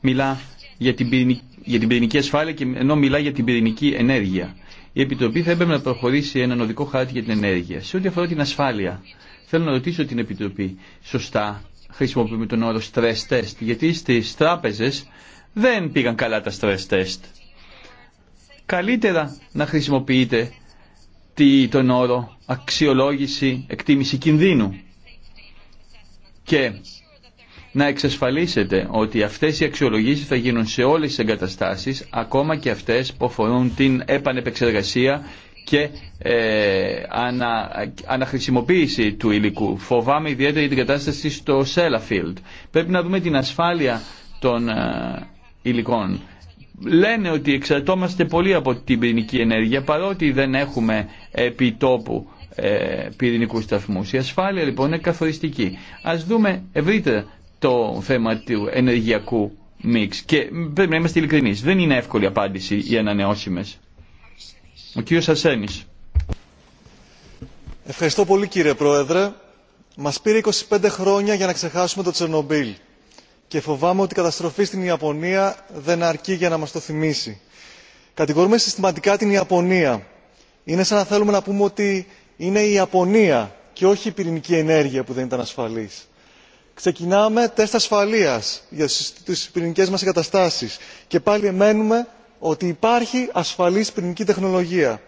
μιλά για την, πυρηνική, για την πυρηνική ασφάλεια και ενώ μιλά για την πυρηνική ενέργεια. Η Επιτροπή θα έπρεπε να προχωρήσει έναν οδικό χάρτη για την ενέργεια. Σε ό,τι αφορά την ασφάλεια, θέλω να ρωτήσω την Επιτροπή. Σωστά χρησιμοποιούμε τον όρο stress test, γιατί στι τράπεζε δεν πήγαν καλά τα stress test. Καλύτερα να χρησιμοποιείτε τον όρο αξιολόγηση εκτίμηση κινδύνου και να εξασφαλίσετε ότι αυτές οι αξιολογήσεις θα γίνουν σε όλες τις εγκαταστάσεις ακόμα και αυτές που αφορούν την επανεπεξεργασία και ε, ανα, αναχρησιμοποίηση του υλικού. Φοβάμαι ιδιαίτερα για την κατάσταση στο Σέλαφιλτ. Πρέπει να δούμε την ασφάλεια των ε, υλικών. Λένε ότι εξαρτώμαστε πολύ από την πυρηνική ενέργεια παρότι δεν έχουμε επιτόπου ε, πυρηνικού σταθμού. Η ασφάλεια λοιπόν είναι καθοριστική. Ας δούμε ευρύτερα το θέμα του ενεργειακού μίξ και πρέπει να είμαστε ειλικρινεί. Δεν είναι εύκολη απάντηση οι ανανεώσιμε. Ο κύριος Αρσένης. Ευχαριστώ πολύ κύριε Πρόεδρε. Μα πήρε 25 χρόνια για να ξεχάσουμε το Τσερνομπίλ και φοβάμαι ότι η καταστροφή στην ιαπωνία δεν αρκεί για να μας το θυμίσει. κατηγορούμε συστηματικά την ιαπωνία. είναι σαν να θέλουμε να πούμε ότι είναι η ιαπωνία και όχι η πυρηνική ενέργεια που δεν ήταν ασφαλής. ξεκινάμε τεστ ασφαλείας για τις πυρηνικές μας εγκαταστάσεις και πάλι εμένουμε ότι υπάρχει ασφαλής πυρηνική τεχνολογία.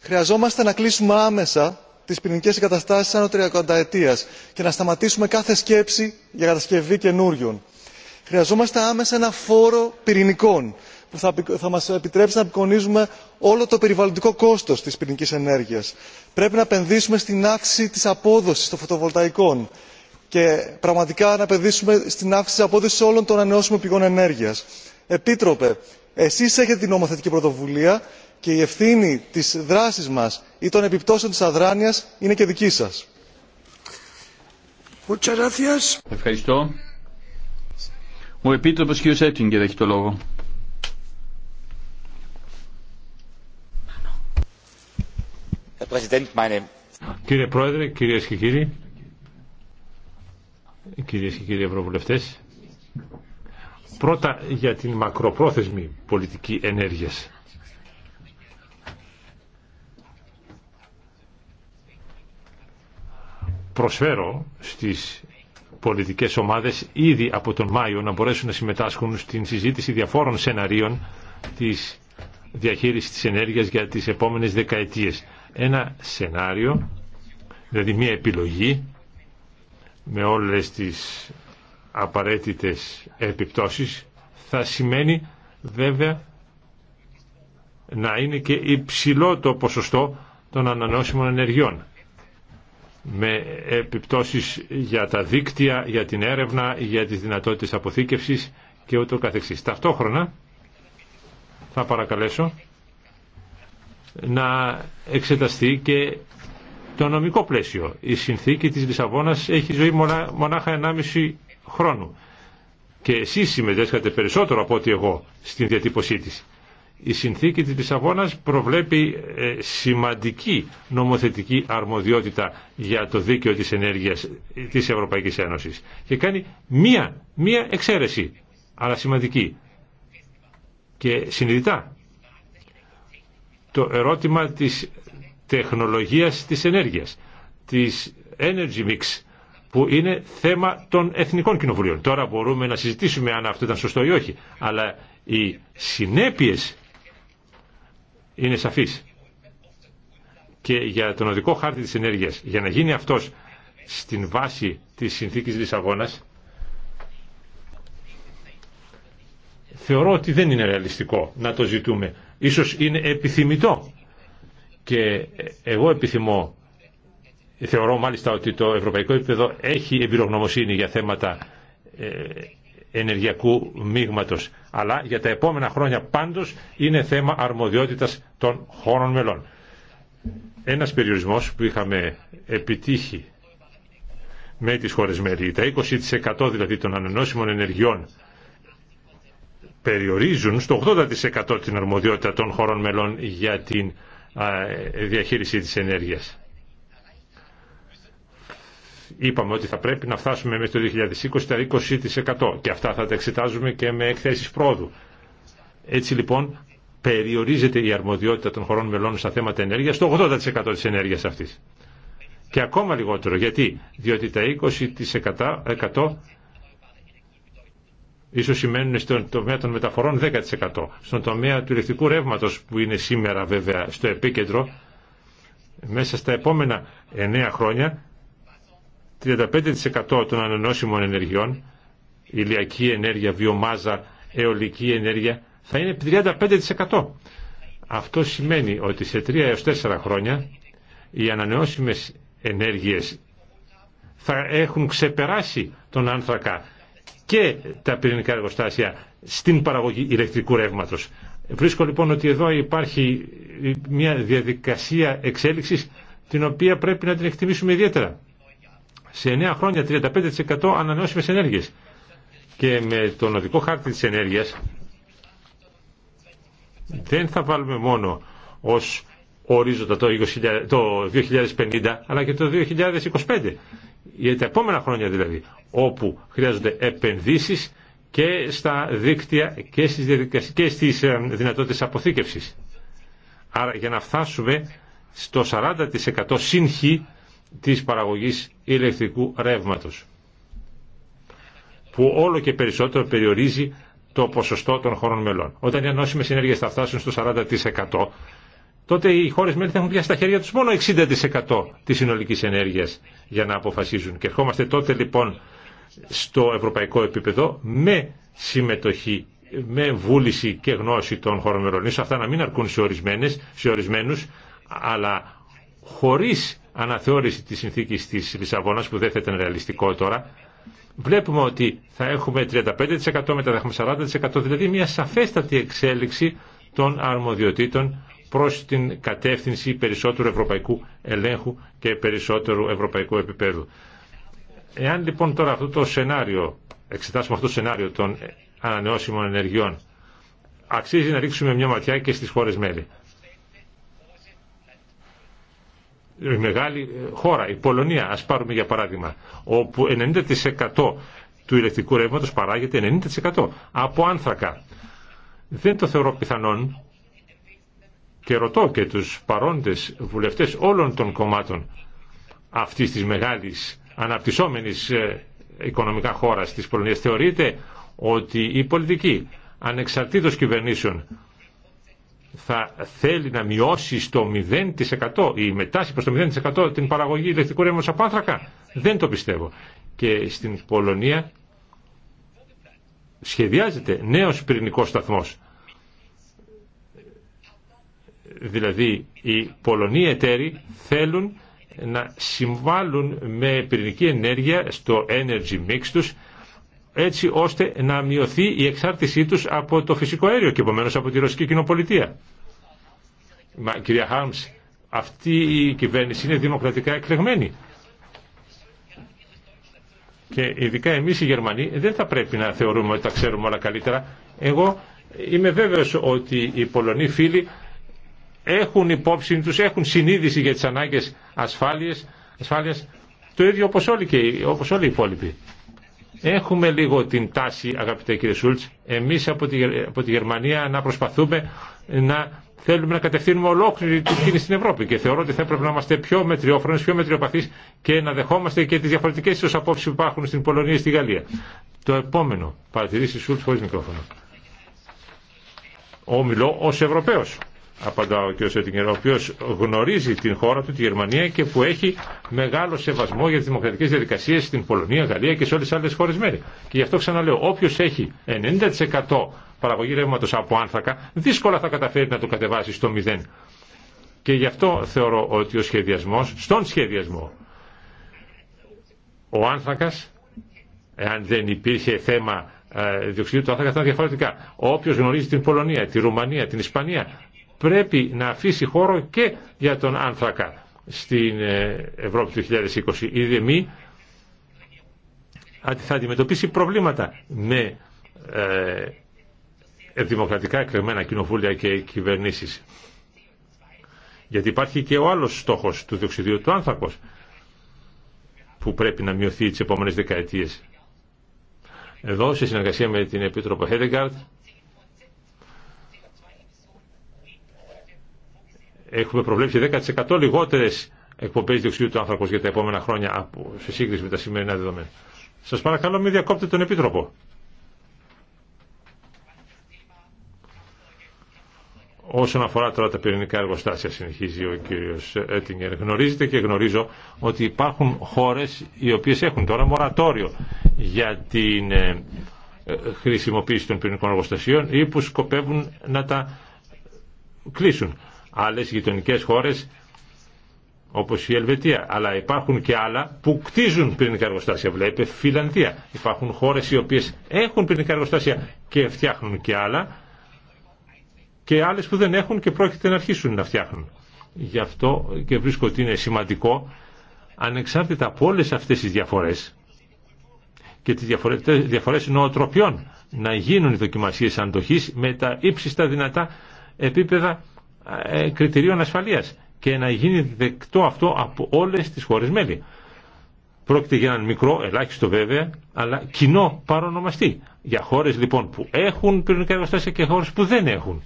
χρειαζόμαστε να κλείσουμε άμεσα τι πυρηνικέ εγκαταστάσει άνω τριακονταετία και να σταματήσουμε κάθε σκέψη για κατασκευή καινούριων. χρειαζόμαστε άμεσα ένα φόρο πυρηνικών που θα μα επιτρέψει να απεικονίζουμε όλο το περιβαλλοντικό κόστο τη πυρηνική ενέργεια. πρέπει να επενδύσουμε στην αύξηση τη απόδοση των φωτοβολταϊκών και πραγματικά να επενδύσουμε στην αύξηση τη απόδοση όλων των ανανεώσιμων πηγών ενέργεια. επίτροπε εσεί έχετε την νομοθετική πρωτοβουλία και η ευθύνη της δράσης μας ή των επιπτώσεων της αδράνειας είναι και δική σας. Ευχαριστώ. Ο Επίτροπος κ. για έχει το λόγο. Κύριε Πρόεδρε, κύριε και κύριοι, κύριε και κύριοι Ευρωβουλευτέ, πρώτα για την μακροπρόθεσμη πολιτική ενέργειας. προσφέρω στις πολιτικές ομάδες ήδη από τον Μάιο να μπορέσουν να συμμετάσχουν στην συζήτηση διαφόρων σεναρίων της διαχείρισης της ενέργειας για τις επόμενες δεκαετίες. Ένα σενάριο, δηλαδή μια επιλογή με όλες τις απαραίτητες επιπτώσεις θα σημαίνει βέβαια να είναι και υψηλό το ποσοστό των ανανεώσιμων ενεργειών με επιπτώσεις για τα δίκτυα, για την έρευνα, για τις δυνατότητες αποθήκευσης και ούτω καθεξής. Ταυτόχρονα θα παρακαλέσω να εξεταστεί και το νομικό πλαίσιο. Η συνθήκη της Λισαβόνας έχει ζωή μονάχα 1,5 χρόνου. Και εσείς συμμετέσχατε περισσότερο από ότι εγώ στην διατύπωσή της. Η συνθήκη της Λισαβόνας προβλέπει ε, σημαντική νομοθετική αρμοδιότητα για το δίκαιο της ενέργειας της Ευρωπαϊκής Ένωσης και κάνει μία, μία εξαίρεση, αλλά σημαντική και συνειδητά. Το ερώτημα της τεχνολογίας της ενέργειας, της energy mix, που είναι θέμα των εθνικών κοινοβουλίων. Τώρα μπορούμε να συζητήσουμε αν αυτό ήταν σωστό ή όχι, αλλά οι συνέπειες είναι σαφής. Και για τον οδικό χάρτη της ενέργειας, για να γίνει αυτός στην βάση της συνθήκης Λισαβόνας, θεωρώ ότι δεν είναι ρεαλιστικό να το ζητούμε. Ίσως είναι επιθυμητό. Και εγώ επιθυμώ, θεωρώ μάλιστα ότι το ευρωπαϊκό επίπεδο έχει εμπειρογνωμοσύνη για θέματα ε, ενεργειακού μείγματος. Αλλά για τα επόμενα χρόνια πάντως είναι θέμα αρμοδιότητας των χώρων μελών. Ένας περιορισμός που είχαμε επιτύχει με τις χώρες μέλη, τα 20% δηλαδή των ανενώσιμων ενεργειών περιορίζουν στο 80% την αρμοδιότητα των χωρών μελών για την διαχείριση της ενέργειας είπαμε ότι θα πρέπει να φτάσουμε μέχρι το 2020 τα 20% και αυτά θα τα εξετάζουμε και με εκθέσεις πρόοδου. Έτσι λοιπόν περιορίζεται η αρμοδιότητα των χωρών μελών στα θέματα ενέργειας στο 80% της ενέργειας αυτής. Και ακόμα λιγότερο. Γιατί? Διότι τα 20% ίσως σημαίνουν στον τομέα των μεταφορών 10%. Στον τομέα του ηλεκτρικού ρεύματος που είναι σήμερα βέβαια στο επίκεντρο, μέσα στα επόμενα 9 χρόνια 35% των ανανεώσιμων ενεργειών, ηλιακή ενέργεια, βιομάζα, αιωλική ενέργεια, θα είναι 35%. Αυτό σημαίνει ότι σε 3 έως 4 χρόνια οι ανανεώσιμες ενέργειες θα έχουν ξεπεράσει τον άνθρακα και τα πυρηνικά εργοστάσια στην παραγωγή ηλεκτρικού ρεύματο. Βρίσκω λοιπόν ότι εδώ υπάρχει μια διαδικασία εξέλιξης την οποία πρέπει να την εκτιμήσουμε ιδιαίτερα σε 9 χρόνια 35% ανανεώσιμες ενέργειες. Και με τον οδικό χάρτη της ενέργειας δεν θα βάλουμε μόνο ως ορίζοντα το 2050 αλλά και το 2025 για τα επόμενα χρόνια δηλαδή όπου χρειάζονται επενδύσεις και στα δίκτυα και στις, και στις ε, δυνατότητες αποθήκευσης. Άρα για να φτάσουμε στο 40% σύγχυ της παραγωγής ηλεκτρικού ρεύματος που όλο και περισσότερο περιορίζει το ποσοστό των χωρών μελών. Όταν οι ανώσιμες ενέργειες θα φτάσουν στο 40% τότε οι χώρες μέλη θα έχουν πια στα χέρια τους μόνο 60% της συνολικής ενέργειας για να αποφασίζουν. Και ερχόμαστε τότε λοιπόν στο ευρωπαϊκό επίπεδο με συμμετοχή, με βούληση και γνώση των χωρών μελών. Ίσως αυτά να μην αρκούν σε, σε ορισμένους, αλλά χωρίς αναθεώρηση της συνθήκης της Λισαβόνας που δεν θα ήταν ρεαλιστικό τώρα βλέπουμε ότι θα έχουμε 35% μετά θα έχουμε 40% δηλαδή μια σαφέστατη εξέλιξη των αρμοδιοτήτων προς την κατεύθυνση περισσότερου ευρωπαϊκού ελέγχου και περισσότερου ευρωπαϊκού επίπεδου. Εάν λοιπόν τώρα αυτό το σενάριο, εξετάσουμε αυτό το σενάριο των ανανεώσιμων ενεργειών, αξίζει να ρίξουμε μια ματιά και στις χώρες μέλη. Ε, μεγάλη ε, χώρα, η Πολωνία, ας πάρουμε για παράδειγμα, όπου 90% του ηλεκτρικού ρεύματος παράγεται 90% από άνθρακα. Δεν το θεωρώ πιθανόν και ρωτώ και τους παρόντες βουλευτές όλων των κομμάτων αυτής της μεγάλης αναπτυσσόμενης ε, οικονομικά χώρας της Πολωνίας. Θεωρείται ότι η πολιτική ανεξαρτήτως κυβερνήσεων θα θέλει να μειώσει στο 0% ή μετάσχει προς το 0% την παραγωγή ηλεκτρικού ρεύματος από άνθρακα. Δεν το πιστεύω. Και στην Πολωνία σχεδιάζεται νέος πυρηνικός σταθμός. Δηλαδή οι Πολωνοί εταίροι θέλουν να συμβάλλουν με πυρηνική ενέργεια στο energy mix τους έτσι ώστε να μειωθεί η εξάρτησή τους από το φυσικό αέριο και επομένω από τη ρωσική κοινοπολιτεία. Μα, κυρία Χάρμς, αυτή η κυβέρνηση είναι δημοκρατικά εκλεγμένη. Και ειδικά εμείς οι Γερμανοί δεν θα πρέπει να θεωρούμε ότι τα ξέρουμε όλα καλύτερα. Εγώ είμαι βέβαιος ότι οι Πολωνοί φίλοι έχουν υπόψη τους, έχουν συνείδηση για τις ανάγκες ασφάλειας, ασφάλειας το ίδιο όπως όλοι, και, όπως όλοι οι υπόλοιποι. Έχουμε λίγο την τάση, αγαπητέ κύριε Σούλτς, εμείς από τη, από τη Γερμανία να προσπαθούμε να θέλουμε να κατευθύνουμε ολόκληρη την κίνηση στην Ευρώπη και θεωρώ ότι θα έπρεπε να είμαστε πιο μετριόφρονες, πιο μετριοπαθείς και να δεχόμαστε και τις διαφορετικές του απόψει που υπάρχουν στην Πολωνία και στη Γαλλία. Το επόμενο, παρατηρήσει Σούλτς χωρί μικρόφωνο. Ομιλώ ω Ευρωπαίο απαντά ο κ. Σέτιγκερ, ο οποίο γνωρίζει την χώρα του, τη Γερμανία και που έχει μεγάλο σεβασμό για τι δημοκρατικέ διαδικασίε στην Πολωνία, Γαλλία και σε όλε τι άλλε χώρε μέρη. Και γι' αυτό ξαναλέω, όποιο έχει 90% παραγωγή ρεύματο από άνθρακα, δύσκολα θα καταφέρει να το κατεβάσει στο μηδέν. Και γι' αυτό θεωρώ ότι ο σχεδιασμό, στον σχεδιασμό, ο άνθρακα, εάν δεν υπήρχε θέμα ε, διοξιδίου του άνθρακα θα ήταν διαφορετικά. Όποιο γνωρίζει την Πολωνία, τη Ρουμανία, την Ισπανία, πρέπει να αφήσει χώρο και για τον άνθρακα στην ε, Ευρώπη του 2020. Η ΔΕΜΗ θα αντιμετωπίσει προβλήματα με ε, δημοκρατικά εκλεγμένα κοινοβούλια και κυβερνήσεις. Γιατί υπάρχει και ο άλλος στόχος του διοξιδίου του άνθρακος που πρέπει να μειωθεί τις επόμενες δεκαετίες. Εδώ, σε συνεργασία με την Επίτροπο Χέντεγκαρτ, έχουμε προβλέψει 10% λιγότερες εκπομπές διοξιδίου του άνθρακο για τα επόμενα χρόνια σε σύγκριση με τα σημερινά δεδομένα. Σα παρακαλώ μην διακόπτε τον Επίτροπο. Όσον αφορά τώρα τα πυρηνικά εργοστάσια, συνεχίζει ο κύριος Έτιγκερ, γνωρίζετε και γνωρίζω ότι υπάρχουν χώρε οι οποίε έχουν τώρα μορατόριο για την ε, χρησιμοποίηση των πυρηνικών εργοστασίων ή που σκοπεύουν να τα κλείσουν άλλες γειτονικές χώρες όπως η Ελβετία. Αλλά υπάρχουν και άλλα που κτίζουν πυρηνικά εργοστάσια. Βλέπετε Φιλανδία. Υπάρχουν χώρες οι οποίες έχουν πυρηνικά εργοστάσια και φτιάχνουν και άλλα και άλλες που δεν έχουν και πρόκειται να αρχίσουν να φτιάχνουν. Γι' αυτό και βρίσκω ότι είναι σημαντικό ανεξάρτητα από όλες αυτές τις διαφορές και τις διαφορές νοοτροπιών να γίνουν οι δοκιμασίες αντοχής με τα ύψιστα δυνατά επίπεδα ε, κριτηρίων ασφαλείας και να γίνει δεκτό αυτό από όλες τις χώρες μέλη. Πρόκειται για έναν μικρό, ελάχιστο βέβαια, αλλά κοινό παρονομαστή. Για χώρες λοιπόν που έχουν πυρηνικά εργοστάσια και χώρες που δεν έχουν.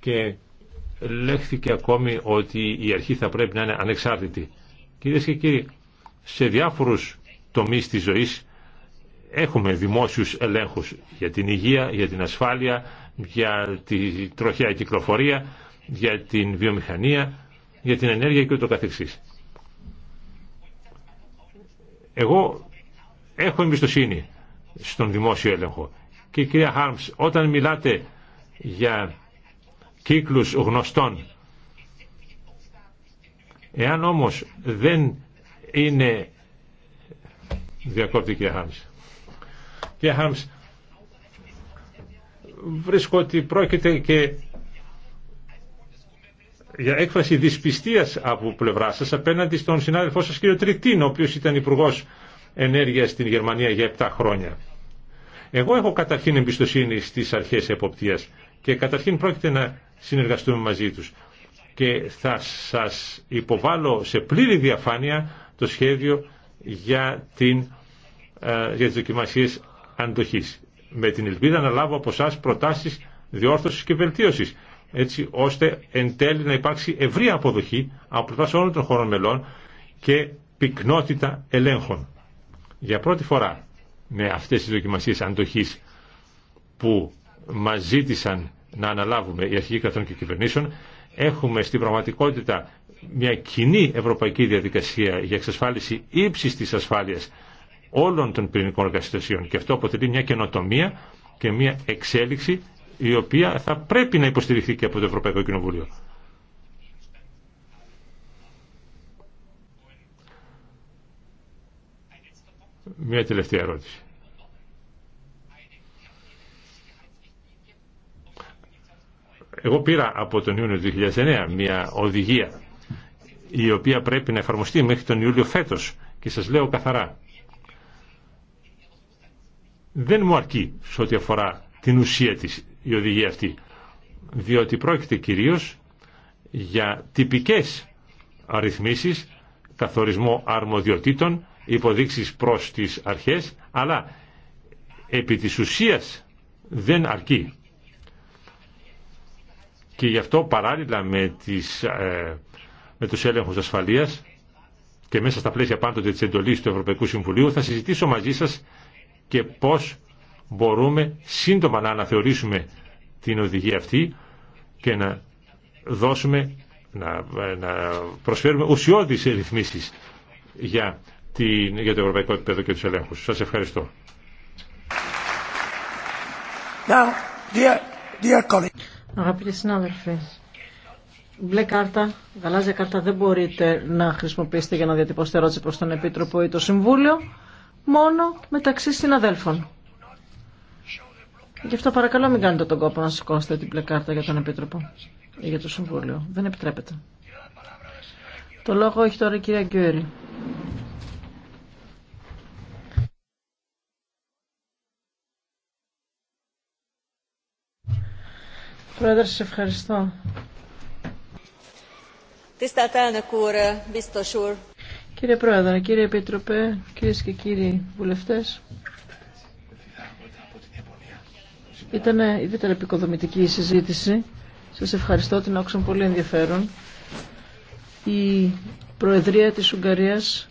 Και λέχθηκε ακόμη ότι η αρχή θα πρέπει να είναι ανεξάρτητη. Κυρίε και κύριοι, σε διάφορους τομείς της ζωής έχουμε δημόσιους ελέγχους για την υγεία, για την ασφάλεια, για τη τροχιά κυκλοφορία για την βιομηχανία, για την ενέργεια και ούτω καθεξής. Εγώ έχω εμπιστοσύνη στον δημόσιο έλεγχο. Και κυρία Χάρμς, όταν μιλάτε για κύκλους γνωστών, εάν όμως δεν είναι... Διακόπτη κυρία Χάρμς. Κυρία Χάρμς, βρίσκω ότι πρόκειται και για έκφραση δυσπιστίας από πλευρά σας απέναντι στον συνάδελφό σας κύριο Τριτίν, ο οποίος ήταν υπουργό Ενέργειας στην Γερμανία για 7 χρόνια. Εγώ έχω καταρχήν εμπιστοσύνη στις αρχές εποπτείας και καταρχήν πρόκειται να συνεργαστούμε μαζί τους και θα σας υποβάλω σε πλήρη διαφάνεια το σχέδιο για, την, ε, για τις δοκιμασίες αντοχής με την ελπίδα να λάβω από εσά προτάσεις διόρθωσης και βελτίωσης έτσι ώστε εν τέλει να υπάρξει ευρία αποδοχή από πλευρά όλων των χωρών μελών και πυκνότητα ελέγχων. Για πρώτη φορά με αυτές τις δοκιμασίες αντοχής που μας ζήτησαν να αναλάβουμε οι αρχηγοί κρατών και κυβερνήσεων, έχουμε στην πραγματικότητα μια κοινή ευρωπαϊκή διαδικασία για εξασφάλιση ύψης της ασφάλειας όλων των πυρηνικών εργαστασίων και αυτό αποτελεί μια καινοτομία και μια εξέλιξη η οποία θα πρέπει να υποστηριχθεί και από το Ευρωπαϊκό Κοινοβούλιο. Μια τελευταία ερώτηση. Εγώ πήρα από τον Ιούνιο 2009 μια οδηγία η οποία πρέπει να εφαρμοστεί μέχρι τον Ιούλιο φέτος και σας λέω καθαρά δεν μου αρκεί σε ό,τι αφορά την ουσία της η οδηγία αυτή. Διότι πρόκειται κυρίως για τυπικές αριθμίσεις, καθορισμό αρμοδιοτήτων, υποδείξεις προς τις αρχές, αλλά επί της ουσίας δεν αρκεί. Και γι' αυτό παράλληλα με, τις, ε, με τους έλεγχους ασφαλείας και μέσα στα πλαίσια πάντοτε της εντολής του Ευρωπαϊκού Συμβουλίου θα συζητήσω μαζί σας και πώς μπορούμε σύντομα να αναθεωρήσουμε την οδηγία αυτή και να δώσουμε, να, να προσφέρουμε ουσιώδεις ρυθμίσεις για, για το ευρωπαϊκό επίπεδο και τους ελέγχους. Σας ευχαριστώ. Now, dear, dear Αγαπητοί συνάδελφοι, μπλε κάρτα, γαλάζια κάρτα δεν μπορείτε να χρησιμοποιήσετε για να διατυπώσετε ερώτηση προς τον Επίτροπο ή το Συμβούλιο, μόνο μεταξύ συναδέλφων. Γι' αυτό παρακαλώ μην κάνετε τον κόπο να σηκώσετε την πλεκάρτα για τον Επίτροπο ή για το Συμβούλιο. Δεν επιτρέπεται. Το λόγο έχει τώρα η κυρία Γκιούρη. Πρόεδρε, σα ευχαριστώ. Κύριε Πρόεδρε, κύριε Επίτροπε, κυρίες και κύριοι βουλευτές, ήταν ιδιαίτερα επικοδομητική η συζήτηση. Σας ευχαριστώ, την άκουσα πολύ ενδιαφέρον. Η Προεδρία της Ουγγαρίας